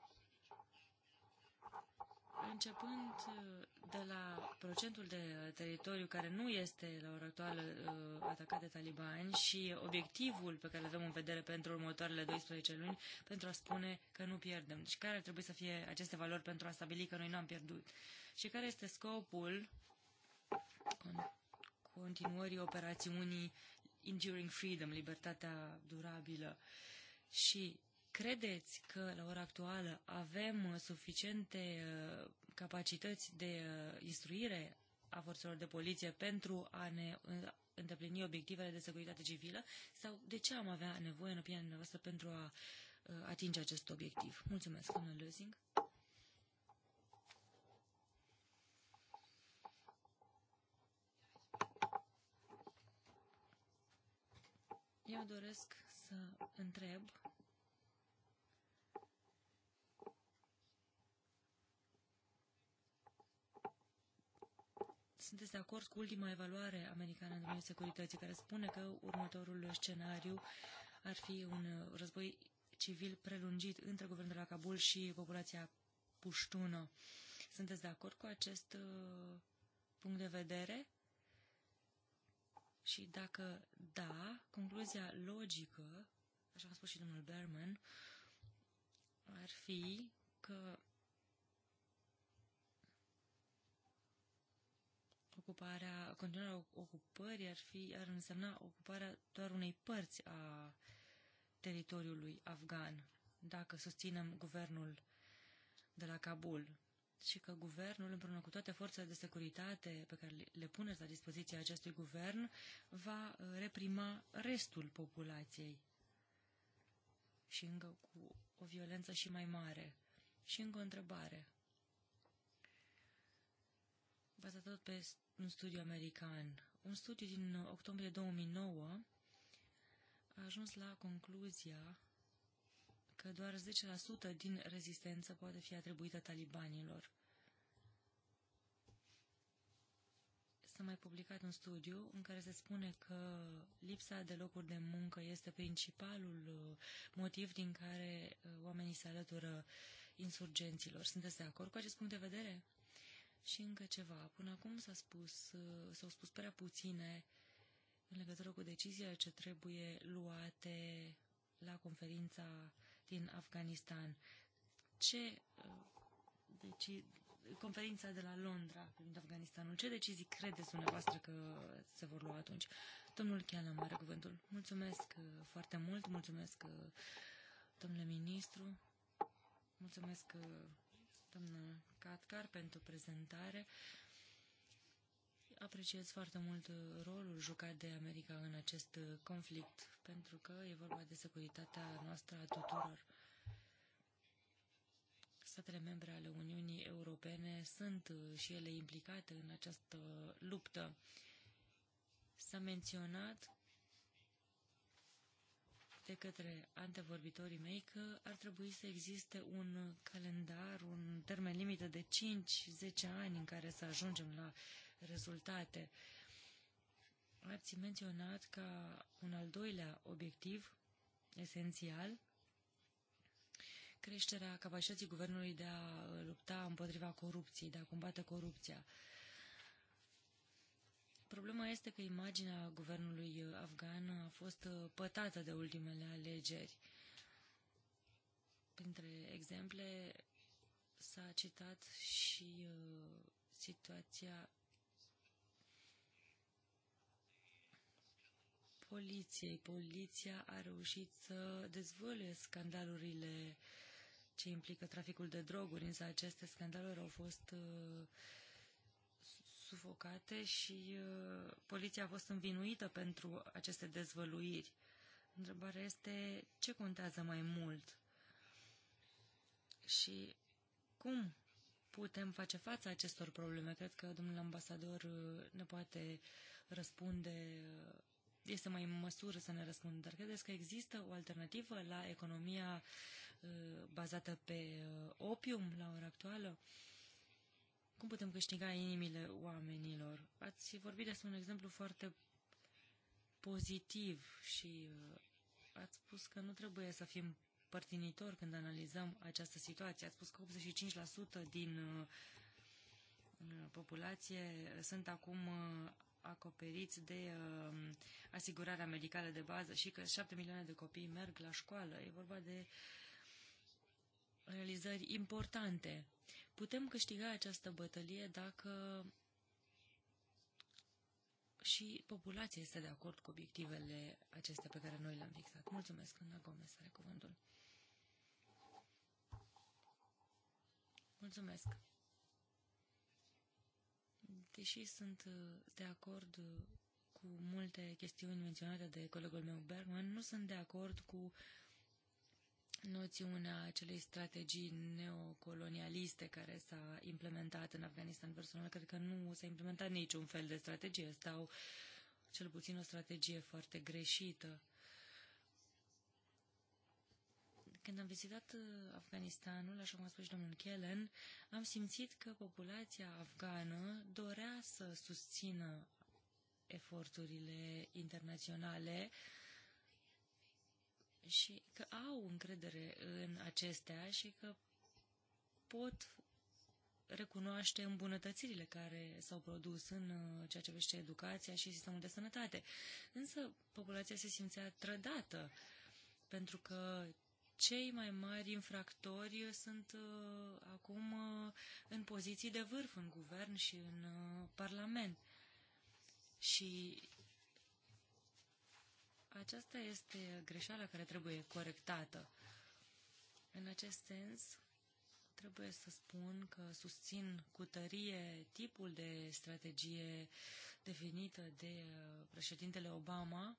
Începând uh, de la procentul de teritoriu care nu este la ora actuală uh, atacat de talibani și obiectivul pe care îl avem în vedere pentru următoarele 12 luni pentru a spune că nu pierdem. Și deci care ar trebui să fie aceste valori pentru a stabili că noi nu am pierdut? Și care este scopul continuării operațiunii Enduring Freedom, libertatea durabilă. Și credeți că la ora actuală avem uh, suficiente uh, capacități de uh, instruire a forțelor de poliție pentru a ne îndeplini obiectivele de securitate civilă sau de ce am avea nevoie, în opinia dumneavoastră, pentru a atinge acest obiectiv? Mulțumesc, domnule Lözing. Eu doresc să întreb Sunteți de acord cu ultima evaluare americană în domeniul securității, care spune că următorul scenariu ar fi un uh, război civil prelungit între guvernul de la Kabul și populația puștună. Sunteți de acord cu acest uh, punct de vedere? Și dacă da, concluzia logică, așa a spus și domnul Berman, ar fi că ocuparea, continuarea ocupării ar, fi, ar însemna ocuparea doar unei părți a teritoriului afgan, dacă susținem guvernul de la Kabul și că guvernul, împreună cu toate forțele de securitate pe care le puneți la dispoziția acestui guvern, va uh, reprima restul populației și încă cu o violență și mai mare. Și încă o întrebare. Bazată tot pe un studiu american. Un studiu din uh, octombrie 2009 a ajuns la concluzia că doar 10% din rezistență poate fi atribuită talibanilor. S-a mai publicat un studiu în care se spune că lipsa de locuri de muncă este principalul uh, motiv din care uh, oamenii se alătură insurgenților. Sunteți de acord cu acest punct de vedere? Și încă ceva. Până acum s-a spus, uh, s spus prea puține în legătură cu deciziile ce trebuie luate la conferința din Afganistan. Ce uh, deci, conferința de la Londra privind Afganistanul, ce decizii credeți dumneavoastră că se vor lua atunci? Domnul Chiană, mare cuvântul. Mulțumesc uh, foarte mult, mulțumesc uh, domnule ministru, mulțumesc domnul Catcar pentru prezentare. Apreciez foarte mult uh, rolul jucat de America în acest uh, conflict, pentru că e vorba de securitatea noastră a tuturor. Statele membre ale Uniunii Europene sunt uh, și ele implicate în această luptă. S-a menționat de către antevorbitorii mei că ar trebui să existe un calendar, un termen limită de 5-10 ani în care să ajungem la rezultate. Ați menționat ca un al doilea obiectiv esențial creșterea capacității guvernului de a lupta împotriva corupției, de a combate corupția. Problema este că imaginea guvernului afgan a fost pătată de ultimele alegeri. Printre exemple s-a citat și uh, situația poliției. Poliția a reușit să dezvăluie scandalurile ce implică traficul de droguri, însă aceste scandaluri au fost uh, sufocate și uh, poliția a fost învinuită pentru aceste dezvăluiri. Întrebarea este ce contează mai mult și cum putem face față acestor probleme. Cred că domnul ambasador uh, ne poate răspunde uh, este mai în măsură să ne răspundă. Dar credeți că există o alternativă la economia uh, bazată pe uh, opium la ora actuală? Cum putem câștiga inimile oamenilor? Ați vorbit despre un exemplu foarte pozitiv și uh, ați spus că nu trebuie să fim părtinitori când analizăm această situație. Ați spus că 85% din populație sunt acum acoperiți de uh, asigurarea medicală de bază și că 7 milioane de copii merg la școală. E vorba de realizări importante. Putem câștiga această bătălie dacă și populația este de acord cu obiectivele acestea pe care noi le-am fixat. Mulțumesc, Ana Gomez, are cuvântul. Mulțumesc. Deși sunt uh, de acord uh, cu multe chestiuni menționate de colegul meu Bergman, nu sunt de acord cu noțiunea acelei strategii neocolonialiste care s-a implementat în Afganistan personal. Cred că nu s-a implementat niciun fel de strategie sau cel puțin o strategie foarte greșită. Când am vizitat uh, Afganistanul, așa cum a spus și domnul Kellen, am simțit că populația afgană dorea să susțină eforturile internaționale și că au încredere în acestea și că pot recunoaște îmbunătățirile care s-au produs în uh, ceea ce privește educația și sistemul de sănătate. Însă populația se simțea trădată pentru că cei mai mari infractori sunt uh, acum uh, în poziții de vârf în guvern și în uh, parlament. Și aceasta este greșeala care trebuie corectată. În acest sens, trebuie să spun că susțin cu tărie tipul de strategie definită de președintele Obama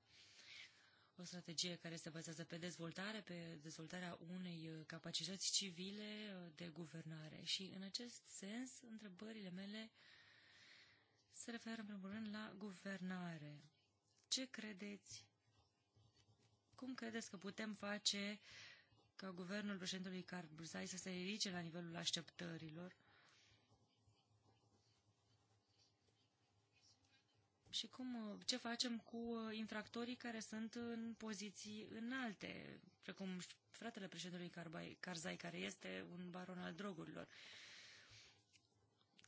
o strategie care se bazează pe dezvoltare, pe dezvoltarea unei uh, capacități civile uh, de guvernare. Și în acest sens, întrebările mele se referă în primul rând la guvernare. Ce credeți? Cum credeți că putem face ca guvernul președintelui Carbuzai să se ridice la nivelul așteptărilor? și cum, uh, ce facem cu uh, infractorii care sunt în poziții înalte, precum fratele președintelui Carzai, care este un baron al drogurilor.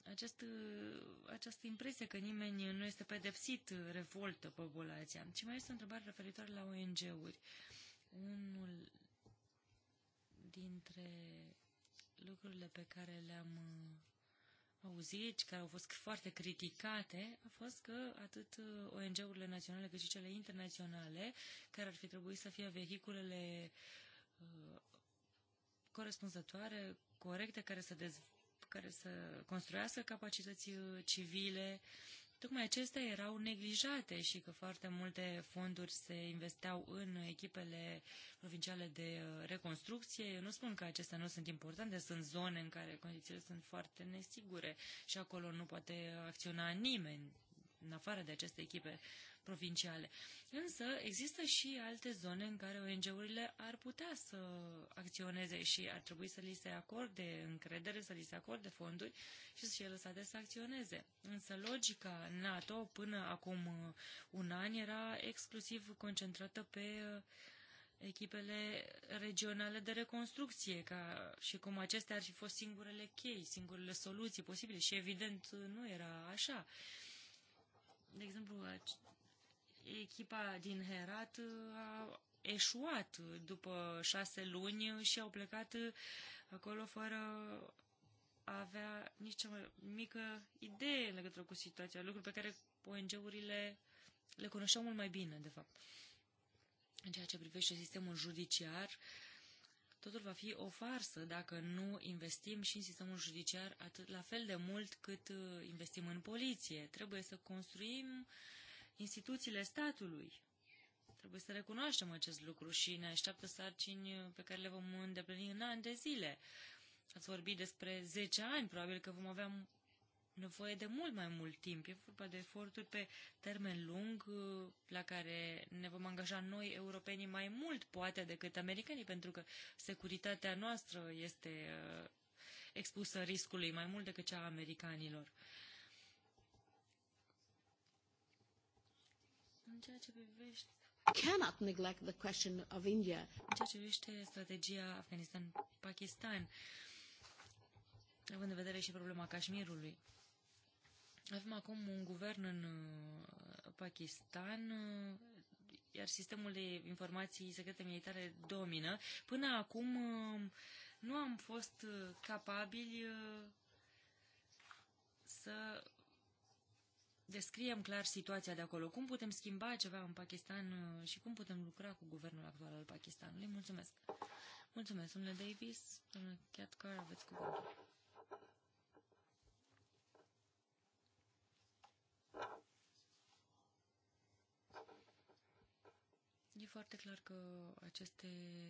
Acest, uh, această impresie că nimeni nu este pedepsit revoltă populația. Ce mai este o întrebare referitoare la ONG-uri. Unul dintre lucrurile pe care le-am auzici, care au fost foarte criticate, a fost că atât uh, ONG-urile naționale cât și cele internaționale, care ar fi trebuit să fie vehiculele uh, corespunzătoare, corecte, care să, dez... care să construiască capacități uh, civile, uh, tocmai acestea erau neglijate și că foarte multe fonduri se investeau în echipele provinciale de uh, reconstrucție. Eu nu spun că acestea nu sunt importante, sunt zone în care condițiile sunt foarte nesigure și acolo nu poate acționa nimeni în afară de aceste echipe provinciale. Însă există și alte zone în care ONG-urile ar putea să acționeze și ar trebui să li se acorde încredere, să li se acorde fonduri și să fie lăsate să acționeze. Însă logica NATO până acum uh, un an era exclusiv concentrată pe uh, echipele regionale de reconstrucție, ca și cum acestea ar fi fost singurele chei, singurele soluții posibile și evident nu era așa. De exemplu, echipa din Herat uh, a eșuat după șase luni și au plecat uh, acolo fără a avea nici cea mai mică idee în legătură cu situația, lucruri pe care ONG-urile le cunoșteau mult mai bine, de fapt. În ceea ce privește sistemul judiciar, totul va fi o farsă dacă nu investim și în sistemul judiciar atât la fel de mult cât uh, investim în poliție. Trebuie să construim uh, instituțiile statului. Trebuie să recunoaștem acest lucru și ne așteaptă sarcini pe care le vom îndeplini în ani de zile. Ați vorbit despre 10 ani, probabil că vom avea nevoie de mult mai mult timp. E vorba de eforturi pe termen lung la care ne vom angaja noi, europenii, mai mult, poate, decât americanii, pentru că securitatea noastră este uh, expusă riscului mai mult decât cea a americanilor. ceea ce privește cannot neglect the question of India. În ceea ce privește strategia Afganistan-Pakistan, având în vedere și problema Cașmirului, avem acum un guvern în uh, Pakistan, uh, iar sistemul de informații secrete militare domină. Până acum uh, nu am fost capabili să descriem clar situația de acolo. Cum putem schimba ceva în Pakistan uh, și cum putem lucra cu guvernul actual al Pakistanului? Mulțumesc! Mulțumesc, domnule Davis, domnule Chiatcar, aveți cuvântul. E foarte clar că aceste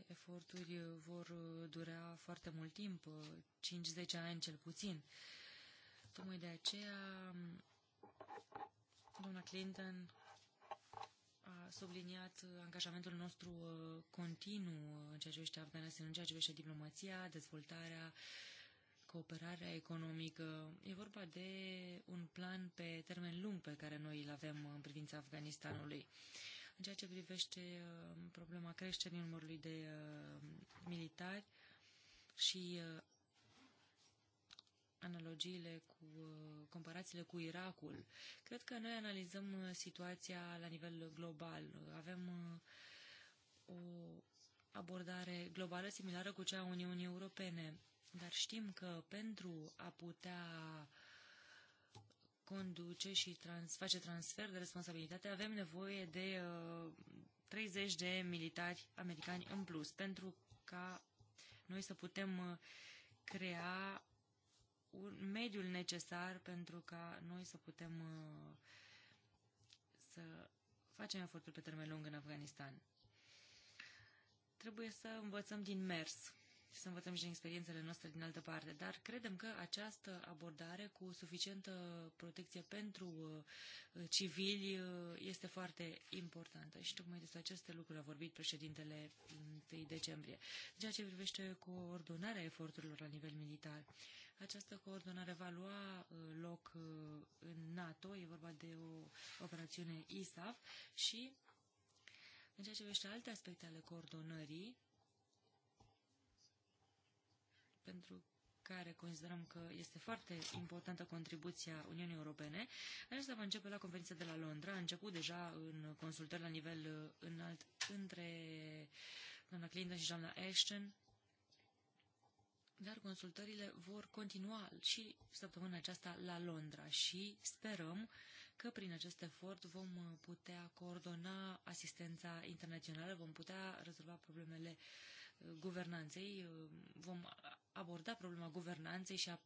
eforturi vor uh, dura foarte mult timp, 5-10 uh, ani cel puțin. Tocmai de aceea um, Doamna Clinton a subliniat angajamentul nostru uh, continuu în ceea ce vește Afganistan, în ceea ce vește diplomația, dezvoltarea, cooperarea economică. E vorba de un plan pe termen lung pe care noi îl avem în privința Afganistanului. În ceea ce privește uh, problema creșterii numărului de uh, militari și analogiile cu uh, comparațiile cu Irakul. Cred că noi analizăm uh, situația la nivel global. Avem uh, o abordare globală similară cu cea a Uniunii Europene, dar știm că pentru a putea conduce și trans, face transfer de responsabilitate, avem nevoie de uh, 30 de militari americani în plus pentru ca noi să putem crea un, mediul necesar pentru ca noi să putem uh, să facem eforturi pe termen lung în Afganistan. Trebuie să învățăm din mers și să învățăm și din experiențele noastre din altă parte, dar credem că această abordare cu suficientă protecție pentru uh, civili uh, este foarte importantă și tocmai despre aceste lucruri a vorbit președintele 1 decembrie. ceea ce privește coordonarea eforturilor la nivel militar, uh, această coordonare va lua uh, loc uh, în NATO, e vorba de o operațiune ISAF și în ceea ce vește alte aspecte ale coordonării, pentru care considerăm că este foarte importantă contribuția Uniunii Europene. Aceasta va începe la conferința de la Londra. A început deja în consultări la nivel uh, înalt între doamna Clinton și doamna Ashton dar consultările vor continua și săptămâna aceasta la Londra și sperăm că prin acest efort vom putea coordona asistența internațională, vom putea rezolva problemele uh, guvernanței, uh, vom aborda problema guvernanței și a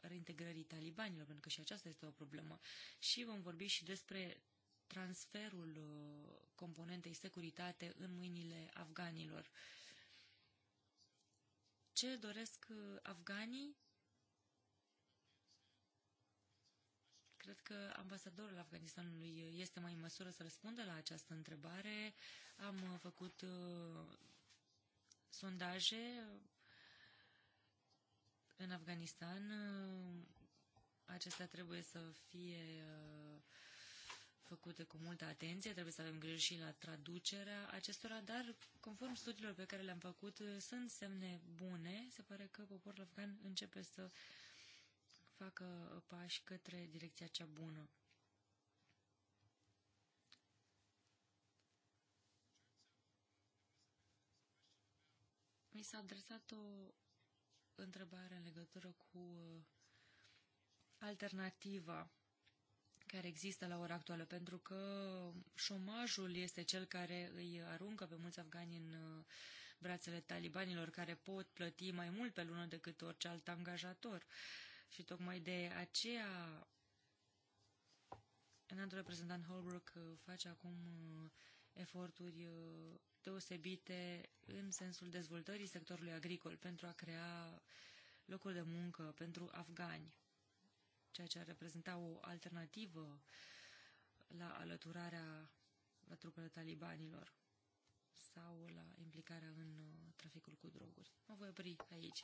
reintegrării talibanilor, pentru că și aceasta este o problemă. Și vom vorbi și despre transferul uh, componentei securitate în mâinile afganilor ce doresc uh, afganii. Cred că ambasadorul Afganistanului uh, este mai în măsură să răspundă la această întrebare. Am uh, făcut sondaje în Afganistan. Acestea trebuie să fie uh, făcute cu multă atenție, trebuie să avem grijă și la traducerea acestora, dar conform studiilor pe care le-am făcut, uh, sunt semne bune. Se pare că poporul afgan începe să facă pași către direcția cea bună. Mi s-a adresat o întrebare în legătură cu uh, alternativa care există la ora actuală, pentru că șomajul este cel care îi aruncă pe mulți afgani în uh, brațele talibanilor, care pot plăti mai mult pe lună decât orice alt angajator. Și tocmai de aceea înaltul reprezentant Holbrook uh, face acum uh, eforturi deosebite în sensul dezvoltării sectorului agricol pentru a crea locuri de muncă pentru afgani ceea ce ar reprezenta o alternativă la alăturarea la trupele talibanilor sau la implicarea în uh, traficul cu droguri. Mă voi opri aici.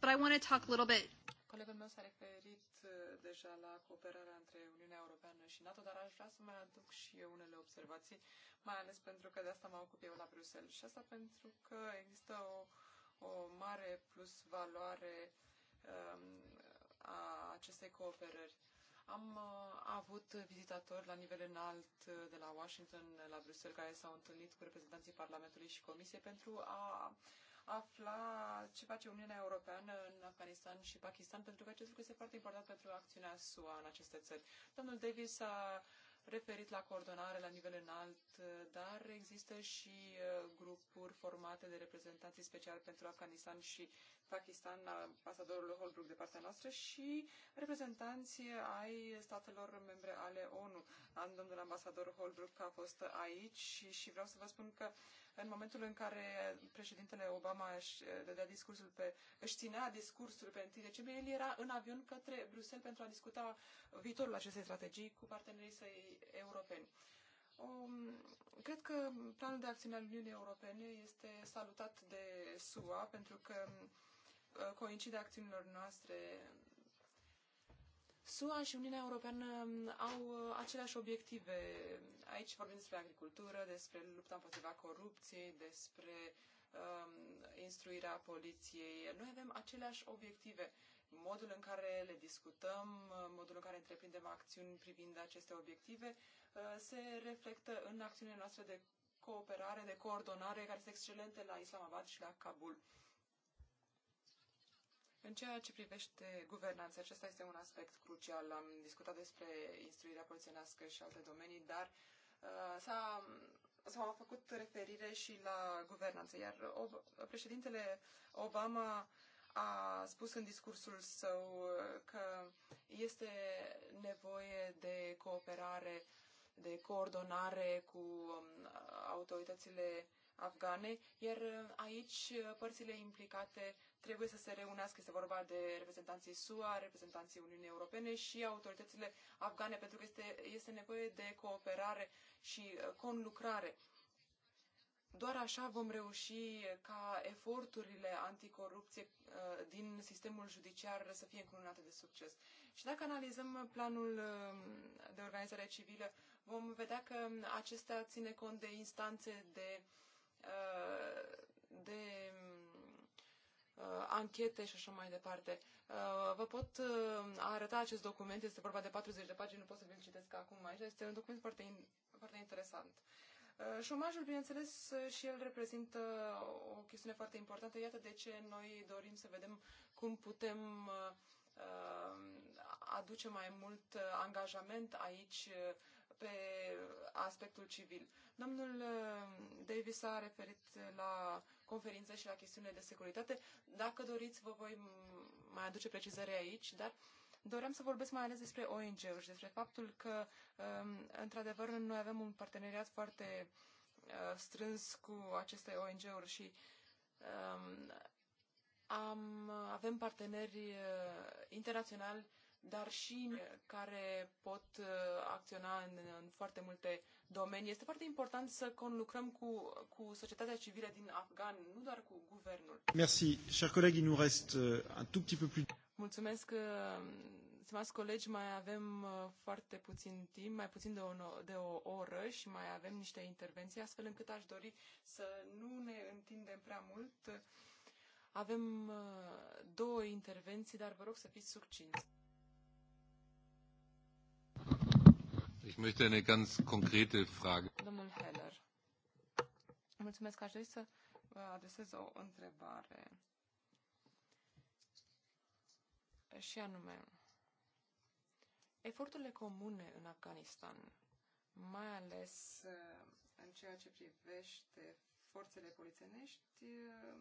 But I want to talk a little bit. Colegul meu s-a referit uh, deja la cooperarea între Uniunea Europeană și NATO, dar aș vrea să mai aduc și eu unele observații, mai ales pentru că de asta mă ocup eu la Bruxelles. Și asta pentru că există o, o mare plus valoare um, a acestei cooperări. Am uh, avut vizitatori la nivel înalt uh, de la Washington, la Bruxelles, care s-au întâlnit cu reprezentanții Parlamentului și Comisiei pentru a afla ce face Uniunea Europeană în Afganistan și Pakistan, pentru că acest lucru este foarte important pentru acțiunea SUA în aceste țări. Domnul Davis a referit la coordonare la nivel înalt, uh, dar există și grupuri formate de reprezentanții speciali pentru Afganistan și Pakistan, ambasadorul Holbrook de partea noastră și reprezentanții ai statelor membre ale ONU. Am domnul ambasador Holbrook a fost aici și, și vreau să vă spun că în momentul în care președintele Obama își eh, dădea discursul pe, își ținea discursul pe 1 decembrie, el era în avion către Bruxelles pentru a discuta viitorul acestei strategii cu partenerii săi europeni. Um, cred că planul de acțiune al Uniunii Europene este salutat de SUA pentru că Uh, coincide acțiunilor noastre. SUA și Uniunea Europeană um, au uh, aceleași obiective. Aici vorbim despre agricultură, despre lupta împotriva corupției, despre um, instruirea poliției. Noi avem aceleași obiective. Modul în care le discutăm, uh, modul în care întreprindem acțiuni privind aceste obiective, se reflectă în acțiunile noastre de cooperare, de coordonare, care sunt excelente la Islamabad și la Kabul. În ceea ce privește guvernanța, acesta este un aspect crucial. Am discutat despre instruirea polițienească și alte domenii, dar uh, s-a, s-a făcut referire și la guvernanță, iar Ob- președintele Obama a spus în discursul său uh, că este nevoie de cooperare, de coordonare cu um, autoritățile afgane, iar uh, aici uh, părțile implicate trebuie să se reunească. Este vorba de reprezentanții SUA, reprezentanții Uniunii Europene și autoritățile afgane, pentru că este, este nevoie de cooperare și uh, conlucrare. Doar așa vom reuși ca eforturile anticorupție uh, din sistemul judiciar să fie încununate de succes. Și dacă analizăm planul um, de organizare civilă, vom vedea că acesta ține cont de instanțe, de, uh, de Uh, anchete și așa mai departe. Uh, vă pot uh, arăta acest document, este vorba de 40 de pagini, nu pot să vi-l citesc acum aici, este un document foarte, in, foarte interesant. Șomajul, bineînțeles, și el reprezintă o chestiune foarte importantă. Iată de ce noi dorim să vedem cum putem aduce mai mult angajament aici pe aspectul civil. Domnul Davis a referit la conferință și la chestiunile de securitate. Dacă doriți, vă voi mai aduce precizări aici, dar doream să vorbesc mai ales despre ONG-uri și despre faptul că, um, într-adevăr, noi avem un parteneriat foarte uh, strâns cu aceste ONG-uri și um, am, avem parteneri uh, internaționali dar și uh, care pot uh, acționa în, în foarte multe domenii. Este foarte important să conlucrăm cu, cu societatea civilă din Afgan, nu doar cu guvernul. Merci, Cher colegi, nu nous uh, un tout petit peu plus. Mulțumesc, stimați colegi, mai avem foarte puțin timp, mai puțin de o, de o oră și mai avem niște intervenții, astfel încât aș dori să nu ne întindem prea mult. Avem două intervenții, dar vă rog să fiți succinți. Ich möchte eine ganz konkrete Frage. Domnul Heller. Mulțumesc, aș dori să vă adresez o întrebare. Și anume, eforturile comune în Afganistan, mai ales uh, în ceea ce privește forțele polițienești, uh,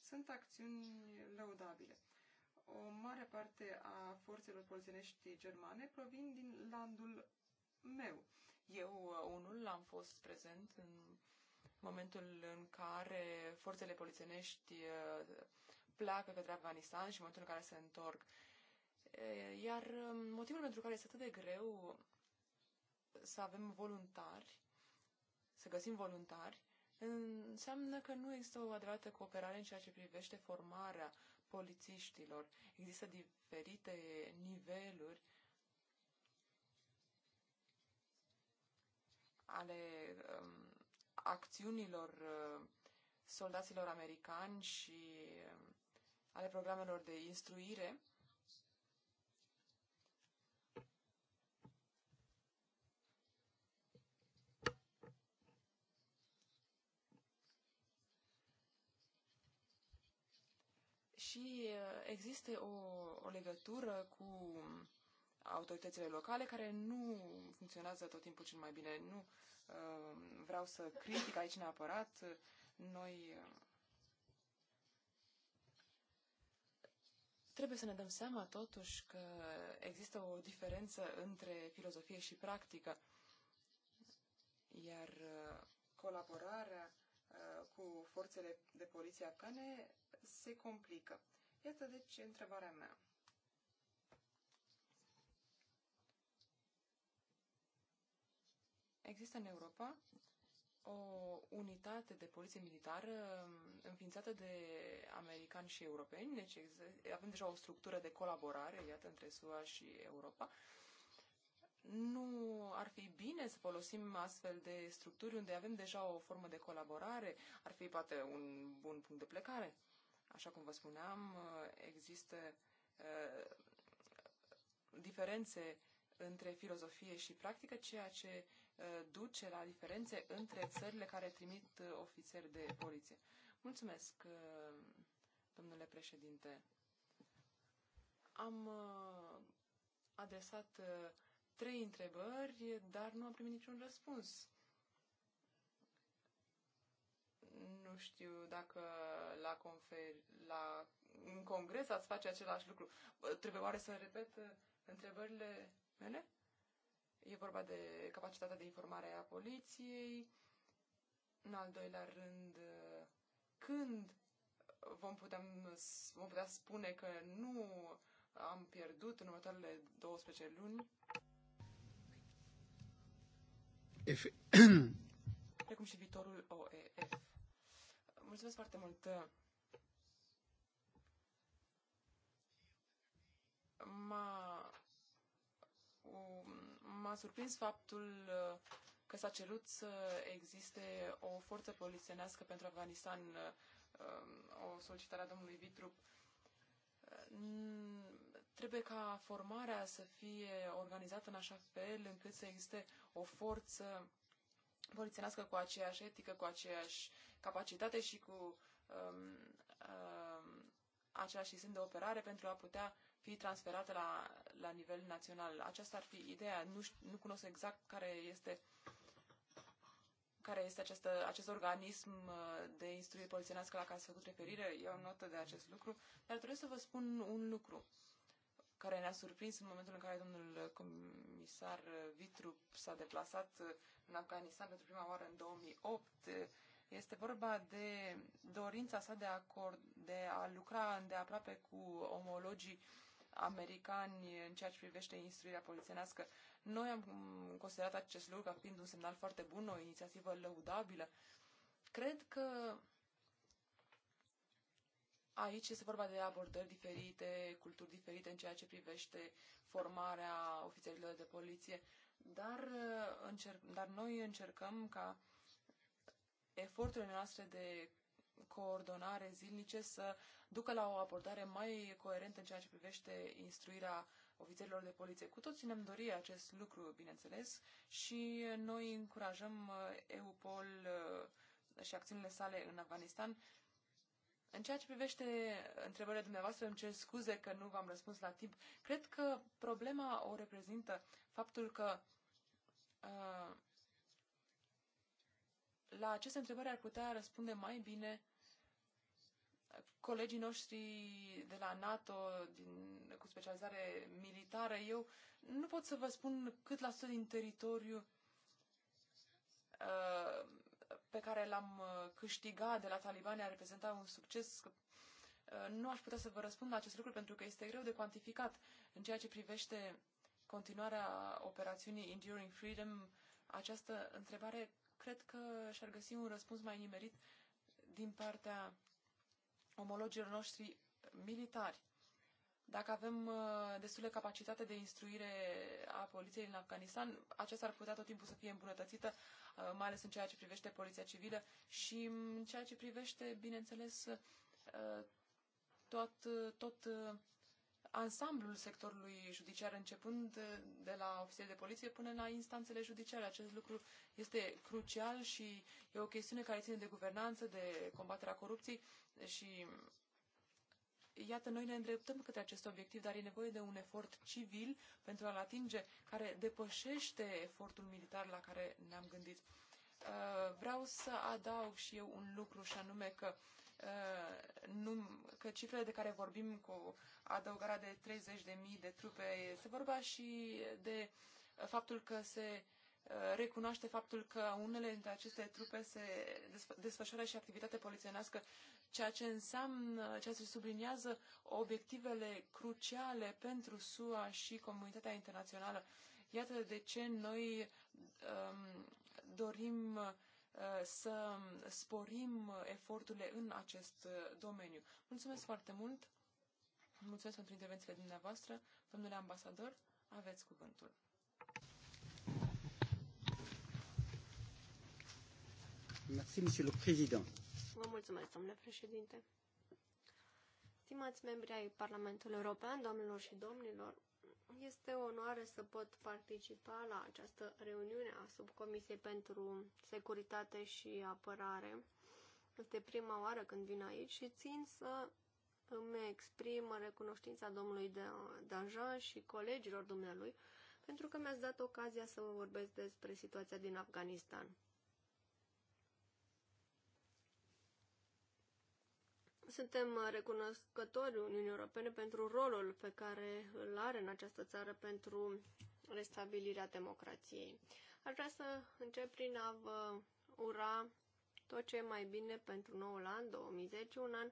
sunt acțiuni lăudabile. O mare parte a forțelor polițienești germane provin din landul meu. Eu, uh, unul, am fost prezent în momentul în care forțele polițienești uh, pleacă către Afganistan și în momentul în care se întorc. Iar um, motivul pentru care este atât de greu să avem voluntari, să găsim voluntari, înseamnă că nu există o adevărată cooperare în ceea ce privește formarea polițiștilor. Există diferite niveluri ale um, acțiunilor uh, soldaților americani și uh, ale programelor de instruire. Și uh, există o, o legătură cu autoritățile locale care nu funcționează tot timpul cel mai bine. Nu uh, vreau să critic aici neapărat. Noi uh, trebuie să ne dăm seama totuși că există o diferență între filozofie și practică. Iar uh, colaborarea cu forțele de poliție afgane se complică. Iată deci întrebarea mea. Există în Europa o unitate de poliție militară um, înființată de americani și europeni, deci avem deja o structură de colaborare, iată, între SUA și Europa. Nu ar fi bine să folosim astfel de structuri unde avem deja o formă de colaborare, ar fi poate un bun punct de plecare. Așa cum vă spuneam, uh, există uh, diferențe între filozofie și practică, ceea ce uh, Uh, duce la diferențe între țările care trimit uh, ofițeri de poliție. Mulțumesc, uh, domnule președinte. Am adresat trei întrebări, dar nu am primit niciun răspuns. Nu știu dacă la, confer, la în congres ați face același lucru. Trebuie oare să repet întrebările mele? E vorba de capacitatea de informare a poliției. În al doilea rând, când vom putea, vom putea spune că nu am pierdut în următoarele 12 luni. F. Precum și viitorul OEF. Mulțumesc foarte mult. M-a m-a surprins faptul uh, că s-a cerut să existe o forță polițienească pentru Afganistan, uh, um, o solicitare a domnului Vitrup. Uh, trebuie ca formarea să fie organizată în așa fel încât să existe o forță polițienească cu aceeași etică, cu aceeași capacitate și cu um, um, același sistem de operare pentru a putea fi transferată la, la nivel național. Aceasta ar fi ideea. Nu, nu cunosc exact care este care este această, acest organism uh, de instruire polițienească la care ați făcut referire. Iau notă de acest lucru. Dar trebuie să vă spun un lucru care ne-a surprins în momentul în care domnul comisar Vitrup s-a deplasat uh, în Afganistan pentru prima oară în 2008. Este vorba de dorința sa de a, acord, de a lucra îndeaproape cu omologii americani în ceea ce privește instruirea polițienească. Noi am considerat acest lucru ca fiind un semnal foarte bun, o inițiativă lăudabilă. Cred că aici este vorba de abordări diferite, culturi diferite în ceea ce privește formarea ofițerilor de poliție, dar, încerc, dar noi încercăm ca eforturile noastre de coordonare zilnice să ducă la o abordare mai coerentă în ceea ce privește instruirea ofițerilor de poliție. Cu toții ne-am dorit acest lucru, bineînțeles, și noi încurajăm uh, EUPOL uh, și acțiunile sale în Afganistan. În ceea ce privește întrebările dumneavoastră, îmi cer scuze că nu v-am răspuns la timp. Cred că problema o reprezintă faptul că uh, la aceste întrebări ar putea răspunde mai bine colegii noștri de la NATO, din, cu specializare militară, eu nu pot să vă spun cât la sută din teritoriu uh, pe care l-am uh, câștigat de la talibani a reprezentat un succes. Uh, nu aș putea să vă răspund la acest lucru pentru că este greu de cuantificat în ceea ce privește continuarea operațiunii Enduring Freedom. Această întrebare cred că și-ar găsi un răspuns mai nimerit din partea omologilor noștri militari. Dacă avem uh, destule capacitate de instruire a poliției în Afganistan, aceasta ar putea tot timpul să fie îmbunătățită, uh, mai ales în ceea ce privește poliția civilă și în ceea ce privește, bineînțeles, uh, tot, tot ansamblul sectorului judiciar, începând de la ofițerii de poliție până la instanțele judiciare. Acest lucru este crucial și e o chestiune care ține de guvernanță, de combaterea corupției și iată, noi ne îndreptăm către acest obiectiv, dar e nevoie de un efort civil pentru a-l atinge, care depășește efortul militar la care ne-am gândit. Uh, vreau să adaug și eu un lucru, și anume că uh, că cifrele de care vorbim cu adăugarea de 30.000 de trupe, se vorbea și de faptul că se uh, recunoaște faptul că unele dintre aceste trupe se desfășoară și activitate polițienească ceea ce înseamnă, ceea ce subliniază obiectivele cruciale pentru SUA și comunitatea internațională. Iată de ce noi um, dorim uh, să sporim eforturile în acest uh, domeniu. Mulțumesc foarte mult! Mulțumesc pentru intervențiile dumneavoastră. Domnule ambasador, aveți cuvântul. Merci, Monsieur le Président. Vă mulțumesc, domnule președinte. Stimați membri ai Parlamentului European, domnilor și domnilor, este o onoare să pot participa la această reuniune a Subcomisiei pentru Securitate și Apărare. Este prima oară când vin aici și țin să îmi exprim recunoștința domnului da, Dajan și colegilor dumnealui pentru că mi-ați dat ocazia să vă vorbesc despre situația din Afganistan. Suntem uh, recunoscători Uniunii Europene pentru rolul pe care îl are în această țară pentru restabilirea democrației. Aș vrea să încep prin a vă ura tot ce e mai bine pentru noul an, 2010, un an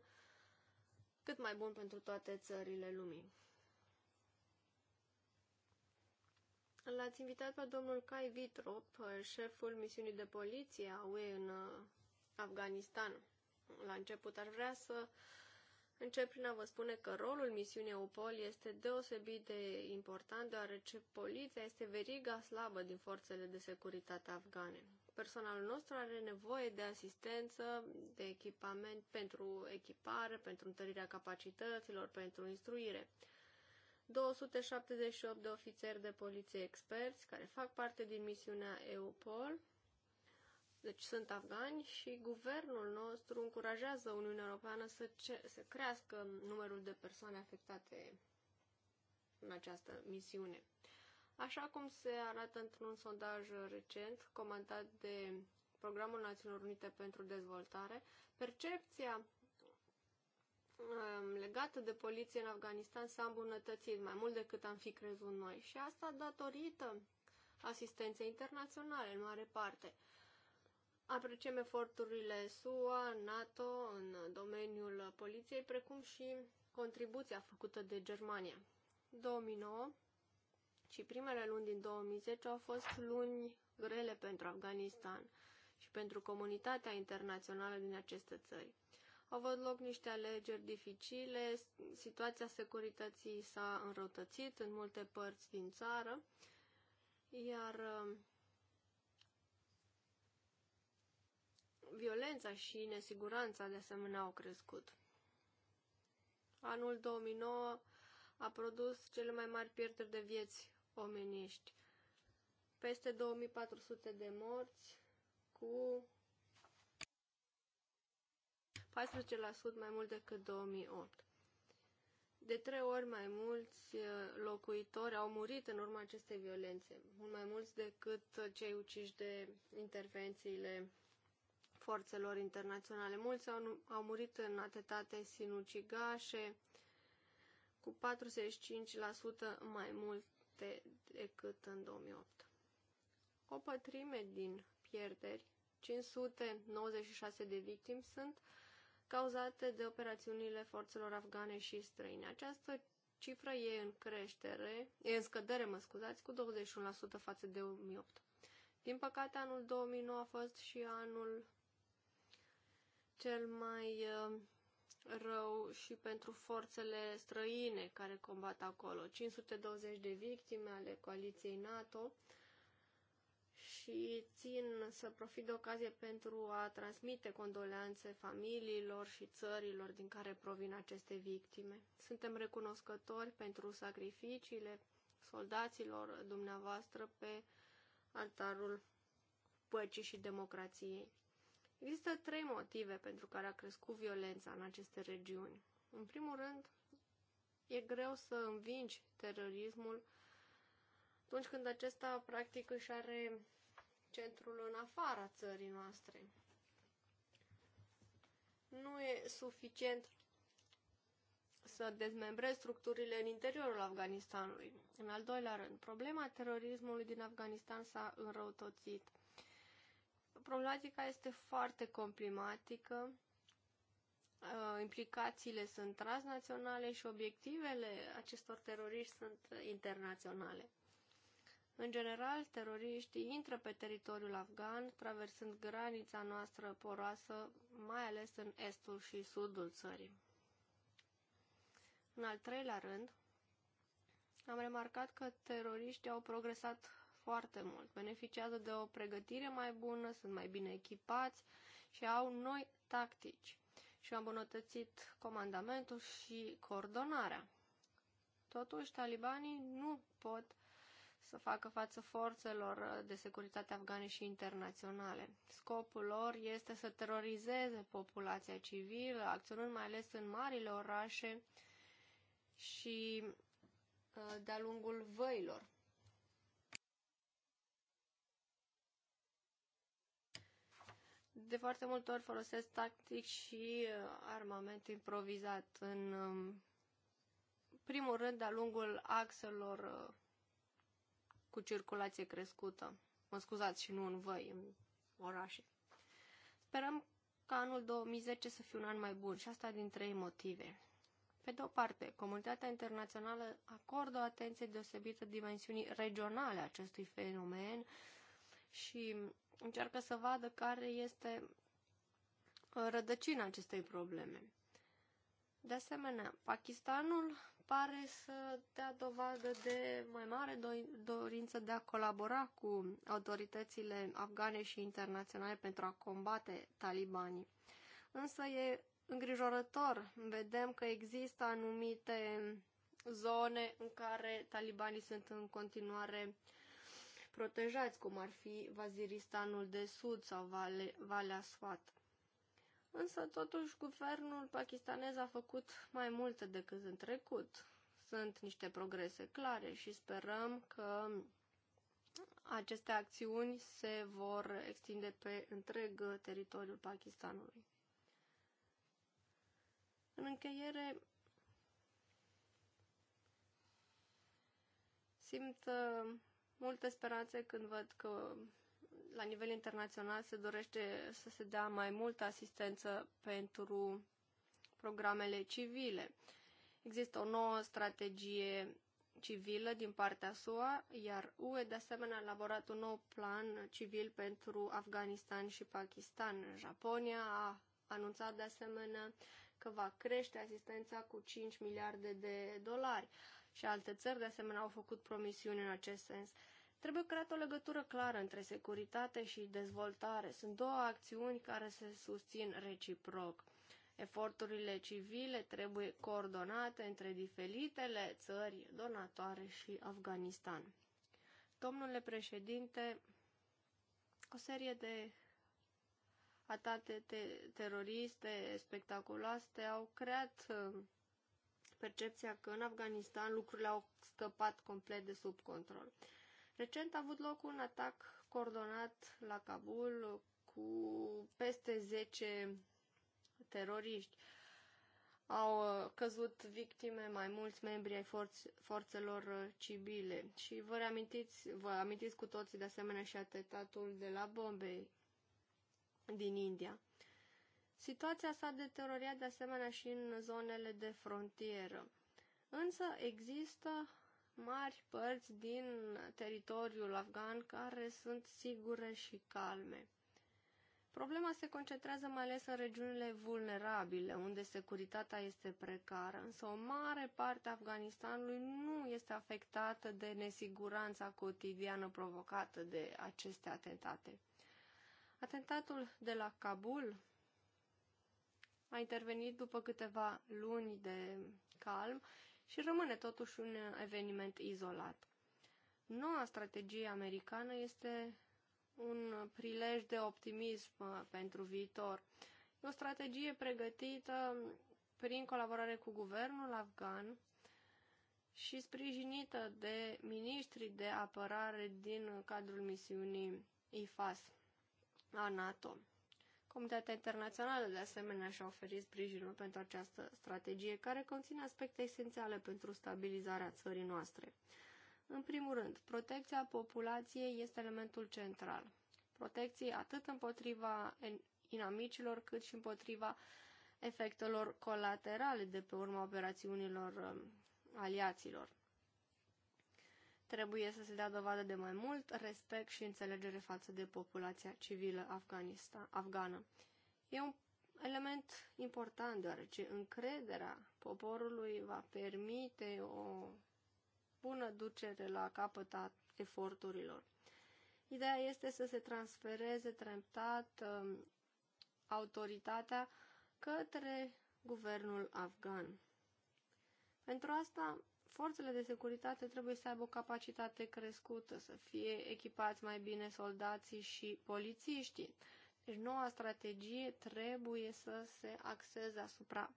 cât mai bun pentru toate țările lumii. L-ați invitat pe domnul Kai Vitrop, uh, șeful misiunii de poliție a UE în uh, Afganistan la început. Ar vrea să încep prin a vă spune că rolul misiunii EUPOL este deosebit de important, deoarece poliția este veriga slabă din forțele de securitate afgane. Personalul nostru are nevoie de asistență, de echipament pentru echipare, pentru întărirea capacităților, pentru instruire. 278 de ofițeri de poliție experți care fac parte din misiunea EUPOL deci sunt afgani și guvernul nostru încurajează Uniunea Europeană să, ce, să crească numărul de persoane afectate în această misiune. Așa cum se arată într-un sondaj recent comandat de Programul Națiunilor Unite pentru Dezvoltare, percepția um, legată de poliție în Afganistan s-a îmbunătățit mai mult decât am fi crezut noi și asta datorită asistenței internaționale în mare parte. Apreciem eforturile SUA, NATO în domeniul poliției, precum și contribuția făcută de Germania. 2009 și primele luni din 2010 au fost luni grele pentru Afganistan și pentru comunitatea internațională din aceste țări. Au avut loc niște alegeri dificile, situația securității s-a înrăutățit în multe părți din țară, iar violența și nesiguranța de asemenea au crescut. Anul 2009 a produs cele mai mari pierderi de vieți omeniști. Peste 2400 de morți cu 14% mai mult decât 2008. De trei ori mai mulți uh, locuitori au murit în urma acestei violențe, mult mai mulți decât uh, cei uciși de intervențiile forțelor internaționale. Mulți au, au murit în atetate sinucigașe, cu 45% mai multe decât în 2008. O pătrime din pierderi, 596 de victimi, sunt cauzate de operațiunile forțelor afgane și străine. Această cifră e în creștere, e în scădere, mă scuzați, cu 21% față de 2008. Din păcate, anul 2009 a fost și anul cel mai uh, rău și pentru forțele străine care combat acolo. 520 de victime ale coaliției NATO și țin să profit de ocazie pentru a transmite condoleanțe familiilor și țărilor din care provin aceste victime. Suntem recunoscători pentru sacrificiile soldaților dumneavoastră pe altarul păcii și democrației. Există trei motive pentru care a crescut violența în aceste regiuni. În primul rând, e greu să învingi terorismul atunci când acesta practic își are centrul în afara țării noastre. Nu e suficient să dezmembrezi structurile în interiorul Afganistanului. În al doilea rând, problema terorismului din Afganistan s-a înrăutățit problematica este foarte complicată, uh, implicațiile sunt transnaționale și obiectivele acestor teroriști sunt internaționale. În general, teroriștii intră pe teritoriul afgan, traversând granița noastră poroasă, mai ales în estul și sudul țării. În al treilea rând, am remarcat că teroriștii au progresat foarte mult. Beneficiază de o pregătire mai bună, sunt mai bine echipați și au noi tactici. Și am îmbunătățit comandamentul și coordonarea. Totuși, talibanii nu pot să facă față forțelor de securitate afgane și internaționale. Scopul lor este să terorizeze populația civilă, acționând mai ales în marile orașe și uh, de-a lungul văilor. de foarte multe ori folosesc tactic și uh, armament improvizat în um, primul rând de-a lungul axelor uh, cu circulație crescută. Mă scuzați și nu în voi, în orașe. Sperăm ca anul 2010 să fie un an mai bun și asta din trei motive. Pe de o parte, comunitatea internațională acordă o atenție deosebită dimensiunii regionale a acestui fenomen și încearcă să vadă care este uh, rădăcina acestei probleme. De asemenea, Pakistanul pare să dea dovadă de mai mare dorință de a colabora cu autoritățile afgane și internaționale pentru a combate talibanii. Însă e îngrijorător. Vedem că există anumite zone în care talibanii sunt în continuare uh, protejați, cum ar fi Vaziristanul de Sud sau Vale, Valea Swat. Însă, totuși, guvernul pakistanez a făcut mai multe decât în trecut. Sunt niște progrese clare și sperăm că aceste acțiuni se vor extinde pe întreg teritoriul Pakistanului. În încheiere, simt uh, multe speranțe când văd că la nivel internațional se dorește să se dea mai multă asistență pentru programele civile. Există o nouă strategie civilă din partea SUA, iar UE de asemenea a elaborat un nou plan civil pentru Afganistan și Pakistan. Japonia a anunțat de asemenea că va crește asistența cu 5 miliarde de dolari și alte țări de asemenea au făcut promisiuni în acest sens. Trebuie creată o legătură clară între securitate și dezvoltare. Sunt două acțiuni care se susțin reciproc. Eforturile civile trebuie coordonate între diferitele țări donatoare și Afganistan. Domnule președinte, o serie de atate te- teroriste spectaculoase au creat uh, percepția că în Afganistan lucrurile au scăpat complet de sub control. Recent a avut loc un atac coordonat la Kabul cu peste 10 teroriști. Au uh, căzut victime mai mulți membri ai forț- forțelor uh, civile. Și vă reamintiți, vă amintiți cu toții de asemenea și atentatul de la Bombay din India. Situația s-a deteriorat de asemenea și în zonele de frontieră. Însă există mari părți din teritoriul afgan care sunt sigure și calme. Problema se concentrează mai ales în regiunile vulnerabile, unde securitatea este precară, însă o mare parte a Afganistanului nu este afectată de nesiguranța cotidiană provocată de aceste atentate. Atentatul de la Kabul a intervenit după câteva luni de calm și rămâne totuși un eveniment izolat. Noua strategie americană este un prilej de optimism uh, pentru viitor. E o strategie pregătită prin colaborare cu guvernul afgan și sprijinită de ministrii de apărare din cadrul misiunii IFAS a NATO. Comunitatea internațională, de asemenea, și-a oferit sprijinul pentru această strategie, care conține aspecte esențiale pentru stabilizarea țării noastre. În primul rând, protecția populației este elementul central. Protecție atât împotriva inamicilor, cât și împotriva efectelor colaterale de pe urma operațiunilor um, aliaților. Trebuie să se dea dovadă de mai mult respect și înțelegere față de populația civilă Afganistan, afgană. E un element important, deoarece încrederea poporului va permite o bună ducere la capăt a eforturilor. Ideea este să se transfereze treptat um, autoritatea către guvernul afgan. Pentru asta forțele de securitate trebuie să aibă o capacitate crescută, să fie echipați mai bine soldații și polițiștii. Deci noua strategie trebuie să se axeze asupra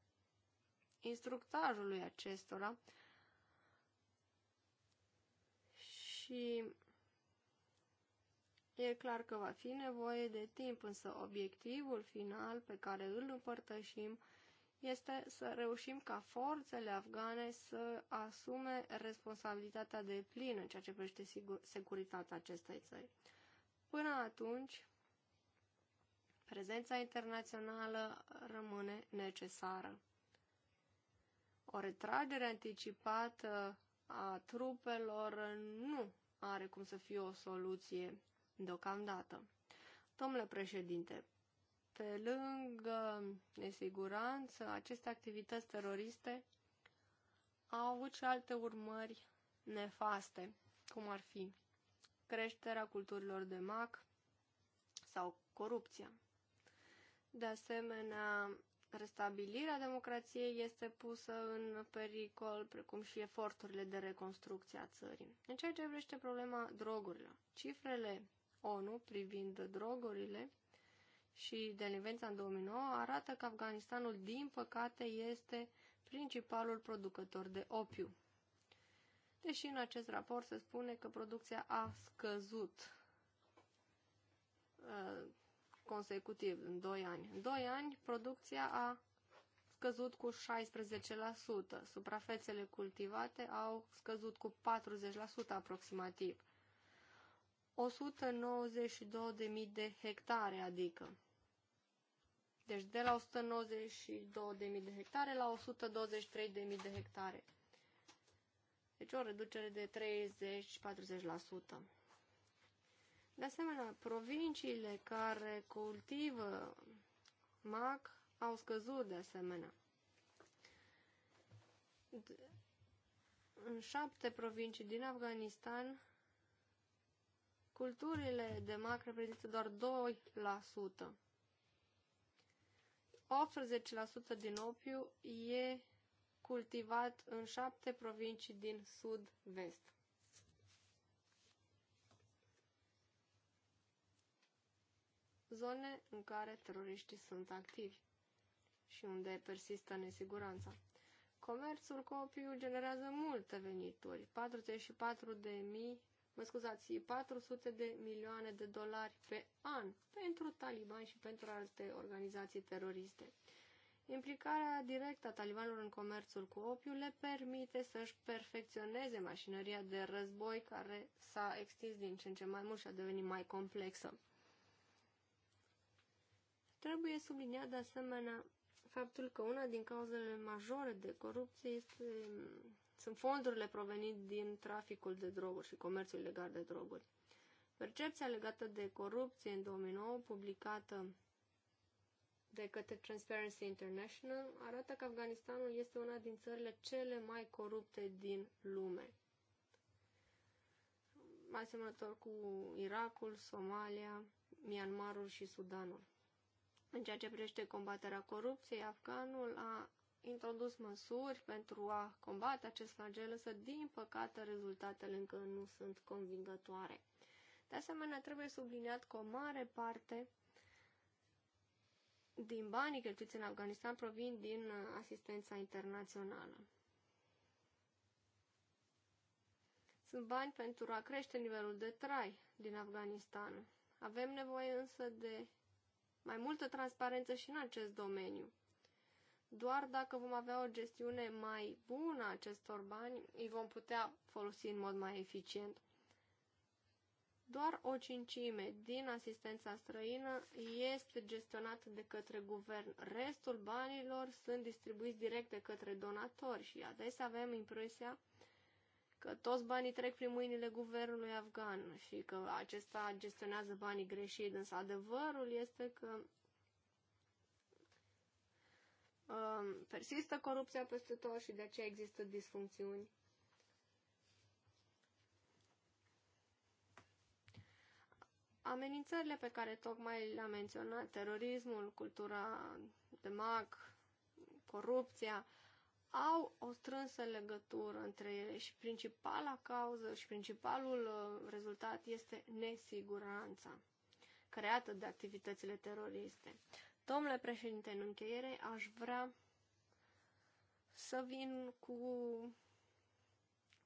instructajului acestora și e clar că va fi nevoie de timp, însă obiectivul final pe care îl împărtășim este să reușim ca forțele afgane să asume responsabilitatea de plin în ceea ce privește securitatea acestei țări. Până atunci, prezența internațională rămâne necesară. O retragere anticipată a trupelor nu are cum să fie o soluție deocamdată. Domnule președinte, pe lângă nesiguranță, aceste activități teroriste au avut și alte urmări nefaste, cum ar fi creșterea culturilor de mac sau corupția. De asemenea, restabilirea democrației este pusă în pericol, precum și eforturile de reconstrucție a țării. În ceea ce privește problema drogurilor, cifrele ONU privind drogurile și delinvența în 2009 arată că Afganistanul, din păcate, este principalul producător de opiu. Deși în acest raport se spune că producția a scăzut uh, consecutiv în 2 ani. În 2 ani producția a scăzut cu 16%, suprafețele cultivate au scăzut cu 40% aproximativ. 192.000 de hectare, adică. Deci de la 192.000 de hectare la 123.000 de hectare. Deci o reducere de 30-40%. De asemenea, provinciile care cultivă mac au scăzut de asemenea. În șapte provincii din Afganistan Culturile de mac reprezintă doar 2%. 18% din opiu e cultivat în șapte provincii din sud-vest. Zone în care teroriștii sunt activi și unde persistă nesiguranța. Comerțul cu opiu generează multe venituri, 44.000 mă scuzați, 400 de milioane de dolari pe an pentru talibani și pentru alte organizații teroriste. Implicarea directă a talibanilor în comerțul cu opiu le permite să-și perfecționeze mașinăria de război care s-a extins din ce în ce mai mult și a devenit mai complexă. Trebuie subliniat de asemenea faptul că una din cauzele majore de corupție este sunt fondurile provenind din traficul de droguri și comerțul ilegal de droguri. Percepția legată de corupție în 2009, publicată de către Transparency International, arată că Afganistanul este una din țările cele mai corupte din lume. Asemănător cu Irakul, Somalia, Myanmarul și Sudanul. În ceea ce privește combaterea corupției, Afganul a introdus măsuri pentru a combate acest flagel, însă, din păcate, rezultatele încă nu sunt convingătoare. De asemenea, trebuie subliniat că o mare parte din banii cheltuiți în Afganistan provin din uh, asistența internațională. Sunt bani pentru a crește nivelul de trai din Afganistan. Avem nevoie însă de mai multă transparență și în acest domeniu. Doar dacă vom avea o gestiune mai bună a acestor bani, îi vom putea folosi în mod mai eficient. Doar o cincime din asistența străină este gestionată de către guvern. Restul banilor sunt distribuiți direct de către donatori și adesea avem impresia că toți banii trec prin mâinile guvernului afgan și că acesta gestionează banii greșit, însă adevărul este că Um, persistă corupția peste tot și de aceea există disfuncțiuni. Amenințările pe care tocmai le-am menționat, terorismul, cultura de mag, corupția, au o strânsă legătură între ele și principala cauză și principalul uh, rezultat este nesiguranța creată de activitățile teroriste. Domnule președinte, în încheiere aș vrea să vin cu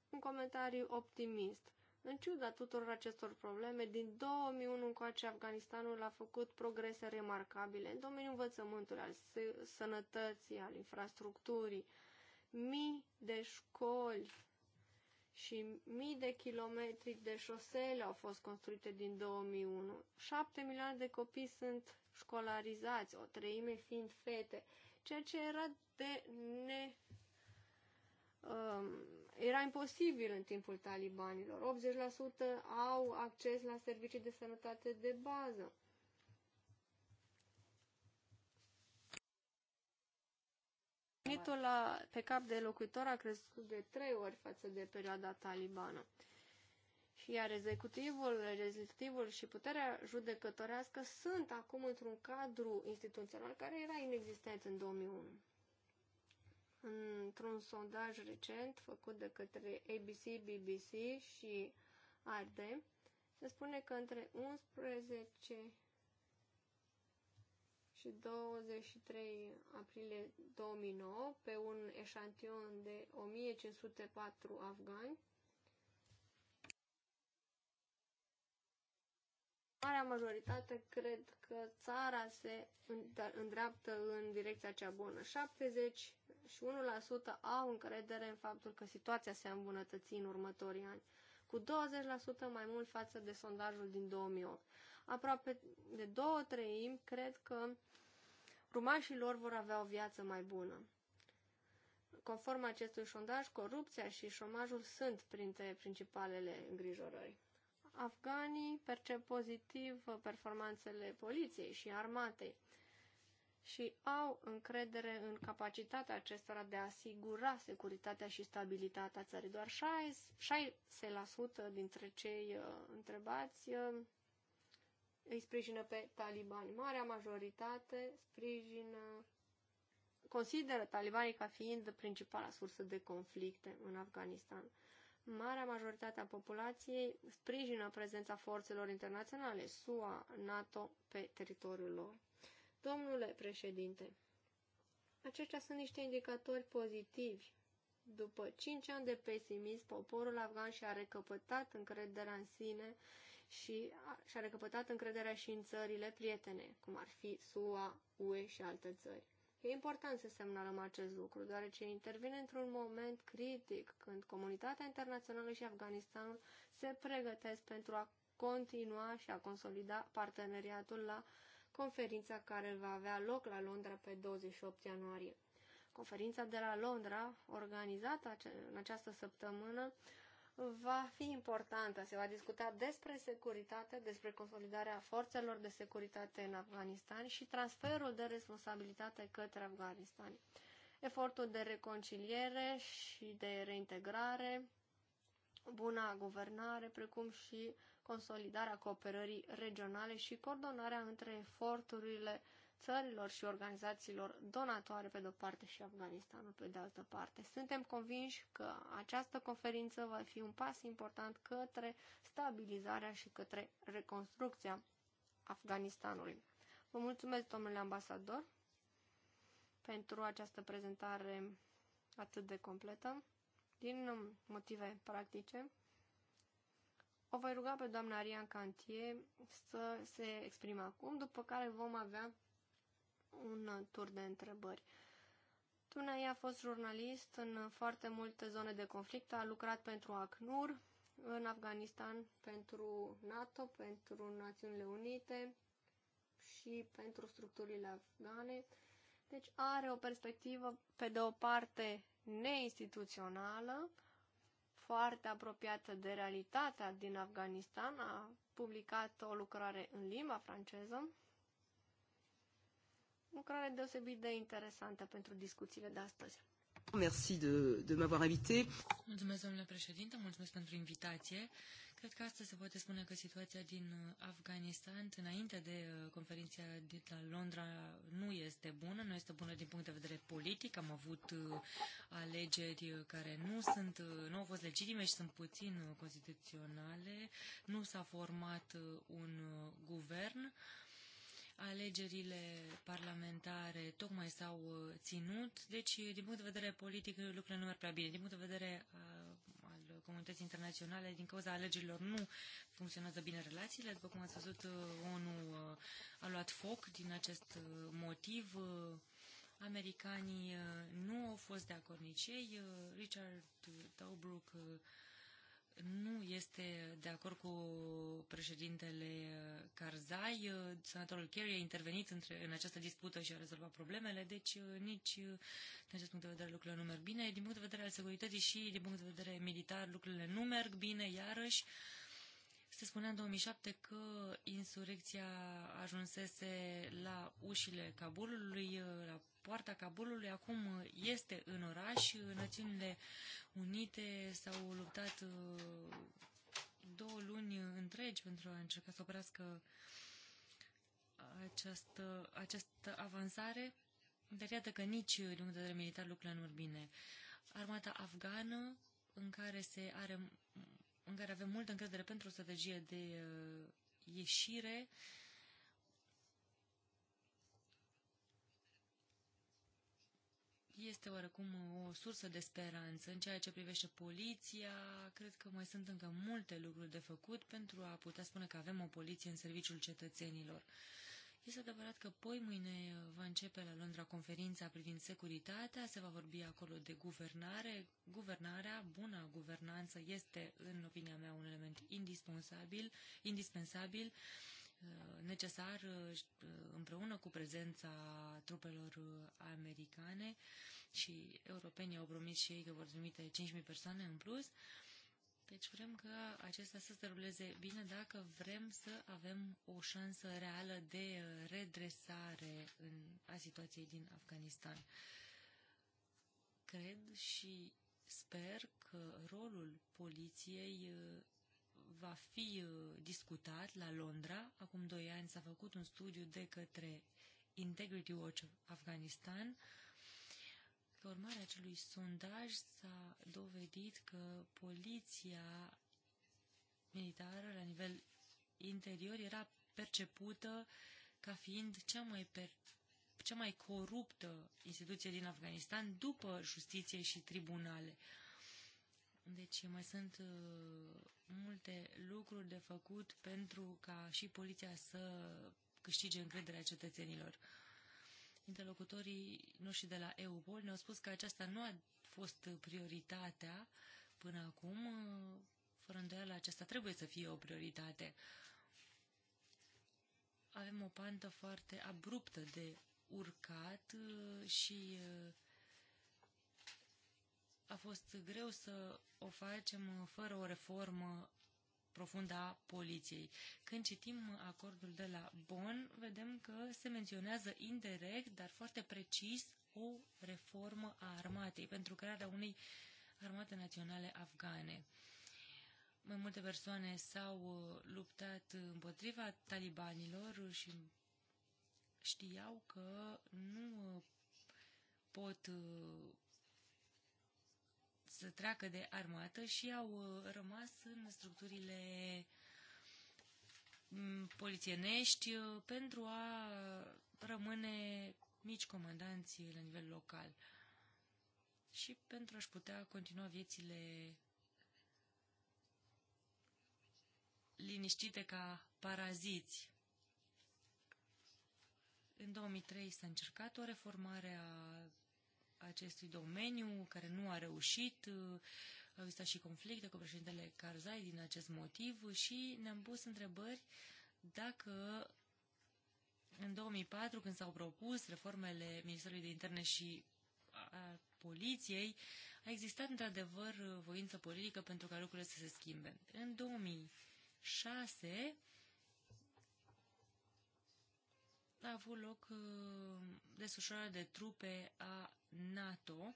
un comentariu optimist. În ciuda tuturor acestor probleme, din 2001 încoace Afganistanul a făcut progrese remarcabile în domeniul învățământului, al sănătății, al infrastructurii. Mii de școli și mii de kilometri de șosele au fost construite din 2001. 7 milioane de copii sunt școlarizați, o treime fiind fete, ceea ce era de ne... Um, era imposibil în timpul talibanilor. 80% au acces la servicii de sănătate de bază. Venitul pe cap de locuitor a crescut de trei ori față de perioada talibană. Iar executivul, legislativul și puterea judecătorească sunt acum într-un cadru instituțional care era inexistent în 2001. Într-un sondaj recent făcut de către ABC, BBC și ARD, se spune că între 11 și 23 aprilie 2009, pe un eșantion de 1504 afgani, marea majoritate cred că țara se îndreaptă în direcția cea bună. 71% au încredere în faptul că situația se îmbunătăți în următorii ani, cu 20% mai mult față de sondajul din 2008. Aproape de două treimi cred că rumașii lor vor avea o viață mai bună. Conform acestui sondaj, corupția și șomajul sunt printre principalele îngrijorări afganii percep pozitiv performanțele poliției și armatei și au încredere în capacitatea acestora de a asigura securitatea și stabilitatea țării. Doar 6% dintre cei uh, întrebați uh, îi sprijină pe talibani. Marea majoritate sprijină, consideră talibanii ca fiind principala sursă de conflicte în Afganistan. Marea majoritate a populației sprijină prezența forțelor internaționale, SUA, NATO, pe teritoriul lor. Domnule președinte, aceștia sunt niște indicatori pozitivi. După cinci ani de pesimism, poporul afgan și-a recăpătat încrederea în sine și și-a recăpătat încrederea și în țările prietene, cum ar fi SUA, UE și alte țări. E important să semnalăm acest lucru, deoarece intervine într-un moment critic când comunitatea internațională și Afganistanul se pregătesc pentru a continua și a consolida parteneriatul la conferința care va avea loc la Londra pe 28 ianuarie. Conferința de la Londra, organizată în această săptămână, va fi importantă. Se va discuta despre securitate, despre consolidarea forțelor de securitate în Afganistan și transferul de responsabilitate către Afganistan. Efortul de reconciliere și de reintegrare, buna guvernare, precum și consolidarea cooperării regionale și coordonarea între eforturile țărilor și organizațiilor donatoare pe de-o parte și Afganistanul pe de altă parte. Suntem convinși că această conferință va fi un pas important către stabilizarea și către reconstrucția Afganistanului. Vă mulțumesc, domnule ambasador, pentru această prezentare atât de completă. Din motive practice, o voi ruga pe doamna Arian Cantie să se exprime acum, după care vom avea un tur de întrebări. Tunei a fost jurnalist în foarte multe zone de conflict, a lucrat pentru ACNUR, în Afganistan pentru NATO, pentru Națiunile Unite și pentru structurile afgane. Deci are o perspectivă, pe de o parte, neinstituțională, foarte apropiată de realitatea din Afganistan. A publicat o lucrare în limba franceză lucrare deosebit de interesantă pentru discuțiile de astăzi. Merci de, de m'avoir invité. Mulțumesc, domnule președinte, mulțumesc pentru invitație. Cred că astăzi se poate spune că situația din uh, Afganistan, înainte de uh, conferința de la Londra, nu este bună. Nu este bună din punct de vedere politic. Am avut uh, alegeri care nu sunt, nu au fost legitime și sunt puțin constituționale. Nu s-a format un guvern. Uh, Alegerile parlamentare tocmai s-au uh, ținut, deci din punct de vedere politic lucrurile nu merg prea bine. Din punct de vedere uh, al comunității internaționale, din cauza alegerilor nu funcționează bine relațiile. După cum ați văzut, uh, ONU a luat foc din acest motiv. Americanii nu au fost de acord nici ei. Richard Taubruck nu este de acord cu președintele Karzai. Senatorul Kerry a intervenit între, în această dispută și a rezolvat problemele, deci uh, nici uh, din acest punct de vedere lucrurile nu merg bine. Din punct de vedere al securității și din punct de vedere militar lucrurile nu merg bine, iarăși. Uh, se spunea în 2007 că insurecția ajunsese la ușile Kabulului, la poarta Kabulului, acum este în oraș. Națiunile Unite s-au luptat uh, două luni întregi pentru a încerca să oprească această, această avansare, dar iată că nici din punct de vedere militar lucrurile nu bine. Armata afgană, în care se are în care avem multă încredere pentru o strategie de uh, ieșire, este oarecum o sursă de speranță în ceea ce privește poliția. Cred că mai sunt încă multe lucruri de făcut pentru a putea spune că avem o poliție în serviciul cetățenilor. Este adevărat că poi mâine uh, va începe la Londra conferința privind securitatea, se va vorbi acolo de guvernare. Guvernarea, buna guvernanță, este, în opinia mea, un element indispensabil, indispensabil uh, necesar uh, împreună cu prezența trupelor americane și europenii au promis și ei că vor trimite 5.000 persoane în plus. Deci vrem ca acesta să se ruleze bine dacă vrem să avem o șansă reală de redresare în, a situației din Afganistan. Cred și sper că rolul poliției uh, va fi uh, discutat la Londra. Acum doi ani s-a făcut un studiu de către Integrity Watch Afghanistan, pe urmare acelui sondaj s-a dovedit că poliția militară la nivel interior era percepută ca fiind cea mai, per, cea mai coruptă instituție din Afganistan după justiție și tribunale. Deci mai sunt uh, multe lucruri de făcut pentru ca și poliția să câștige încrederea cetățenilor interlocutorii noștri de la EUBOL ne-au spus că aceasta nu a fost prioritatea până acum. Fără îndoială, aceasta trebuie să fie o prioritate. Avem o pantă foarte abruptă de urcat uh, și uh, a fost greu să o facem uh, fără o reformă profundă a poliției. Când citim acordul de la Bonn, vedem că se menționează indirect, dar foarte precis, o reformă a armatei pentru crearea unei armate naționale afgane. Mai multe persoane s-au uh, luptat împotriva talibanilor și știau că nu uh, pot uh, să treacă de armată și au uh, rămas în structurile mm, polițienești uh, pentru a uh, rămâne mici comandanți la nivel local și pentru a-și putea continua viețile liniștite ca paraziți. În 2003 s-a încercat o reformare a acestui domeniu, care nu a reușit. Au existat și conflicte cu președintele Karzai din acest motiv și ne-am pus întrebări dacă în 2004, când s-au propus reformele Ministerului de Interne și a poliției, a existat într-adevăr voință politică pentru ca lucrurile să se schimbe. În 2006 a avut loc uh, desfășurarea de trupe a NATO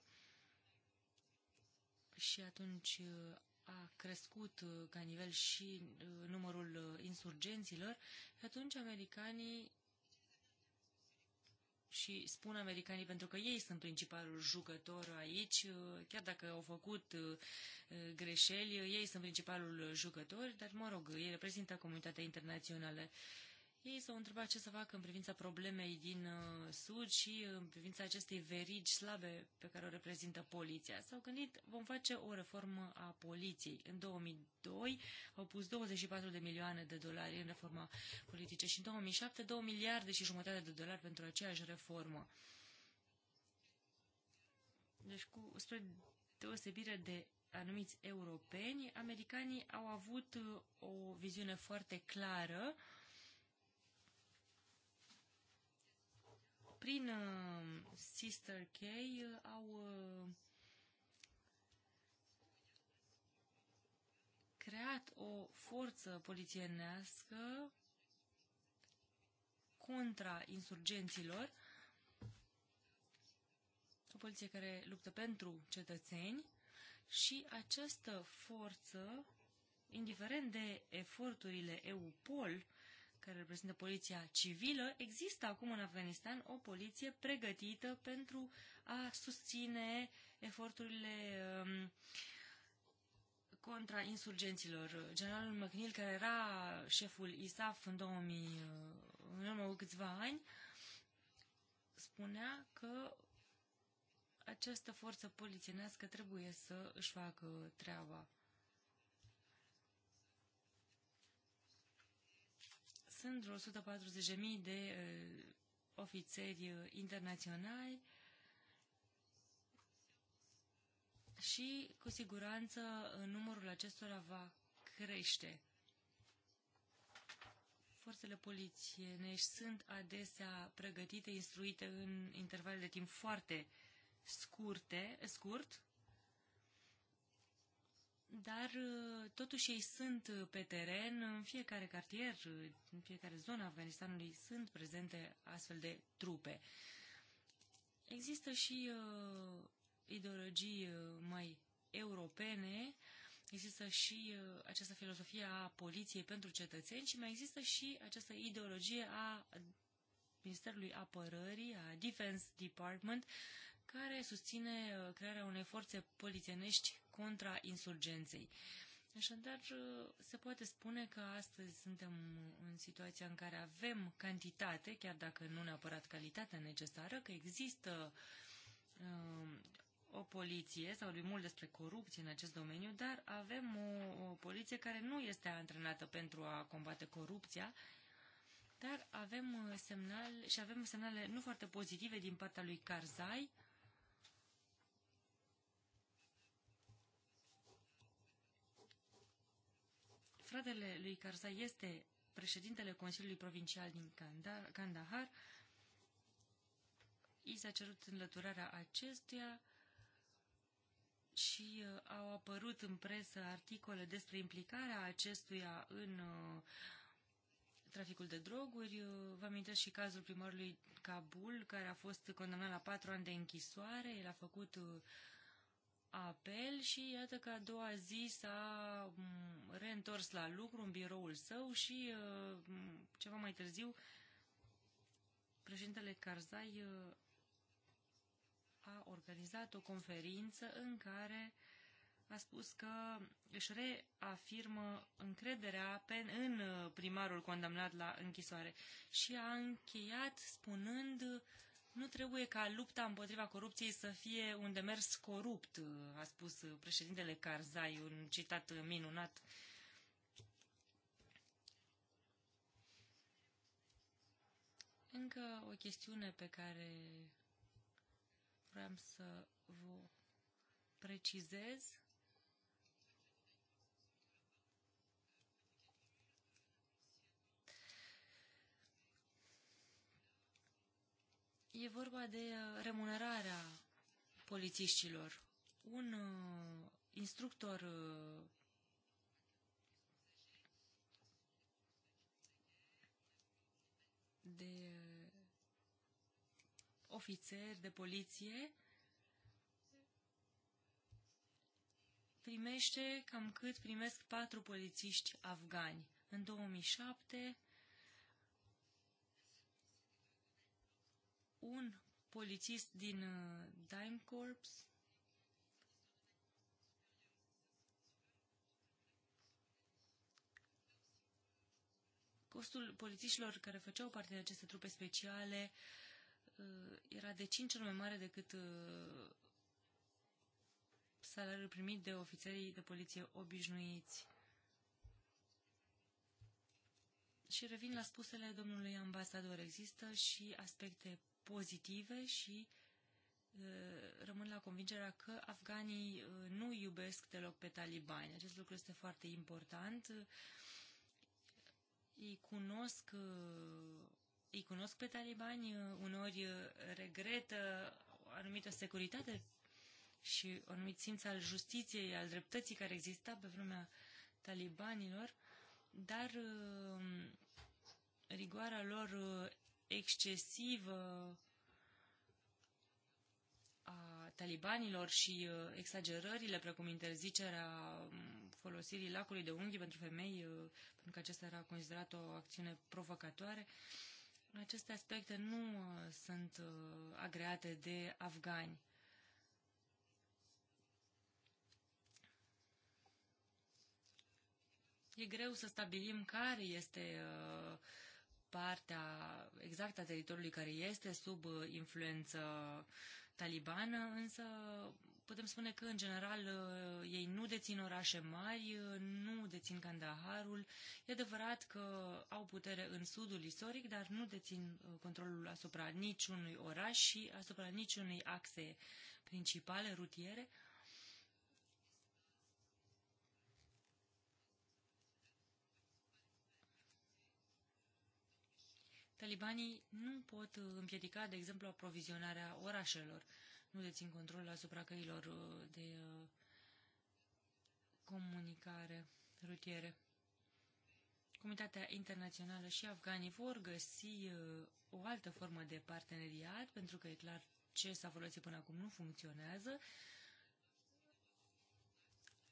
și atunci uh, a crescut uh, ca nivel și numărul insurgenților, și atunci americanii și spun americanii pentru că ei sunt principalul jucător aici, chiar dacă au făcut greșeli, ei sunt principalul jucător, dar mă rog, ei reprezintă comunitatea internațională. Ei s-au întrebat ce să facă în privința problemei din uh, Sud și uh, în privința acestei verigi slabe pe care o reprezintă poliția. S-au gândit, vom face o reformă a poliției. În 2002 au pus 24 de milioane de dolari în reforma politice și în 2007 2 miliarde și jumătate de dolari pentru aceeași reformă. Deci, cu, spre deosebire de anumiți europeni, americanii au avut uh, o viziune foarte clară uh, prin uh, Sister K uh, au uh, creat o forță polițienească contra insurgenților, o poliție care luptă pentru cetățeni și această forță, indiferent de eforturile EUPOL care reprezintă poliția civilă, există acum în Afganistan o poliție pregătită pentru a susține eforturile um, contra insurgenților. Generalul McNeil, care era șeful ISAF în 2000, în urmă cu câțiva ani, spunea că această forță polițienească trebuie să își facă treaba. sunt vreo 140.000 de uh, ofițeri uh, internaționali și, cu siguranță, uh, numărul acestora va crește. Forțele polițienești sunt adesea pregătite, instruite în intervale de timp foarte scurte, scurt, dar uh, totuși ei sunt uh, pe teren, în fiecare cartier, uh, în fiecare zonă a Afganistanului sunt prezente astfel de trupe. Există și uh, ideologii mai europene, există și uh, această filozofie a poliției pentru cetățeni și mai există și această ideologie a Ministerului Apărării, a Defense Department, care susține crearea unei forțe polițienești contra insurgenței. Așadar, se poate spune că astăzi suntem în situația în care avem cantitate, chiar dacă nu neapărat calitatea necesară, că există uh, o poliție, sau vorbit mult despre corupție în acest domeniu, dar avem o, o poliție care nu este antrenată pentru a combate corupția, dar avem uh, semnal și avem semnale nu foarte pozitive din partea lui Karzai, Fratele lui Karzai este președintele Consiliului Provincial din Kandahar. I s-a cerut înlăturarea acestuia și uh, au apărut în presă articole despre implicarea acestuia în uh, traficul de droguri. Uh, vă amintesc și cazul primarului Kabul, care a fost condamnat la patru ani de închisoare. El a făcut uh, apel și iată că a doua zi s-a mm, reîntors la lucru în biroul său și uh, mm, ceva mai târziu președintele Carzai uh, a organizat o conferință în care a spus că își reafirmă încrederea în uh, primarul condamnat la închisoare și a încheiat spunând nu trebuie ca lupta împotriva corupției să fie un demers corupt, a spus președintele Carzai, un citat minunat. Încă o chestiune pe care vreau să vă precizez E vorba de uh, remunerarea polițiștilor. Un uh, instructor uh, de ofițer de poliție primește cam cât primesc patru polițiști afgani. În 2007 un polițist din uh, Dime Corps Costul polițiștilor care făceau parte din aceste trupe speciale uh, era de 5 ori mai mare decât uh, salariul primit de ofițerii de poliție obișnuiți. Și revin la spusele domnului ambasador. Există și aspecte pozitive și uh, rămân la convingerea că afganii uh, nu iubesc deloc pe talibani. Acest lucru este foarte important. Ei cunosc, uh, ei cunosc pe talibani, uneori regretă o anumită securitate și un anumit simț al justiției, al dreptății care exista pe vremea talibanilor, dar rigoarea lor excesivă a talibanilor și uh, exagerările, precum interzicerea um, folosirii lacului de unghii pentru femei, uh, pentru că acesta era considerat o acțiune provocatoare, aceste aspecte nu uh, sunt agreate de afgani. E greu să stabilim care este uh, partea exactă a teritoriului care este sub uh, influență talibană, însă putem spune că, în general, uh, ei nu dețin orașe mari, uh, nu dețin Kandaharul. E adevărat că au putere în sudul istoric, dar nu dețin controlul asupra niciunui oraș și asupra niciunei axe principale rutiere, Talibanii nu pot uh, împiedica, de exemplu, aprovizionarea orașelor. Nu dețin controlul asupra căilor uh, de uh, comunicare rutiere. Comunitatea internațională și afganii vor găsi o altă formă de parteneriat, pentru că e clar ce s-a folosit până acum nu funcționează.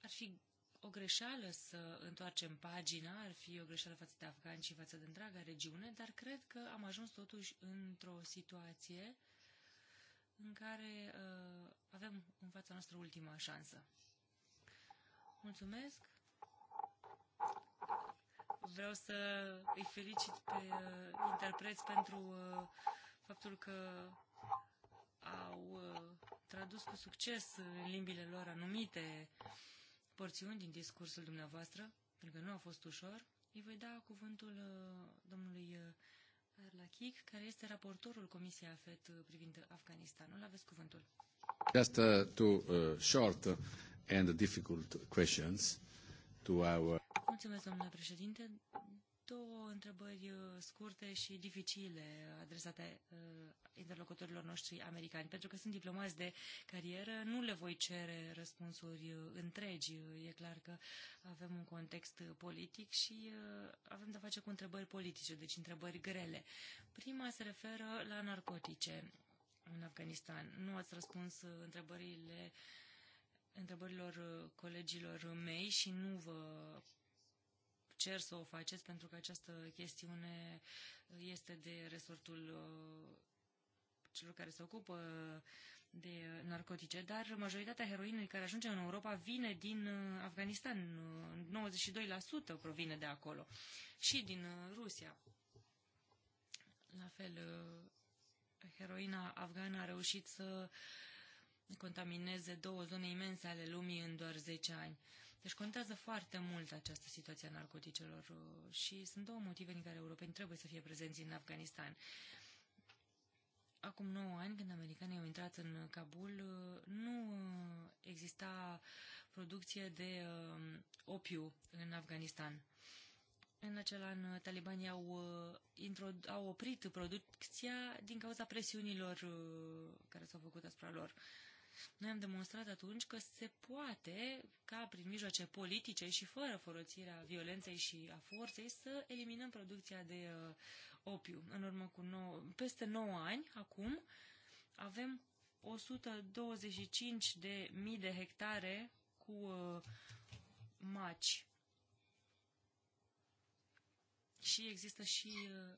Ar fi o greșeală să întoarcem pagina, ar fi o greșeală față de afgani și față de întreaga regiune, dar cred că am ajuns totuși într-o situație în care uh, avem în fața noastră ultima șansă. Mulțumesc! Vreau să îi felicit pe uh, interpreți pentru uh, faptul că au uh, tradus cu succes în limbile lor anumite uh, porțiuni din discursul dumneavoastră, pentru că nu a fost ușor. Îi voi da cuvântul uh, domnului uh, Arlachic, care este raportorul Comisiei AFET uh, privind Afganistanul. Aveți cuvântul. Just uh, two uh, short and difficult questions to our... Mulțumesc, domnule președinte două întrebări uh, scurte și dificile uh, adresate uh, interlocutorilor noștri americani. Pentru că sunt diplomați de carieră, nu le voi cere răspunsuri întregi. E clar că avem un context politic și avem de-a face cu întrebări politice, deci întrebări grele. Prima se referă la narcotice în Afganistan. Nu ați răspuns întrebările întrebărilor colegilor mei și nu vă cer să o faceți pentru că această chestiune este de resortul uh, celor care se ocupă de uh, narcotice, dar majoritatea heroinului care ajunge în Europa vine din uh, Afganistan, 92% provine de acolo și din Rusia. La fel, heroina afgană a reușit să contamineze două zone imense ale lumii în doar 10 ani. Deci contează foarte mult această situație a narcoticelor uh, și sunt două motive din care europenii trebuie să fie prezenți în Afganistan. Acum 9 ani, când americanii au intrat în Kabul, uh, nu uh, exista producție de opiu în Afganistan. În acel an, talibanii au, au oprit producția din cauza presiunilor care s-au făcut asupra lor. Noi am demonstrat atunci că se poate, ca prin mijloace politice și fără folosirea violenței și a forței, să eliminăm producția de uh, opiu. În urmă cu nou, peste 9 ani, acum, avem 125 de mii de hectare cu uh, maci. Și există și uh,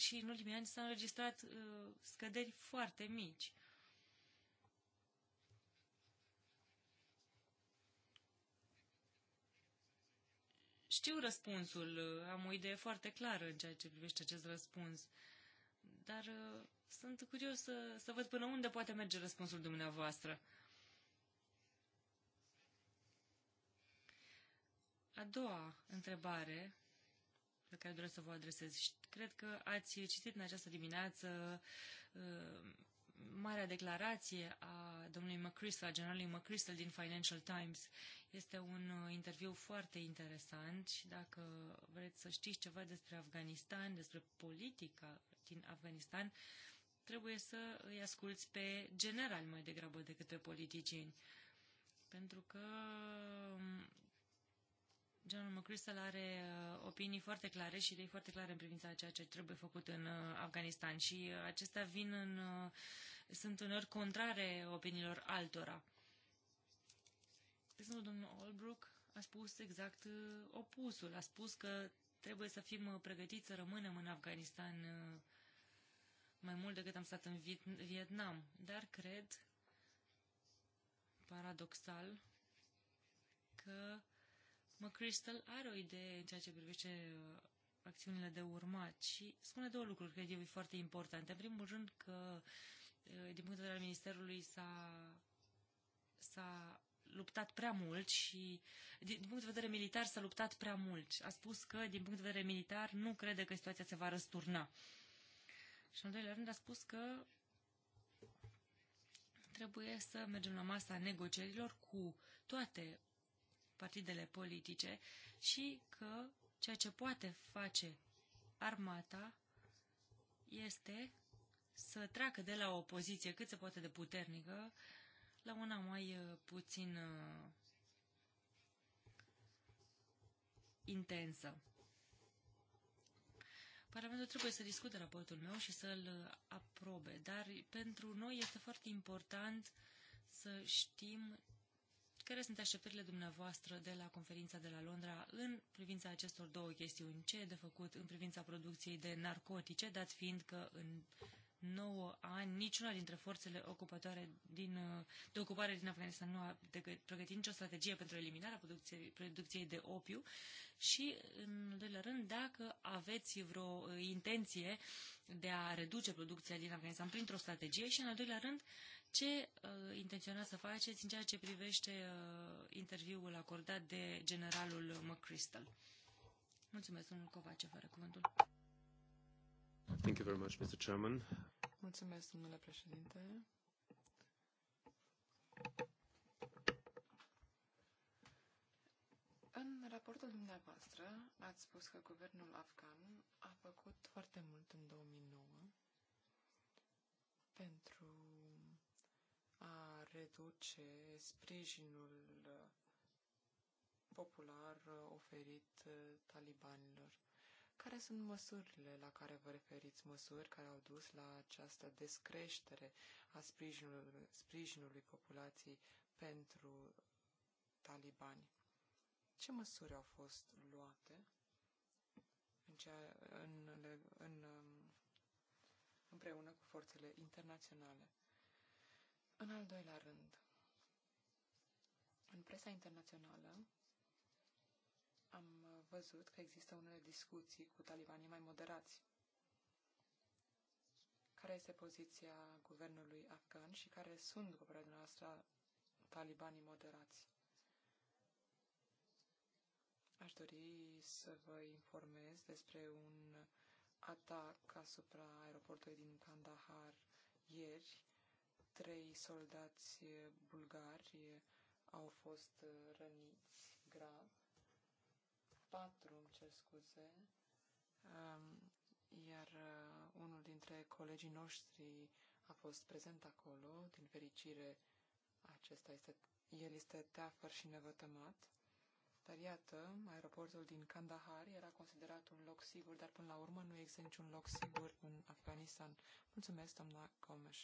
și în ultimii ani s-au înregistrat uh, scăderi foarte mici. Știu răspunsul, uh, am o idee foarte clară în ceea ce privește acest răspuns, dar uh, sunt curios să, să văd până unde poate merge răspunsul dumneavoastră. A doua întrebare pe care doresc să vă adresez. Cred că ați citit în această dimineață uh, marea declarație a domnului McChrystal, a generalului McChrystal din Financial Times. Este un uh, interviu foarte interesant și dacă vreți să știți ceva despre Afganistan, despre politica din Afganistan, trebuie să îi asculți pe general mai degrabă decât pe politicieni. Pentru că um, John McChrystal are uh, opinii foarte clare și idei foarte clare în privința ceea ce trebuie făcut în uh, Afganistan și uh, acestea vin în, sunt uneori contrare opiniilor altora. domnul Holbrook a spus exact opusul. A spus că trebuie să fim pregătiți să rămânem în Afganistan mai mult decât am stat în Vietnam. Dar cred, paradoxal, că Crystal, are o idee în ceea ce privește uh, acțiunile de urmat și spune două lucruri, cred eu, foarte importante. În primul rând că, uh, din punct de vedere al Ministerului, s-a, s-a luptat prea mult și, din, din punct de vedere militar, s-a luptat prea mult. A spus că, din punct de vedere militar, nu crede că situația se va răsturna. Și, în doilea rând, a spus că trebuie să mergem la masa negocierilor cu toate partidele politice și că ceea ce poate face armata este să treacă de la o poziție cât se poate de puternică la una mai uh, puțin uh, intensă. Parlamentul trebuie să discute raportul meu și să-l uh, aprobe, dar pentru noi este foarte important să știm care sunt așteptările dumneavoastră de la conferința de la Londra în privința acestor două chestiuni? Ce e de făcut în privința producției de narcotice, dat fiind că în 9 ani niciuna dintre forțele ocupatoare din, de ocupare din Afganistan nu a pregătit nicio strategie pentru eliminarea producției, producției de opiu și, în doilea rând, dacă aveți vreo uh, intenție de a reduce producția din Afganistan printr-o strategie și, în al doilea rând, ce uh, intenționa să faceți în ceea ce privește uh, interviul acordat de generalul McChrystal. Mulțumesc, domnul Covace, fără cuvântul. Thank you very much, Mr. Chairman. Mulțumesc, domnule președinte. În raportul dumneavoastră ați spus că guvernul afgan a făcut foarte mult în 2009 pentru reduce sprijinul uh, popular uh, oferit uh, talibanilor. Care sunt măsurile la care vă referiți, măsuri care au dus la această descreștere a sprijinului, sprijinului populației pentru talibani? Ce măsuri au fost luate în, cea, în, în, um, împreună cu forțele internaționale? În al doilea rând, în presa internațională am văzut că există unele discuții cu talibanii mai moderați. Care este poziția guvernului afgan și care sunt, după părerea noastră, talibanii moderați? Aș dori să vă informez despre un atac asupra aeroportului din Kandahar ieri, Trei soldați bulgari au fost răniți grav. Patru, îmi cer scuze, iar uh, unul dintre colegii noștri a fost prezent acolo. Din fericire, acesta este, el este teafăr și nevătămat. Dar iată, aeroportul din Kandahar era considerat un loc sigur, dar până la urmă nu există niciun loc sigur în Afganistan. Mulțumesc, doamna Gomes.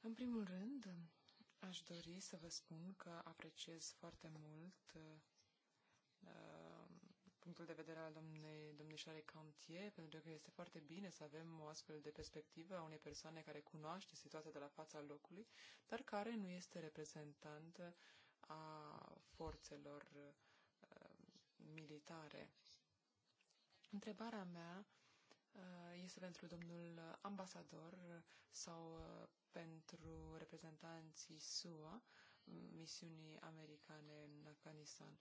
În primul rând, aș dori să vă spun că apreciez foarte mult uh, punctul de vedere al domnei, domnișoarei Cantier, pentru că este foarte bine să avem o astfel de perspectivă a unei persoane care cunoaște situația de la fața locului, dar care nu este reprezentantă a forțelor uh, militare. Întrebarea mea Uh, este pentru domnul uh, ambasador uh, sau pentru reprezentanții SUA, misiunii americane în Afganistan.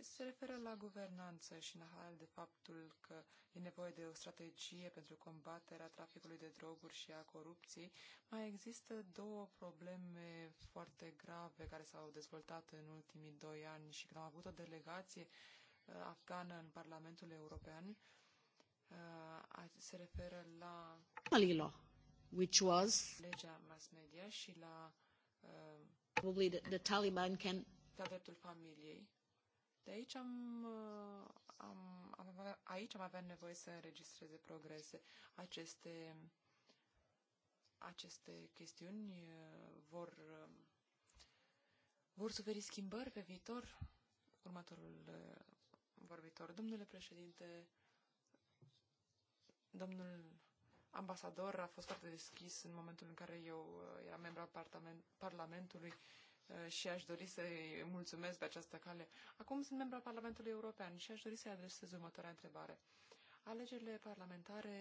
Se referă la guvernanță și în afară de faptul că e nevoie de o strategie pentru combaterea traficului de droguri și a corupției, mai există două probleme foarte grave care s-au dezvoltat în ultimii doi ani și când am avut o delegație afgană în Parlamentul European, uh, se referă la Malilo, which was legea mass media și la uh, probably the, the Taliban can dreptul familiei. De aici am, uh, am, am avea, aici am avea nevoie să înregistreze progrese. Aceste aceste chestiuni uh, vor, uh, vor suferi schimbări pe viitor? Următorul vorbitor. Domnule președinte, Domnul ambasador a fost foarte deschis în momentul în care eu uh, eram membru al Parlamentului uh, și aș dori să-i mulțumesc pe această cale. Acum sunt membru al Parlamentului European și aș dori să-i adresez următoarea întrebare. Alegerile parlamentare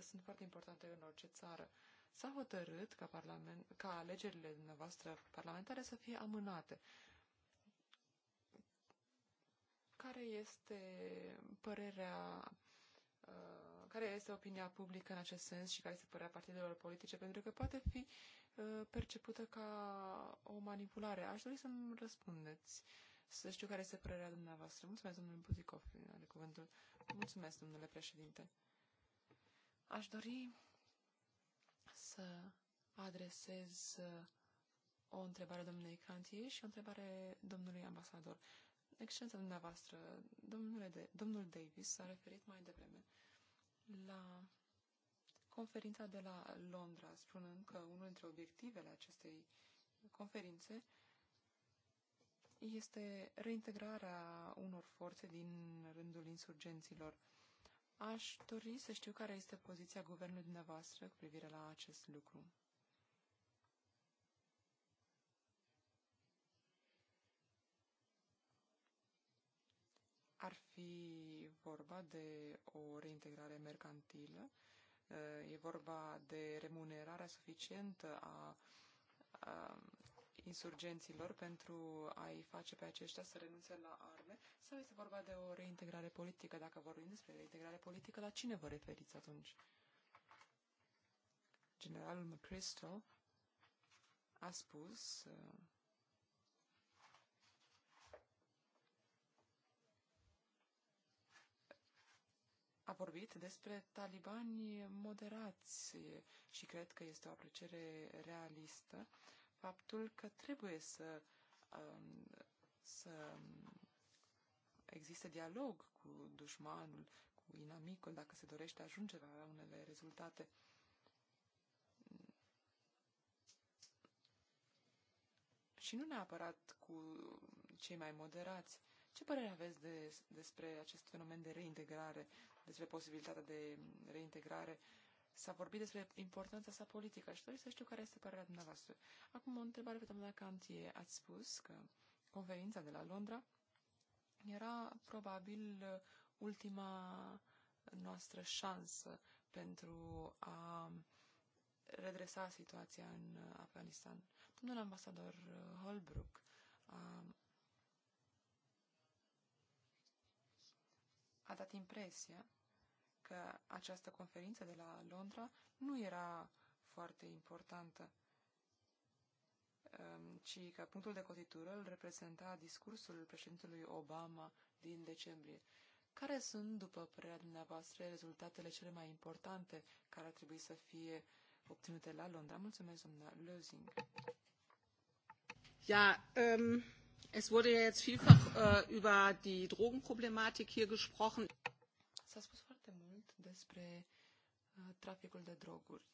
sunt foarte importante în orice țară. S-a hotărât ca, parlament, ca alegerile dumneavoastră parlamentare să fie amânate. Care este părerea care este opinia publică în acest sens și care se părea partidelor politice, pentru că poate fi uh, percepută ca o manipulare. Aș dori să-mi răspundeți, să știu care este părerea dumneavoastră. Mulțumesc, domnule Buzicov, de cuvântul. Mulțumesc, domnule președinte. Aș dori să adresez uh, o întrebare domnului Cantie și o întrebare domnului ambasador. Excelența dumneavoastră, domnule de, domnul Davis s-a referit mai devreme la conferința de la Londra, spunând că unul dintre obiectivele acestei conferințe este reintegrarea unor forțe din rândul insurgenților. Aș dori să știu care este poziția guvernului dumneavoastră cu privire la acest lucru. Ar fi vorba de o reintegrare mercantilă, e vorba de remunerarea suficientă a, a insurgenților pentru a-i face pe aceștia să renunțe la arme sau este vorba de o reintegrare politică? Dacă vorbim despre reintegrare politică, la cine vă referiți atunci? Generalul McChrystal a spus uh, a vorbit despre talibani moderați și cred că este o apreciere realistă faptul că trebuie să, um, să existe dialog cu dușmanul, cu inamicul, dacă se dorește ajunge la unele rezultate. Și nu neapărat cu cei mai moderați. Ce părere aveți de, despre acest fenomen de reintegrare? despre posibilitatea de reintegrare. S-a vorbit despre importanța sa politică Aș dori să știu care este părerea dumneavoastră. Acum o întrebare pe doamna Cantie. Ați spus că conferința de la Londra era probabil ultima noastră șansă pentru a redresa situația în Afganistan. Domnul ambasador Holbrook a, a dat impresia că această conferință de la Londra nu era foarte importantă, um, ci că punctul de cotitură îl reprezenta discursul președintelui Obama din decembrie. Care sunt, după părerea dumneavoastră, rezultatele cele mai importante care ar trebui să fie obținute la Londra? Mulțumesc, doamna Lösing. Ja, um, es wurde ja jetzt vielfach uh, über die Drogenproblematik hier gesprochen. S-a spus despre uh, traficul de droguri,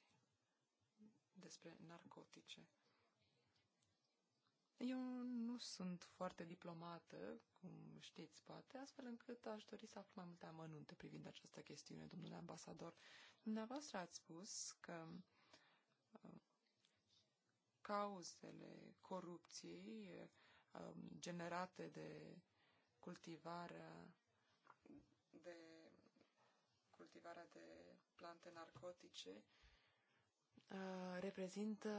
despre narcotice. Eu nu sunt foarte diplomată, cum știți, poate, astfel încât aș dori să aflu mai multe amănunte privind această chestiune, domnule ambasador. Dumneavoastră ați spus că uh, cauzele corupției uh, um, generate de cultivarea de cultivarea de plante narcotice uh, reprezintă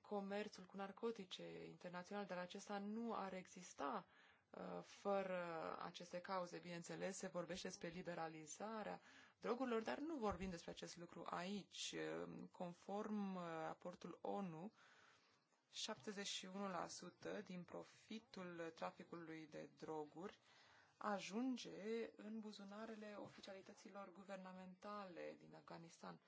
comerțul cu narcotice internațional, dar acesta nu ar exista uh, fără aceste cauze. Bineînțeles, se vorbește despre liberalizarea drogurilor, dar nu vorbim despre acest lucru aici. Uh, conform raportul ONU, 71% din profitul traficului de droguri ajunge în buzunarele oficialităților guvernamentale din Afganistan.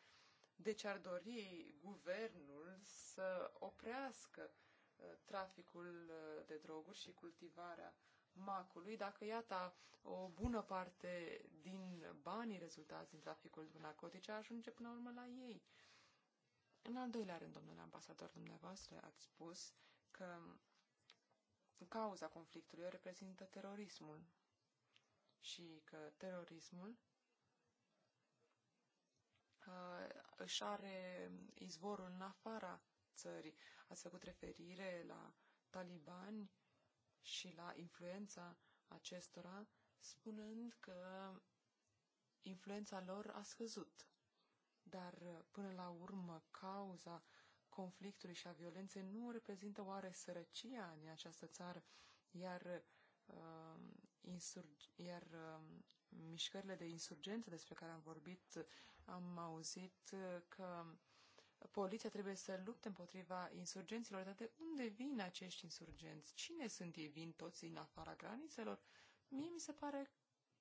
Deci ar dori guvernul să oprească uh, traficul uh, de droguri și cultivarea macului, dacă iată o bună parte din banii rezultați din traficul de narcotice ajunge până la urmă la ei. În al doilea rând, domnule ambasador, dumneavoastră ați spus că cauza conflictului reprezintă terorismul și că terorismul uh, își are izvorul în afara țării. Ați făcut referire la talibani și la influența acestora, spunând că influența lor a scăzut. Dar, până la urmă, cauza conflictului și a violenței nu reprezintă oare sărăcia în această țară, iar uh, insurg- iar um, mișcările de insurgență despre care am vorbit, am auzit uh, că poliția trebuie să lupte împotriva insurgenților, dar de unde vin acești insurgenți? Cine sunt ei? Vin toți din afara granițelor? Mie mi se pare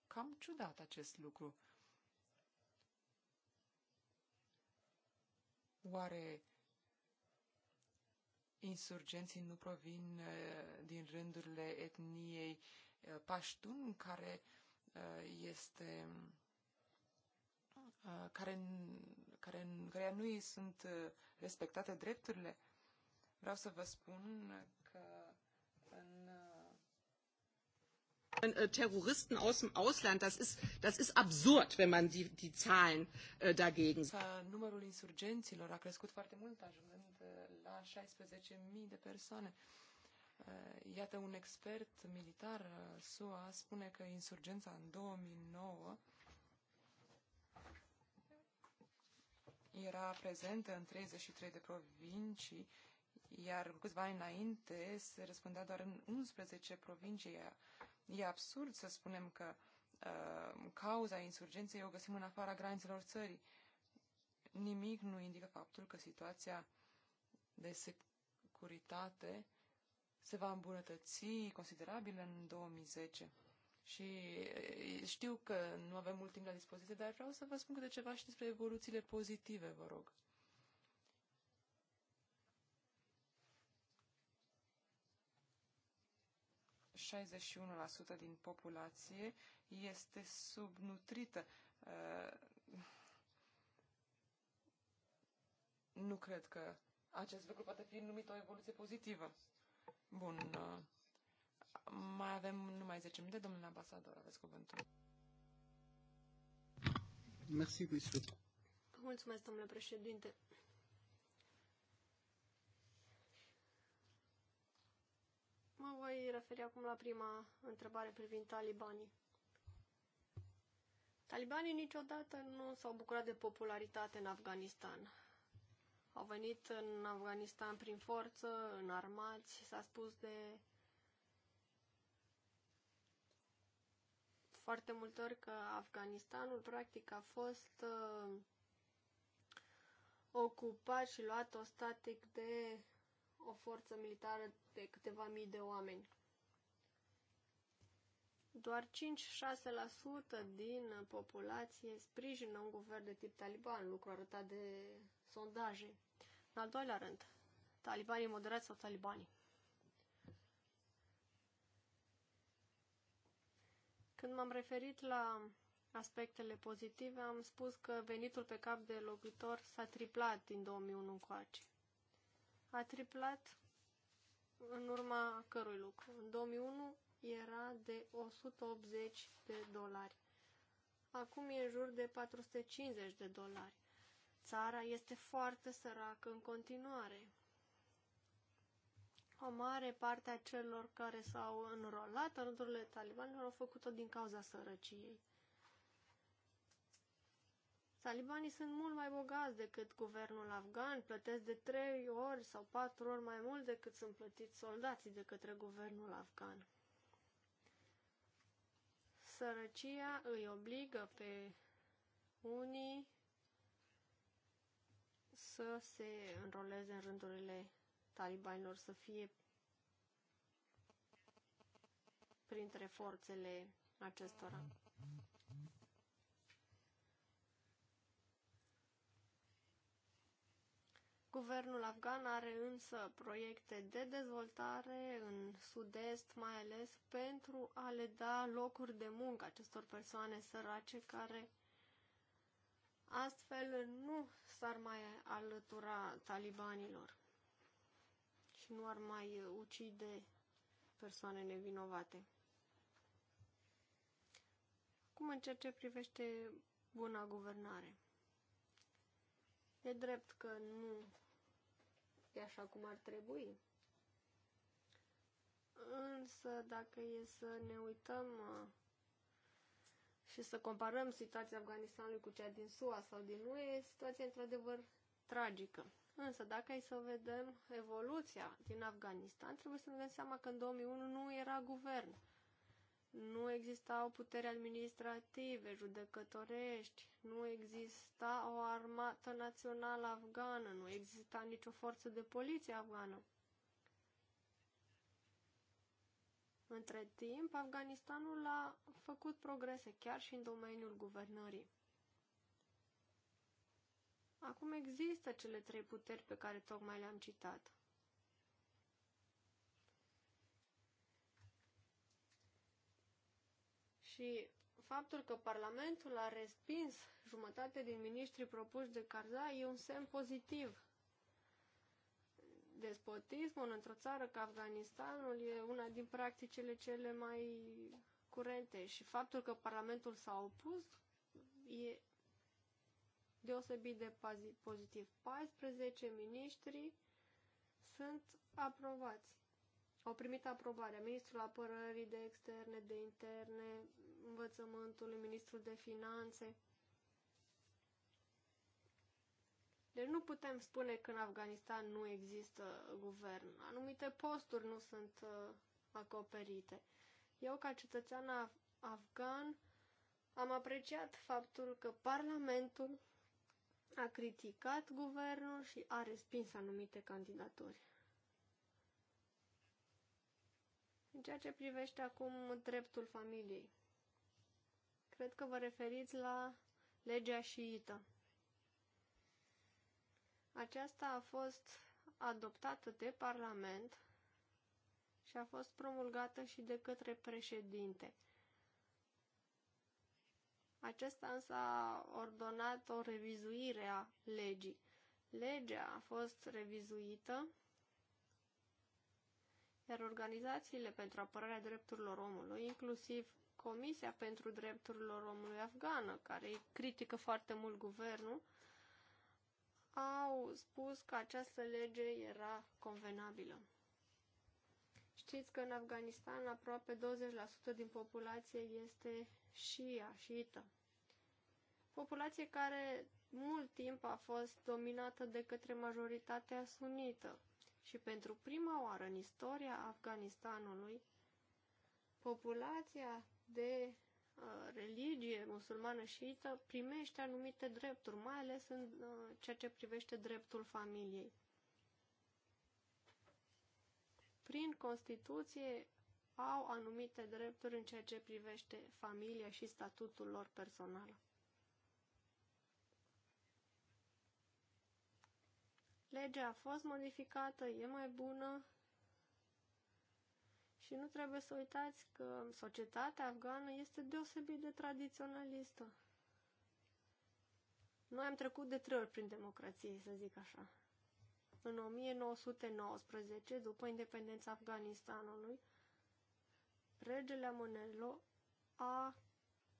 cam ciudat acest lucru. Oare insurgenții nu provin uh, din rândurile etniei Eh, paștun care eh, este eh, care, care, care nu îi sunt respectate drepturile. Vreau să vă spun că în äh, Terroristen aus dem Ausland, das ist, das ist absurd, wenn man die, die Zahlen äh, dagegen sieht. Numărul insurgenților a crescut foarte mult, ajungând la 16.000 de persoane. Uh, Eh, iată, un expert militar eh, SUA spune că insurgența în 2009 era prezentă în 33 de provincii, iar câțiva ani înainte se răspândea doar în 11 provincii. E absurd să spunem că uh, cauza insurgenței o găsim în afara granițelor țării. Nimic nu indică faptul că situația de securitate se va îmbunătăți considerabil în 2010. Și știu că nu avem mult timp la dispoziție, dar vreau să vă spun câte ceva și despre evoluțiile pozitive, vă rog. ...61% din populație este subnutrită. Uh, nu cred că acest lucru poate fi numit o evoluție pozitivă. Bun. Uh, mai avem numai 10 minute. Domnule ambasador, aveți cuvântul. Merci, monsieur. Mulțumesc, domnule președinte. Mă voi referi acum la prima întrebare privind talibanii. Talibanii niciodată nu s-au bucurat de popularitate în Afganistan. Au venit în Afganistan prin forță, în armați, s-a spus de foarte multe ori că Afganistanul practic a fost uh, ocupat și luat static de o forță militară de câteva mii de oameni. Doar 5-6% din populație sprijină un guvern de tip taliban, lucru arătat de sondaje. În al doilea rând, talibanii moderați sau talibanii. Când m-am referit la aspectele pozitive, am spus că venitul pe cap de locuitor s-a triplat din 2001 încoace. A triplat în urma cărui lucru. În 2001 era de 180 de dolari. Acum e în jur de 450 de dolari. Țara este foarte săracă în continuare. O mare parte a celor care s-au înrolat în rândurile talibanilor au făcut-o din cauza sărăciei. Talibanii sunt mult mai bogați decât guvernul afgan, plătesc de trei ori sau patru ori mai mult decât sunt plătiți soldații de către guvernul afgan. Sărăcia îi obligă pe unii să se înroleze în rândurile talibanilor, să fie printre forțele acestora. Guvernul afgan are însă proiecte de dezvoltare în sud-est, mai ales pentru a le da locuri de muncă acestor persoane sărace care Astfel nu s-ar mai alătura talibanilor și nu ar mai ucide persoane nevinovate. Cum în ceea ce privește buna guvernare? E drept că nu e așa cum ar trebui. Însă, dacă e să ne uităm uh, și să comparăm situația Afganistanului cu cea din SUA sau din UE, situația într-adevăr tragică. Însă, dacă ai să vedem evoluția din Afganistan, trebuie să ne dăm seama că în 2001 nu era guvern. Nu existau putere administrative, judecătorești, nu exista o armată națională afgană, nu exista nicio forță de poliție afgană. Între timp, Afganistanul a făcut progrese chiar și în domeniul guvernării. Acum există cele trei puteri pe care tocmai le-am citat. Și faptul că Parlamentul a respins jumătate din miniștrii propuși de Karzai e un semn pozitiv despotismul într-o țară ca Afganistanul e una din practicile cele mai curente și faptul că Parlamentul s-a opus e deosebit de pozitiv. 14 miniștri sunt aprobați. Au primit aprobarea ministrul apărării de externe, de interne, învățământului, ministrul de finanțe. Deci nu putem spune că în Afganistan nu există guvern. Anumite posturi nu sunt uh, acoperite. Eu, ca cetățean af afgan, am apreciat faptul că Parlamentul a criticat guvernul și a respins anumite candidaturi. În ceea ce privește acum dreptul familiei, cred că vă referiți la legea șiită. Aceasta a fost adoptată de Parlament și a fost promulgată și de către președinte. Acesta însă a ordonat o revizuire a legii. Legea a fost revizuită, iar organizațiile pentru apărarea drepturilor omului, inclusiv Comisia pentru Drepturile Omului Afgană, care critică foarte mult guvernul, au spus că această lege era convenabilă. Știți că în Afganistan aproape 20% din populație este șia, șiită. Populație care mult timp a fost dominată de către majoritatea sunită și pentru prima oară în istoria Afganistanului, populația de Uh, religie musulmană șiită primește anumite drepturi, mai ales în uh, ceea ce privește dreptul familiei. Prin Constituție au anumite drepturi în ceea ce privește familia și statutul lor personal. Legea a fost modificată, e mai bună, și nu trebuie să uitați că societatea afgană este deosebit de tradiționalistă. Noi am trecut de trei ori prin democrație, să zic așa. În 1919, după independența Afganistanului, regele Amonello a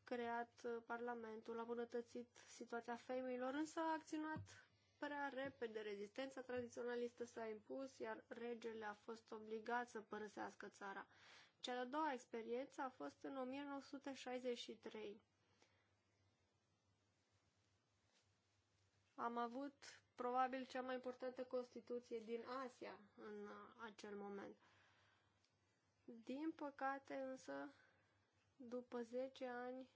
creat parlamentul, a bunătățit situația femeilor, însă a acționat prea repede rezistența tradiționalistă s-a impus, iar regele a fost obligat să părăsească țara. Cea de-a doua experiență a fost în 1963. Am avut probabil cea mai importantă constituție din Asia în acel moment. Din păcate însă, după 10 ani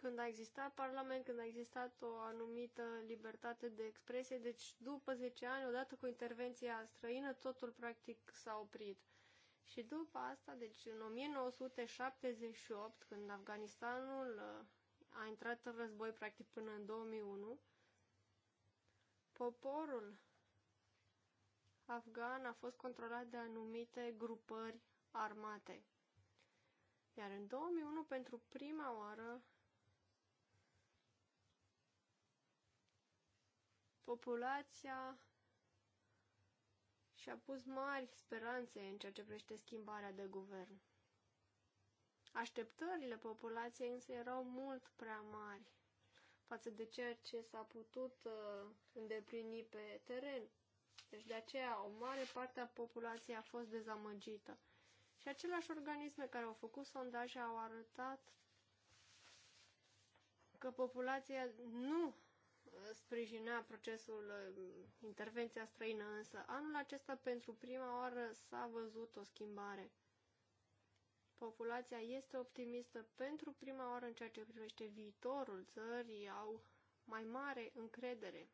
când a existat Parlament, când a existat o anumită libertate de expresie, deci după 10 ani, odată cu intervenția străină, totul practic s-a oprit. Și după asta, deci în 1978, când Afganistanul uh, a intrat în război practic până în 2001, poporul afgan a fost controlat de anumite grupări armate. Iar în 2001, pentru prima oară, populația și-a pus mari speranțe în ceea ce privește schimbarea de guvern. Așteptările populației însă erau mult prea mari față de ceea ce s-a putut uh, îndeplini pe teren. Deci de aceea o mare parte a populației a fost dezamăgită. Și aceleași organisme care au făcut sondaje au arătat că populația nu sprijinea procesul uh, intervenția străină, însă anul acesta pentru prima oară s-a văzut o schimbare. Populația este optimistă pentru prima oară în ceea ce privește viitorul țării, au mai mare încredere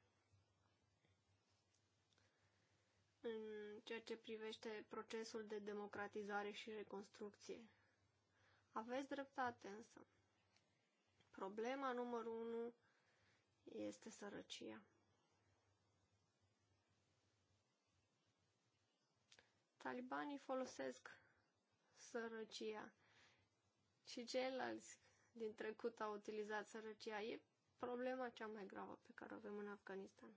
în ceea ce privește procesul de democratizare și reconstrucție. Aveți dreptate însă. Problema numărul 1 este sărăcia. Talibanii folosesc sărăcia și ceilalți din trecut au utilizat sărăcia. E problema cea mai gravă pe care o avem în Afganistan.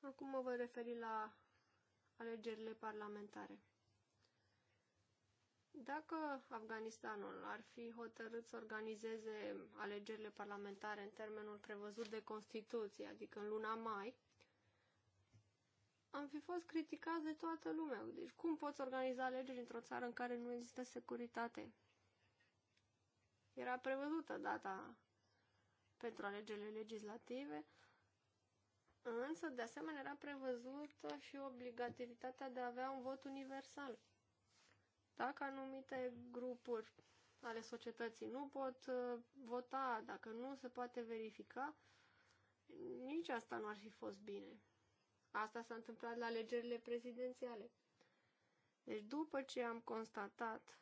Acum mă voi referi la alegerile parlamentare. Dacă Afganistanul ar fi hotărât să organizeze alegerile parlamentare în termenul prevăzut de Constituție, adică în luna mai, am fi fost criticați de toată lumea. Deci cum poți organiza alegeri într-o țară în care nu există securitate? Era prevăzută data pentru alegerile legislative, însă de asemenea era prevăzută și obligativitatea de a avea un vot universal. Dacă anumite grupuri ale societății nu pot uh, vota, dacă nu se poate verifica, nici asta nu ar fi fost bine. Asta s-a întâmplat la alegerile prezidențiale. Deci după ce am constatat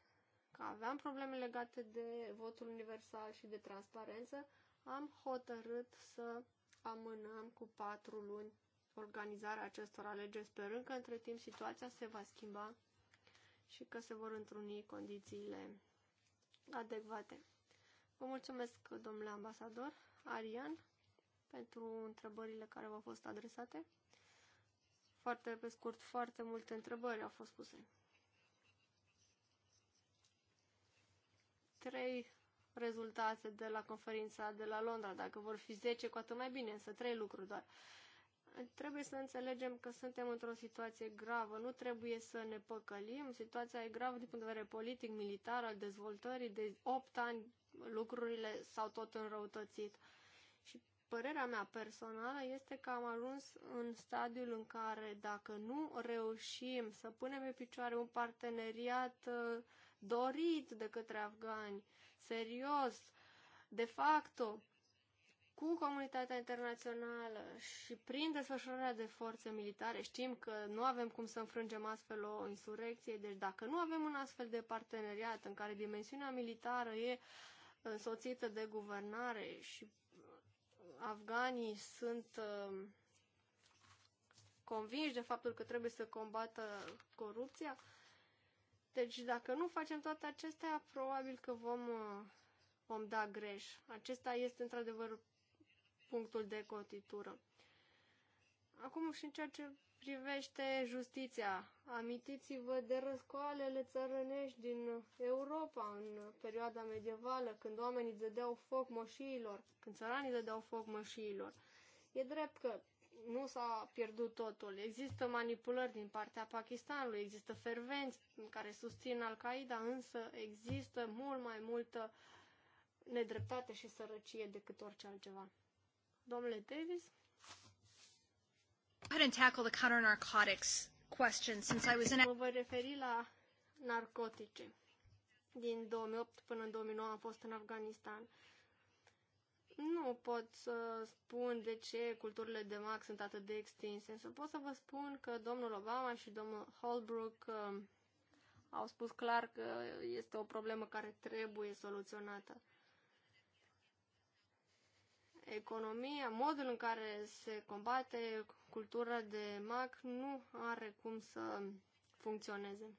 că aveam probleme legate de votul universal și de transparență, am hotărât să amânăm cu patru luni organizarea acestor alegeri, sperând că între timp situația se va schimba și că se vor întruni condițiile adecvate. Vă mulțumesc, domnule ambasador Arian, pentru întrebările care v-au fost adresate. Foarte pe scurt, foarte multe întrebări au fost puse. Trei rezultate de la conferința de la Londra. Dacă vor fi 10, cu atât mai bine, însă trei lucruri doar. Uh, trebuie să înțelegem că suntem într-o situație gravă. Nu trebuie să ne păcălim. Situația e gravă din punct de vedere politic, militar, al dezvoltării. De 8 ani lucrurile s-au tot înrăutățit. Și părerea mea personală este că am ajuns în stadiul în care dacă nu reușim să punem pe picioare un parteneriat uh, dorit de către afgani, serios, de facto, cu comunitatea internațională și prin desfășurarea de forțe militare, știm că nu avem cum să înfrângem astfel o insurecție, deci dacă nu avem un astfel de parteneriat în care dimensiunea militară e însoțită de guvernare și afganii sunt uh, convinși de faptul că trebuie să combată corupția, deci dacă nu facem toate acestea, probabil că vom uh, vom da greș. Acesta este într-adevăr punctul de cotitură. Acum și în ceea ce privește justiția, amintiți-vă de răscoalele țărănești din Europa în perioada medievală, când oamenii dădeau foc moșiilor, când țăranii dădeau foc moșiilor. E drept că nu s-a pierdut totul. Există manipulări din partea Pakistanului, există fervenți care susțin Al-Qaeda, însă există mult mai multă nedreptate și sărăcie decât orice altceva. Domnule Davis? I didn't tackle the counter-narcotics question since I was in... Mă voi referi la narcotice. Din 2008 până în 2009 am fost în Afganistan. Nu pot să spun de ce culturile de mac sunt atât de extinse, însă pot să vă spun că domnul Obama și domnul Holbrook um, au spus clar că este o problemă care trebuie soluționată economia, modul în care se combate cultura de mac nu are cum să funcționeze.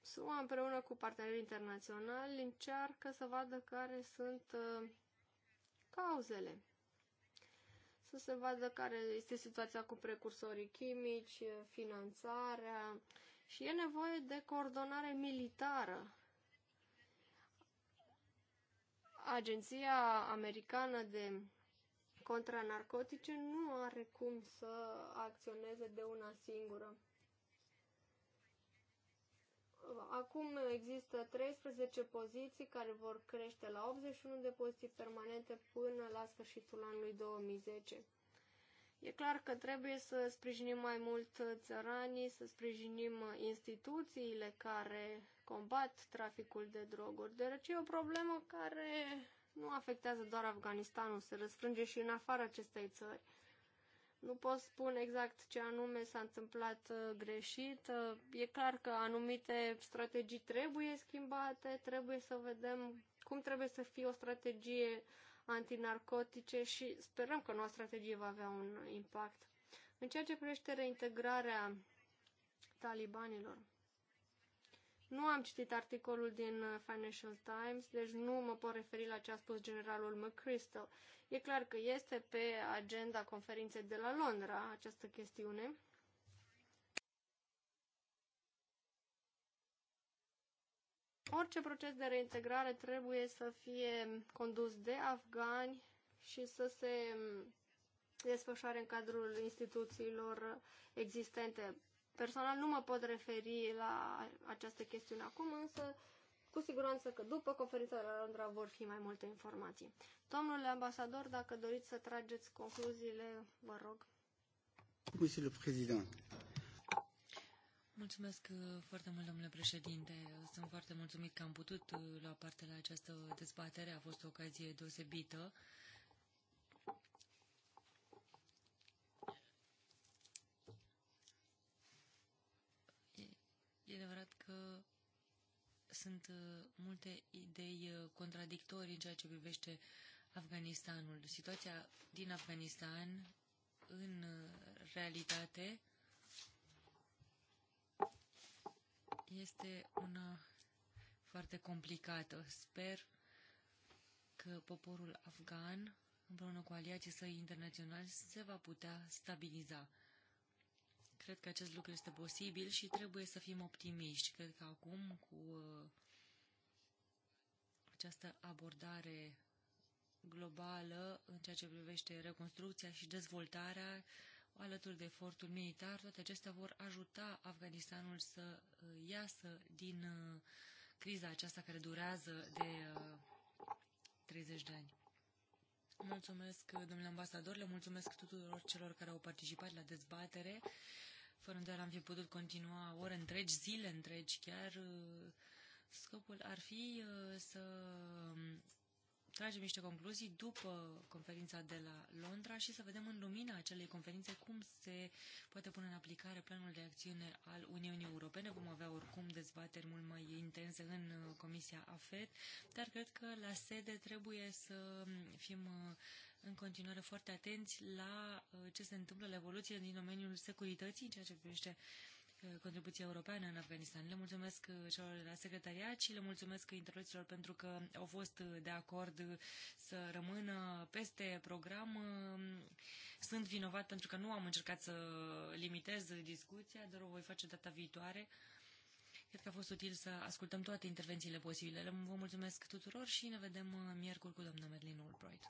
SUA împreună cu partenerii internaționali încearcă să vadă care sunt uh, cauzele. Să se vadă care este situația cu precursorii chimici, finanțarea și e nevoie de coordonare militară Agenția Americană de Contranarcotice nu are cum să acționeze de una singură. Acum există 13 poziții care vor crește la 81 de poziții permanente până la sfârșitul anului 2010. E clar că trebuie să sprijinim mai mult țăranii, să sprijinim instituțiile care combat traficul de droguri, deoarece e o problemă care nu afectează doar Afganistanul, se răsfrânge și în afara acestei țări. Nu pot spune exact ce anume s-a întâmplat uh, greșit. Uh, e clar că anumite strategii trebuie schimbate, trebuie să vedem cum trebuie să fie o strategie antinarcotice și sperăm că noua strategie va avea un impact. În ceea ce privește reintegrarea talibanilor, nu am citit articolul din uh, Financial Times, deci nu mă pot referi la ce a spus generalul McChrystal. E clar că este pe agenda conferinței de la Londra această chestiune. Orice proces de reintegrare trebuie să fie condus de afgani și să se mm, desfășoare în cadrul instituțiilor existente personal nu mă pot referi la această chestiune acum, însă cu siguranță că după conferința de la Londra vor fi mai multe informații. Domnule ambasador, dacă doriți să trageți concluziile, vă rog. Monsieur le Président. Mulțumesc uh, foarte mult, domnule președinte. Sunt foarte mulțumit că am putut uh, lua parte la această dezbatere. A fost o ocazie deosebită. E adevărat că sunt uh, multe idei uh, contradictorii în ceea ce privește Afganistanul. Situația din Afganistan, în uh, realitate, este una foarte complicată. Sper că poporul afgan, împreună cu aliații săi internaționali, se va putea stabiliza. Cred că acest lucru este posibil și trebuie să fim optimiști. Cred că acum, cu uh, această abordare globală în ceea ce privește reconstrucția și dezvoltarea, alături de efortul militar, toate acestea vor ajuta Afganistanul să uh, iasă din uh, criza aceasta care durează de 30 de ani. Mulțumesc, domnule ambasador, le mulțumesc tuturor celor care au participat la dezbatere. Fără îndoială am fi putut continua ore întregi, zile întregi chiar. Uh, scopul ar fi uh, să um, tragem niște concluzii după conferința de la Londra și să vedem în lumina acelei conferințe cum se poate pune în aplicare planul de acțiune al Uniunii Europene. Vom avea oricum dezbateri mult mai intense în uh, Comisia AFET, dar cred că la sede trebuie să um, fim în continuare foarte atenți la uh, ce se întâmplă, la evoluție din domeniul securității, în ceea ce privește uh, contribuția europeană în Afganistan. Le mulțumesc uh, celor de la secretariat și le mulțumesc interpreților pentru că au fost de acord să rămână peste program. Sunt vinovat pentru că nu am încercat să limitez discuția, dar o voi face data viitoare. Cred că a fost util să ascultăm toate intervențiile posibile. Vă mulțumesc tuturor și ne vedem miercuri cu doamna Merlin Albright.